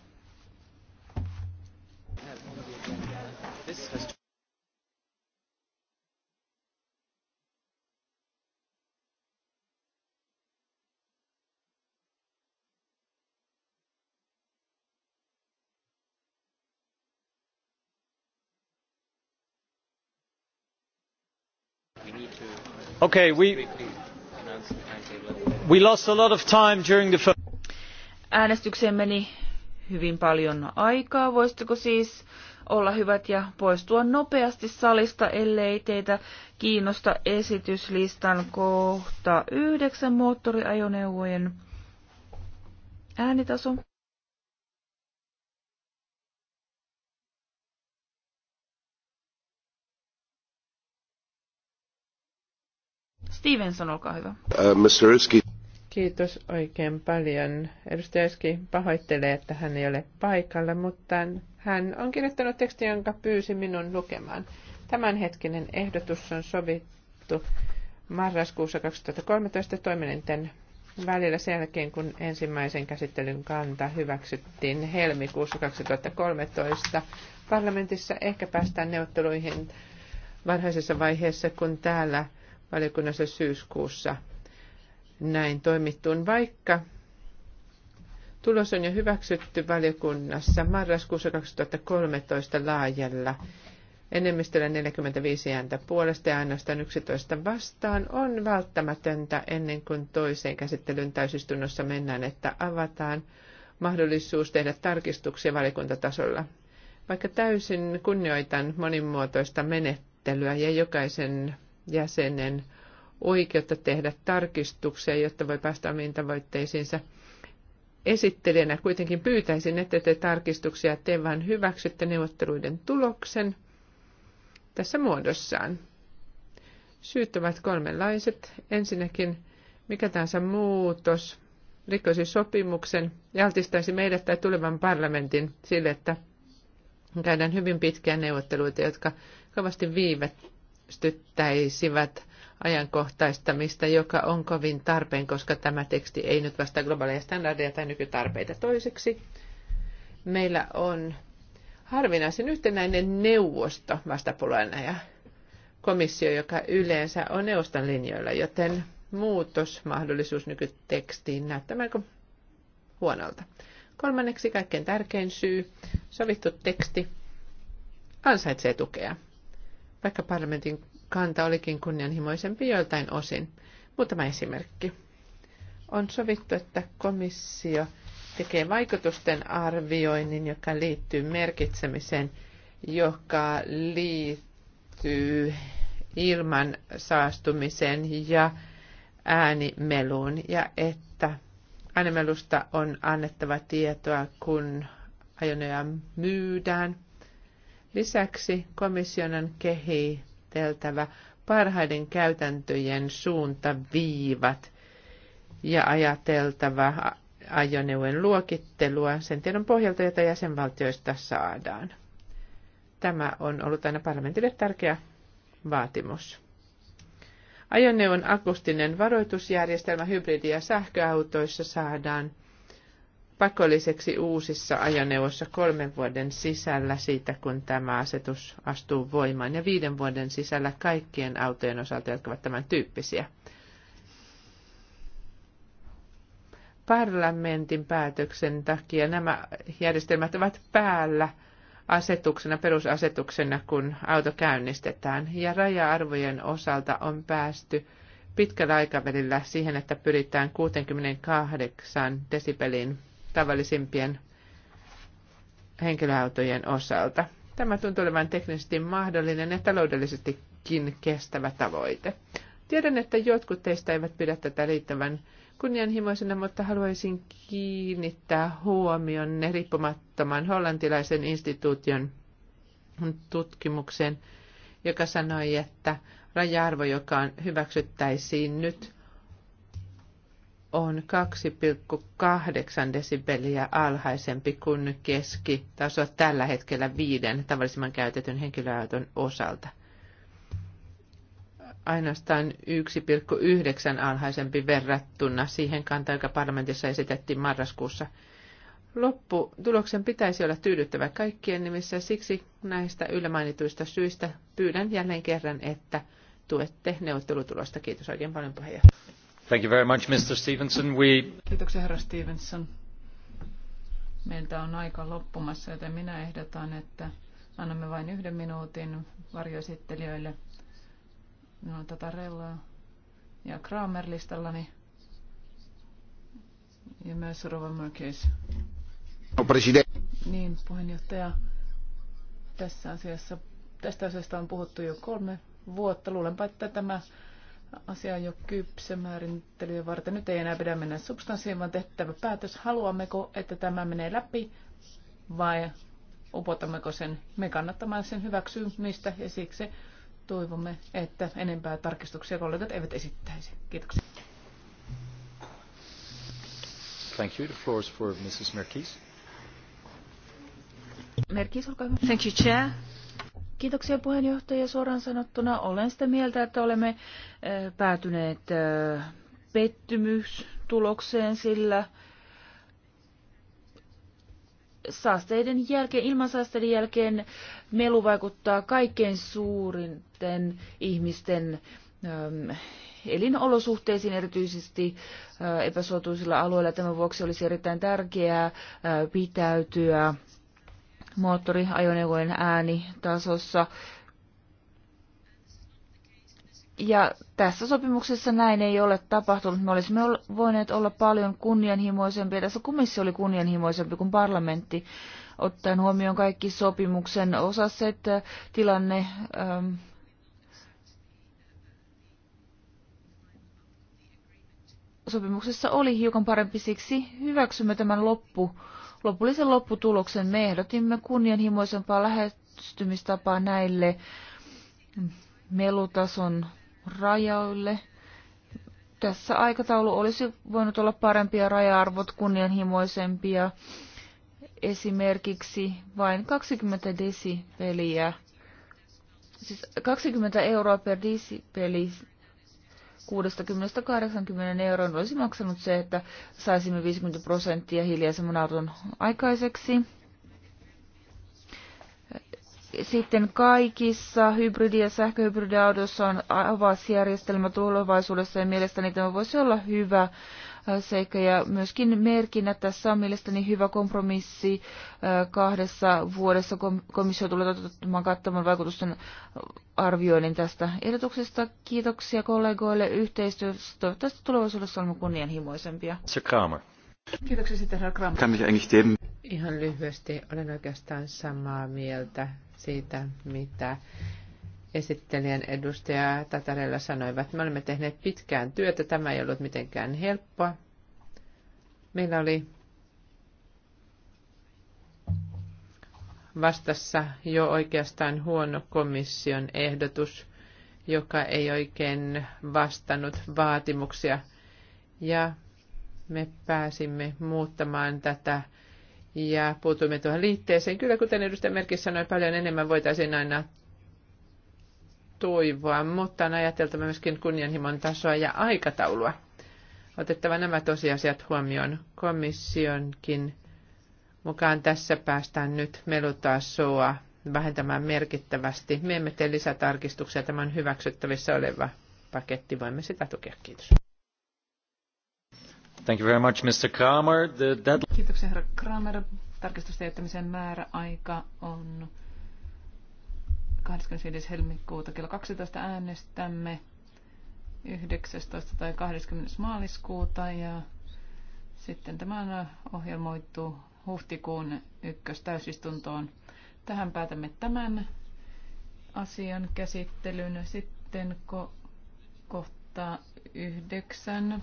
Äänestykseen meni hyvin paljon aikaa. Voisitteko siis olla hyvät ja poistua nopeasti salista, ellei teitä kiinnosta esityslistan kohta yhdeksän moottoriajoneuvojen äänitaso. Stevenson, olkaa hyvä. Uh, Mr. Kiitos oikein paljon. Edustaja Eski pahoittelee, että hän ei ole paikalla, mutta hän on kirjoittanut tekstin, jonka pyysi minun lukemaan. Tämänhetkinen ehdotus on sovittu marraskuussa 2013 toiminten välillä sen jälkeen, kun ensimmäisen käsittelyn kanta hyväksyttiin helmikuussa 2013 parlamentissa. Ehkä päästään neuvotteluihin varhaisessa vaiheessa, kun täällä – valiokunnassa syyskuussa näin toimittuun, vaikka tulos on jo hyväksytty valiokunnassa marraskuussa 2013 laajalla enemmistöllä 45 ääntä puolesta ja ainoastaan 11 vastaan on välttämätöntä ennen kuin toiseen käsittelyyn täysistunnossa mennään, että avataan mahdollisuus tehdä tarkistuksia valikuntatasolla. Vaikka täysin kunnioitan monimuotoista menettelyä ja jokaisen jäsenen oikeutta tehdä tarkistuksia, jotta voi päästä omiin tavoitteisiinsa. Esittelijänä kuitenkin pyytäisin, että te tarkistuksia te vain hyväksytte neuvotteluiden tuloksen tässä muodossaan. Syyt ovat kolmenlaiset. Ensinnäkin mikä tahansa muutos rikkoisi sopimuksen ja altistaisi meidät tai tulevan parlamentin sille, että käydään hyvin pitkiä neuvotteluita, jotka kovasti viivät, pystyttäisivät ajankohtaistamista, joka on kovin tarpeen, koska tämä teksti ei nyt vastaa globaaleja standardeja tai nykytarpeita. Toiseksi meillä on harvinaisen yhtenäinen neuvosto vastapuolena ja komissio, joka yleensä on neuvoston linjoilla, joten muutosmahdollisuus nykytekstiin näyttämäänkö huonolta. Kolmanneksi kaikkein tärkein syy, sovittu teksti ansaitsee tukea vaikka parlamentin kanta olikin kunnianhimoisempi joiltain osin. Muutama esimerkki. On sovittu, että komissio tekee vaikutusten arvioinnin, joka liittyy merkitsemiseen, joka liittyy ilman saastumiseen ja äänimeluun, ja että äänimelusta on annettava tietoa, kun ajoneja myydään – Lisäksi komission on kehiteltävä parhaiden käytäntöjen suuntaviivat ja ajateltava ajoneuvojen luokittelua sen tiedon pohjalta, jota jäsenvaltioista saadaan. Tämä on ollut aina parlamentille tärkeä vaatimus. Ajoneuvon akustinen varoitusjärjestelmä hybridi- ja sähköautoissa saadaan pakolliseksi uusissa ajoneuvoissa kolmen vuoden sisällä siitä, kun tämä asetus astuu voimaan, ja viiden vuoden sisällä kaikkien autojen osalta, jotka ovat tämän tyyppisiä. Parlamentin päätöksen takia nämä järjestelmät ovat päällä asetuksena, perusasetuksena, kun auto käynnistetään, ja raja-arvojen osalta on päästy pitkällä aikavälillä siihen, että pyritään 68 desibeliin tavallisimpien henkilöautojen osalta. Tämä tuntuu olevan teknisesti mahdollinen ja taloudellisestikin kestävä tavoite. Tiedän, että jotkut teistä eivät pidä tätä riittävän kunnianhimoisena, mutta haluaisin kiinnittää huomion riippumattoman hollantilaisen instituution tutkimukseen, joka sanoi, että raja-arvo, joka hyväksyttäisiin nyt, on 2,8 desibeliä alhaisempi kuin keskitaso tällä hetkellä viiden tavallisimman käytetyn henkilöauton osalta. Ainoastaan 1,9 alhaisempi verrattuna siihen kantaan, joka parlamentissa esitettiin marraskuussa. Lopputuloksen pitäisi olla tyydyttävä kaikkien nimissä, siksi näistä ylämainituista syistä pyydän jälleen kerran, että tuette neuvottelutulosta. Kiitos oikein paljon puheenjohtaja. Kiitoksia, herra Stevenson. Meiltä on aika loppumassa, joten minä ehdotan, että annamme vain yhden minuutin varjoesittelijöille. Minulla on ja Kramer listallani ja myös Rova Merkis. No, niin, puheenjohtaja. Tässä asiassa, tästä asiasta on puhuttu jo kolme vuotta. Luulenpa, että tämä asia on jo kypsä määrittelyä varten. Nyt ei enää pidä mennä substanssiin, vaan tehtävä päätös. Haluammeko, että tämä menee läpi vai upotammeko sen? Me kannattamaan sen hyväksymistä ja siksi toivomme, että enempää tarkistuksia kollegat eivät esittäisi. Kiitoksia. Thank you. The floor is for Mrs. Merkis. Merkis, olkaa hyvä. Thank you, Chair. Kiitoksia puheenjohtaja. Suoraan sanottuna olen sitä mieltä, että olemme eh, päätyneet eh, pettymystulokseen, sillä saasteiden jälkeen, saasteiden jälkeen melu vaikuttaa kaikkein suurinten ihmisten ehm, elinolosuhteisiin erityisesti eh, epäsuotuisilla alueilla. Tämän vuoksi olisi erittäin tärkeää pitäytyä moottoriajoneuvojen äänitasossa. Ja tässä sopimuksessa näin ei ole tapahtunut. Me olisimme voineet olla paljon kunnianhimoisempia. Tässä komissio oli kunnianhimoisempi kuin parlamentti, ottaen huomioon kaikki sopimuksen osaset, äh, tilanne, ähm, sopimuksessa oli hiukan parempi, siksi hyväksymme tämän loppu lopullisen lopputuloksen. Me ehdotimme kunnianhimoisempaa lähestymistapaa näille melutason rajoille. Tässä aikataulu olisi voinut olla parempia raja-arvot, kunnianhimoisempia. Esimerkiksi vain 20 desipeliä, siis 20 euroa per desipeli. 60-80 euron olisi maksanut se, että saisimme 50 prosenttia hiljaisemman auton aikaiseksi. Sitten kaikissa hybridi- ja sähköhybridiautoissa on avausjärjestelmä tulevaisuudessa ja mielestäni tämä voisi olla hyvä äh, seikka ja myöskin merkinnä. Tässä on mielestäni hyvä kompromissi äh, kahdessa vuodessa. Komissio tulee toteuttamaan kattavan vaikutusten äh, arvioinnin tästä ehdotuksesta. Kiitoksia kollegoille yhteistyöstä. Toivottavasti tulevaisuudessa olemme kunnianhimoisempia. Se Kramer. Kiitoksia sitten, herra Kramer. Ihan lyhyesti olen oikeastaan samaa mieltä siitä, mitä esittelijän edustaja Tatarella sanoivat. Me olemme tehneet pitkään työtä, tämä ei ollut mitenkään helppoa. Meillä oli vastassa jo oikeastaan huono komission ehdotus, joka ei oikein vastannut vaatimuksia. Ja me pääsimme muuttamaan tätä ja puutuimme tuohon liitteeseen. Kyllä, kuten edustaja Merkki sanoi, paljon enemmän voitaisiin aina toivoa, mutta on ajateltava myöskin kunnianhimon tasoa ja aikataulua. Otettava nämä tosiasiat huomioon. Komissionkin mukaan tässä päästään nyt melutasoa vähentämään merkittävästi. Me emme tee lisätarkistuksia, tämä on hyväksyttävissä oleva paketti. Voimme sitä tukea. Kiitos. Thank you very much, Mr. Kramer. The deadline... Kiitoksia, herra Kramer. Tarkistusten jättämisen määräaika on 25. helmikuuta kello 12 äänestämme 19. tai 20. maaliskuuta ja sitten tämä on ohjelmoittu huhtikuun täysistuntoon. Tähän päätämme tämän asian käsittelyn. Sitten ko- kohta yhdeksän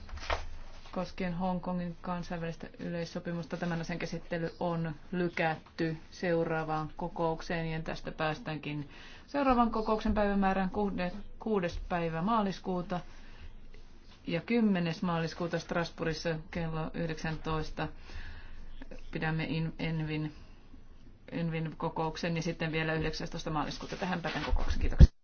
koskien Hongkongin kansainvälistä yleissopimusta. Tämän asian käsittely on lykätty seuraavaan kokoukseen ja tästä päästäänkin seuraavan kokouksen päivämäärän 6. päivä maaliskuuta ja 10. maaliskuuta Strasbourgissa kello 19 pidämme Envin, Envin kokouksen ja sitten vielä 19. maaliskuuta tähän päivän kokouksen. Kiitoksia.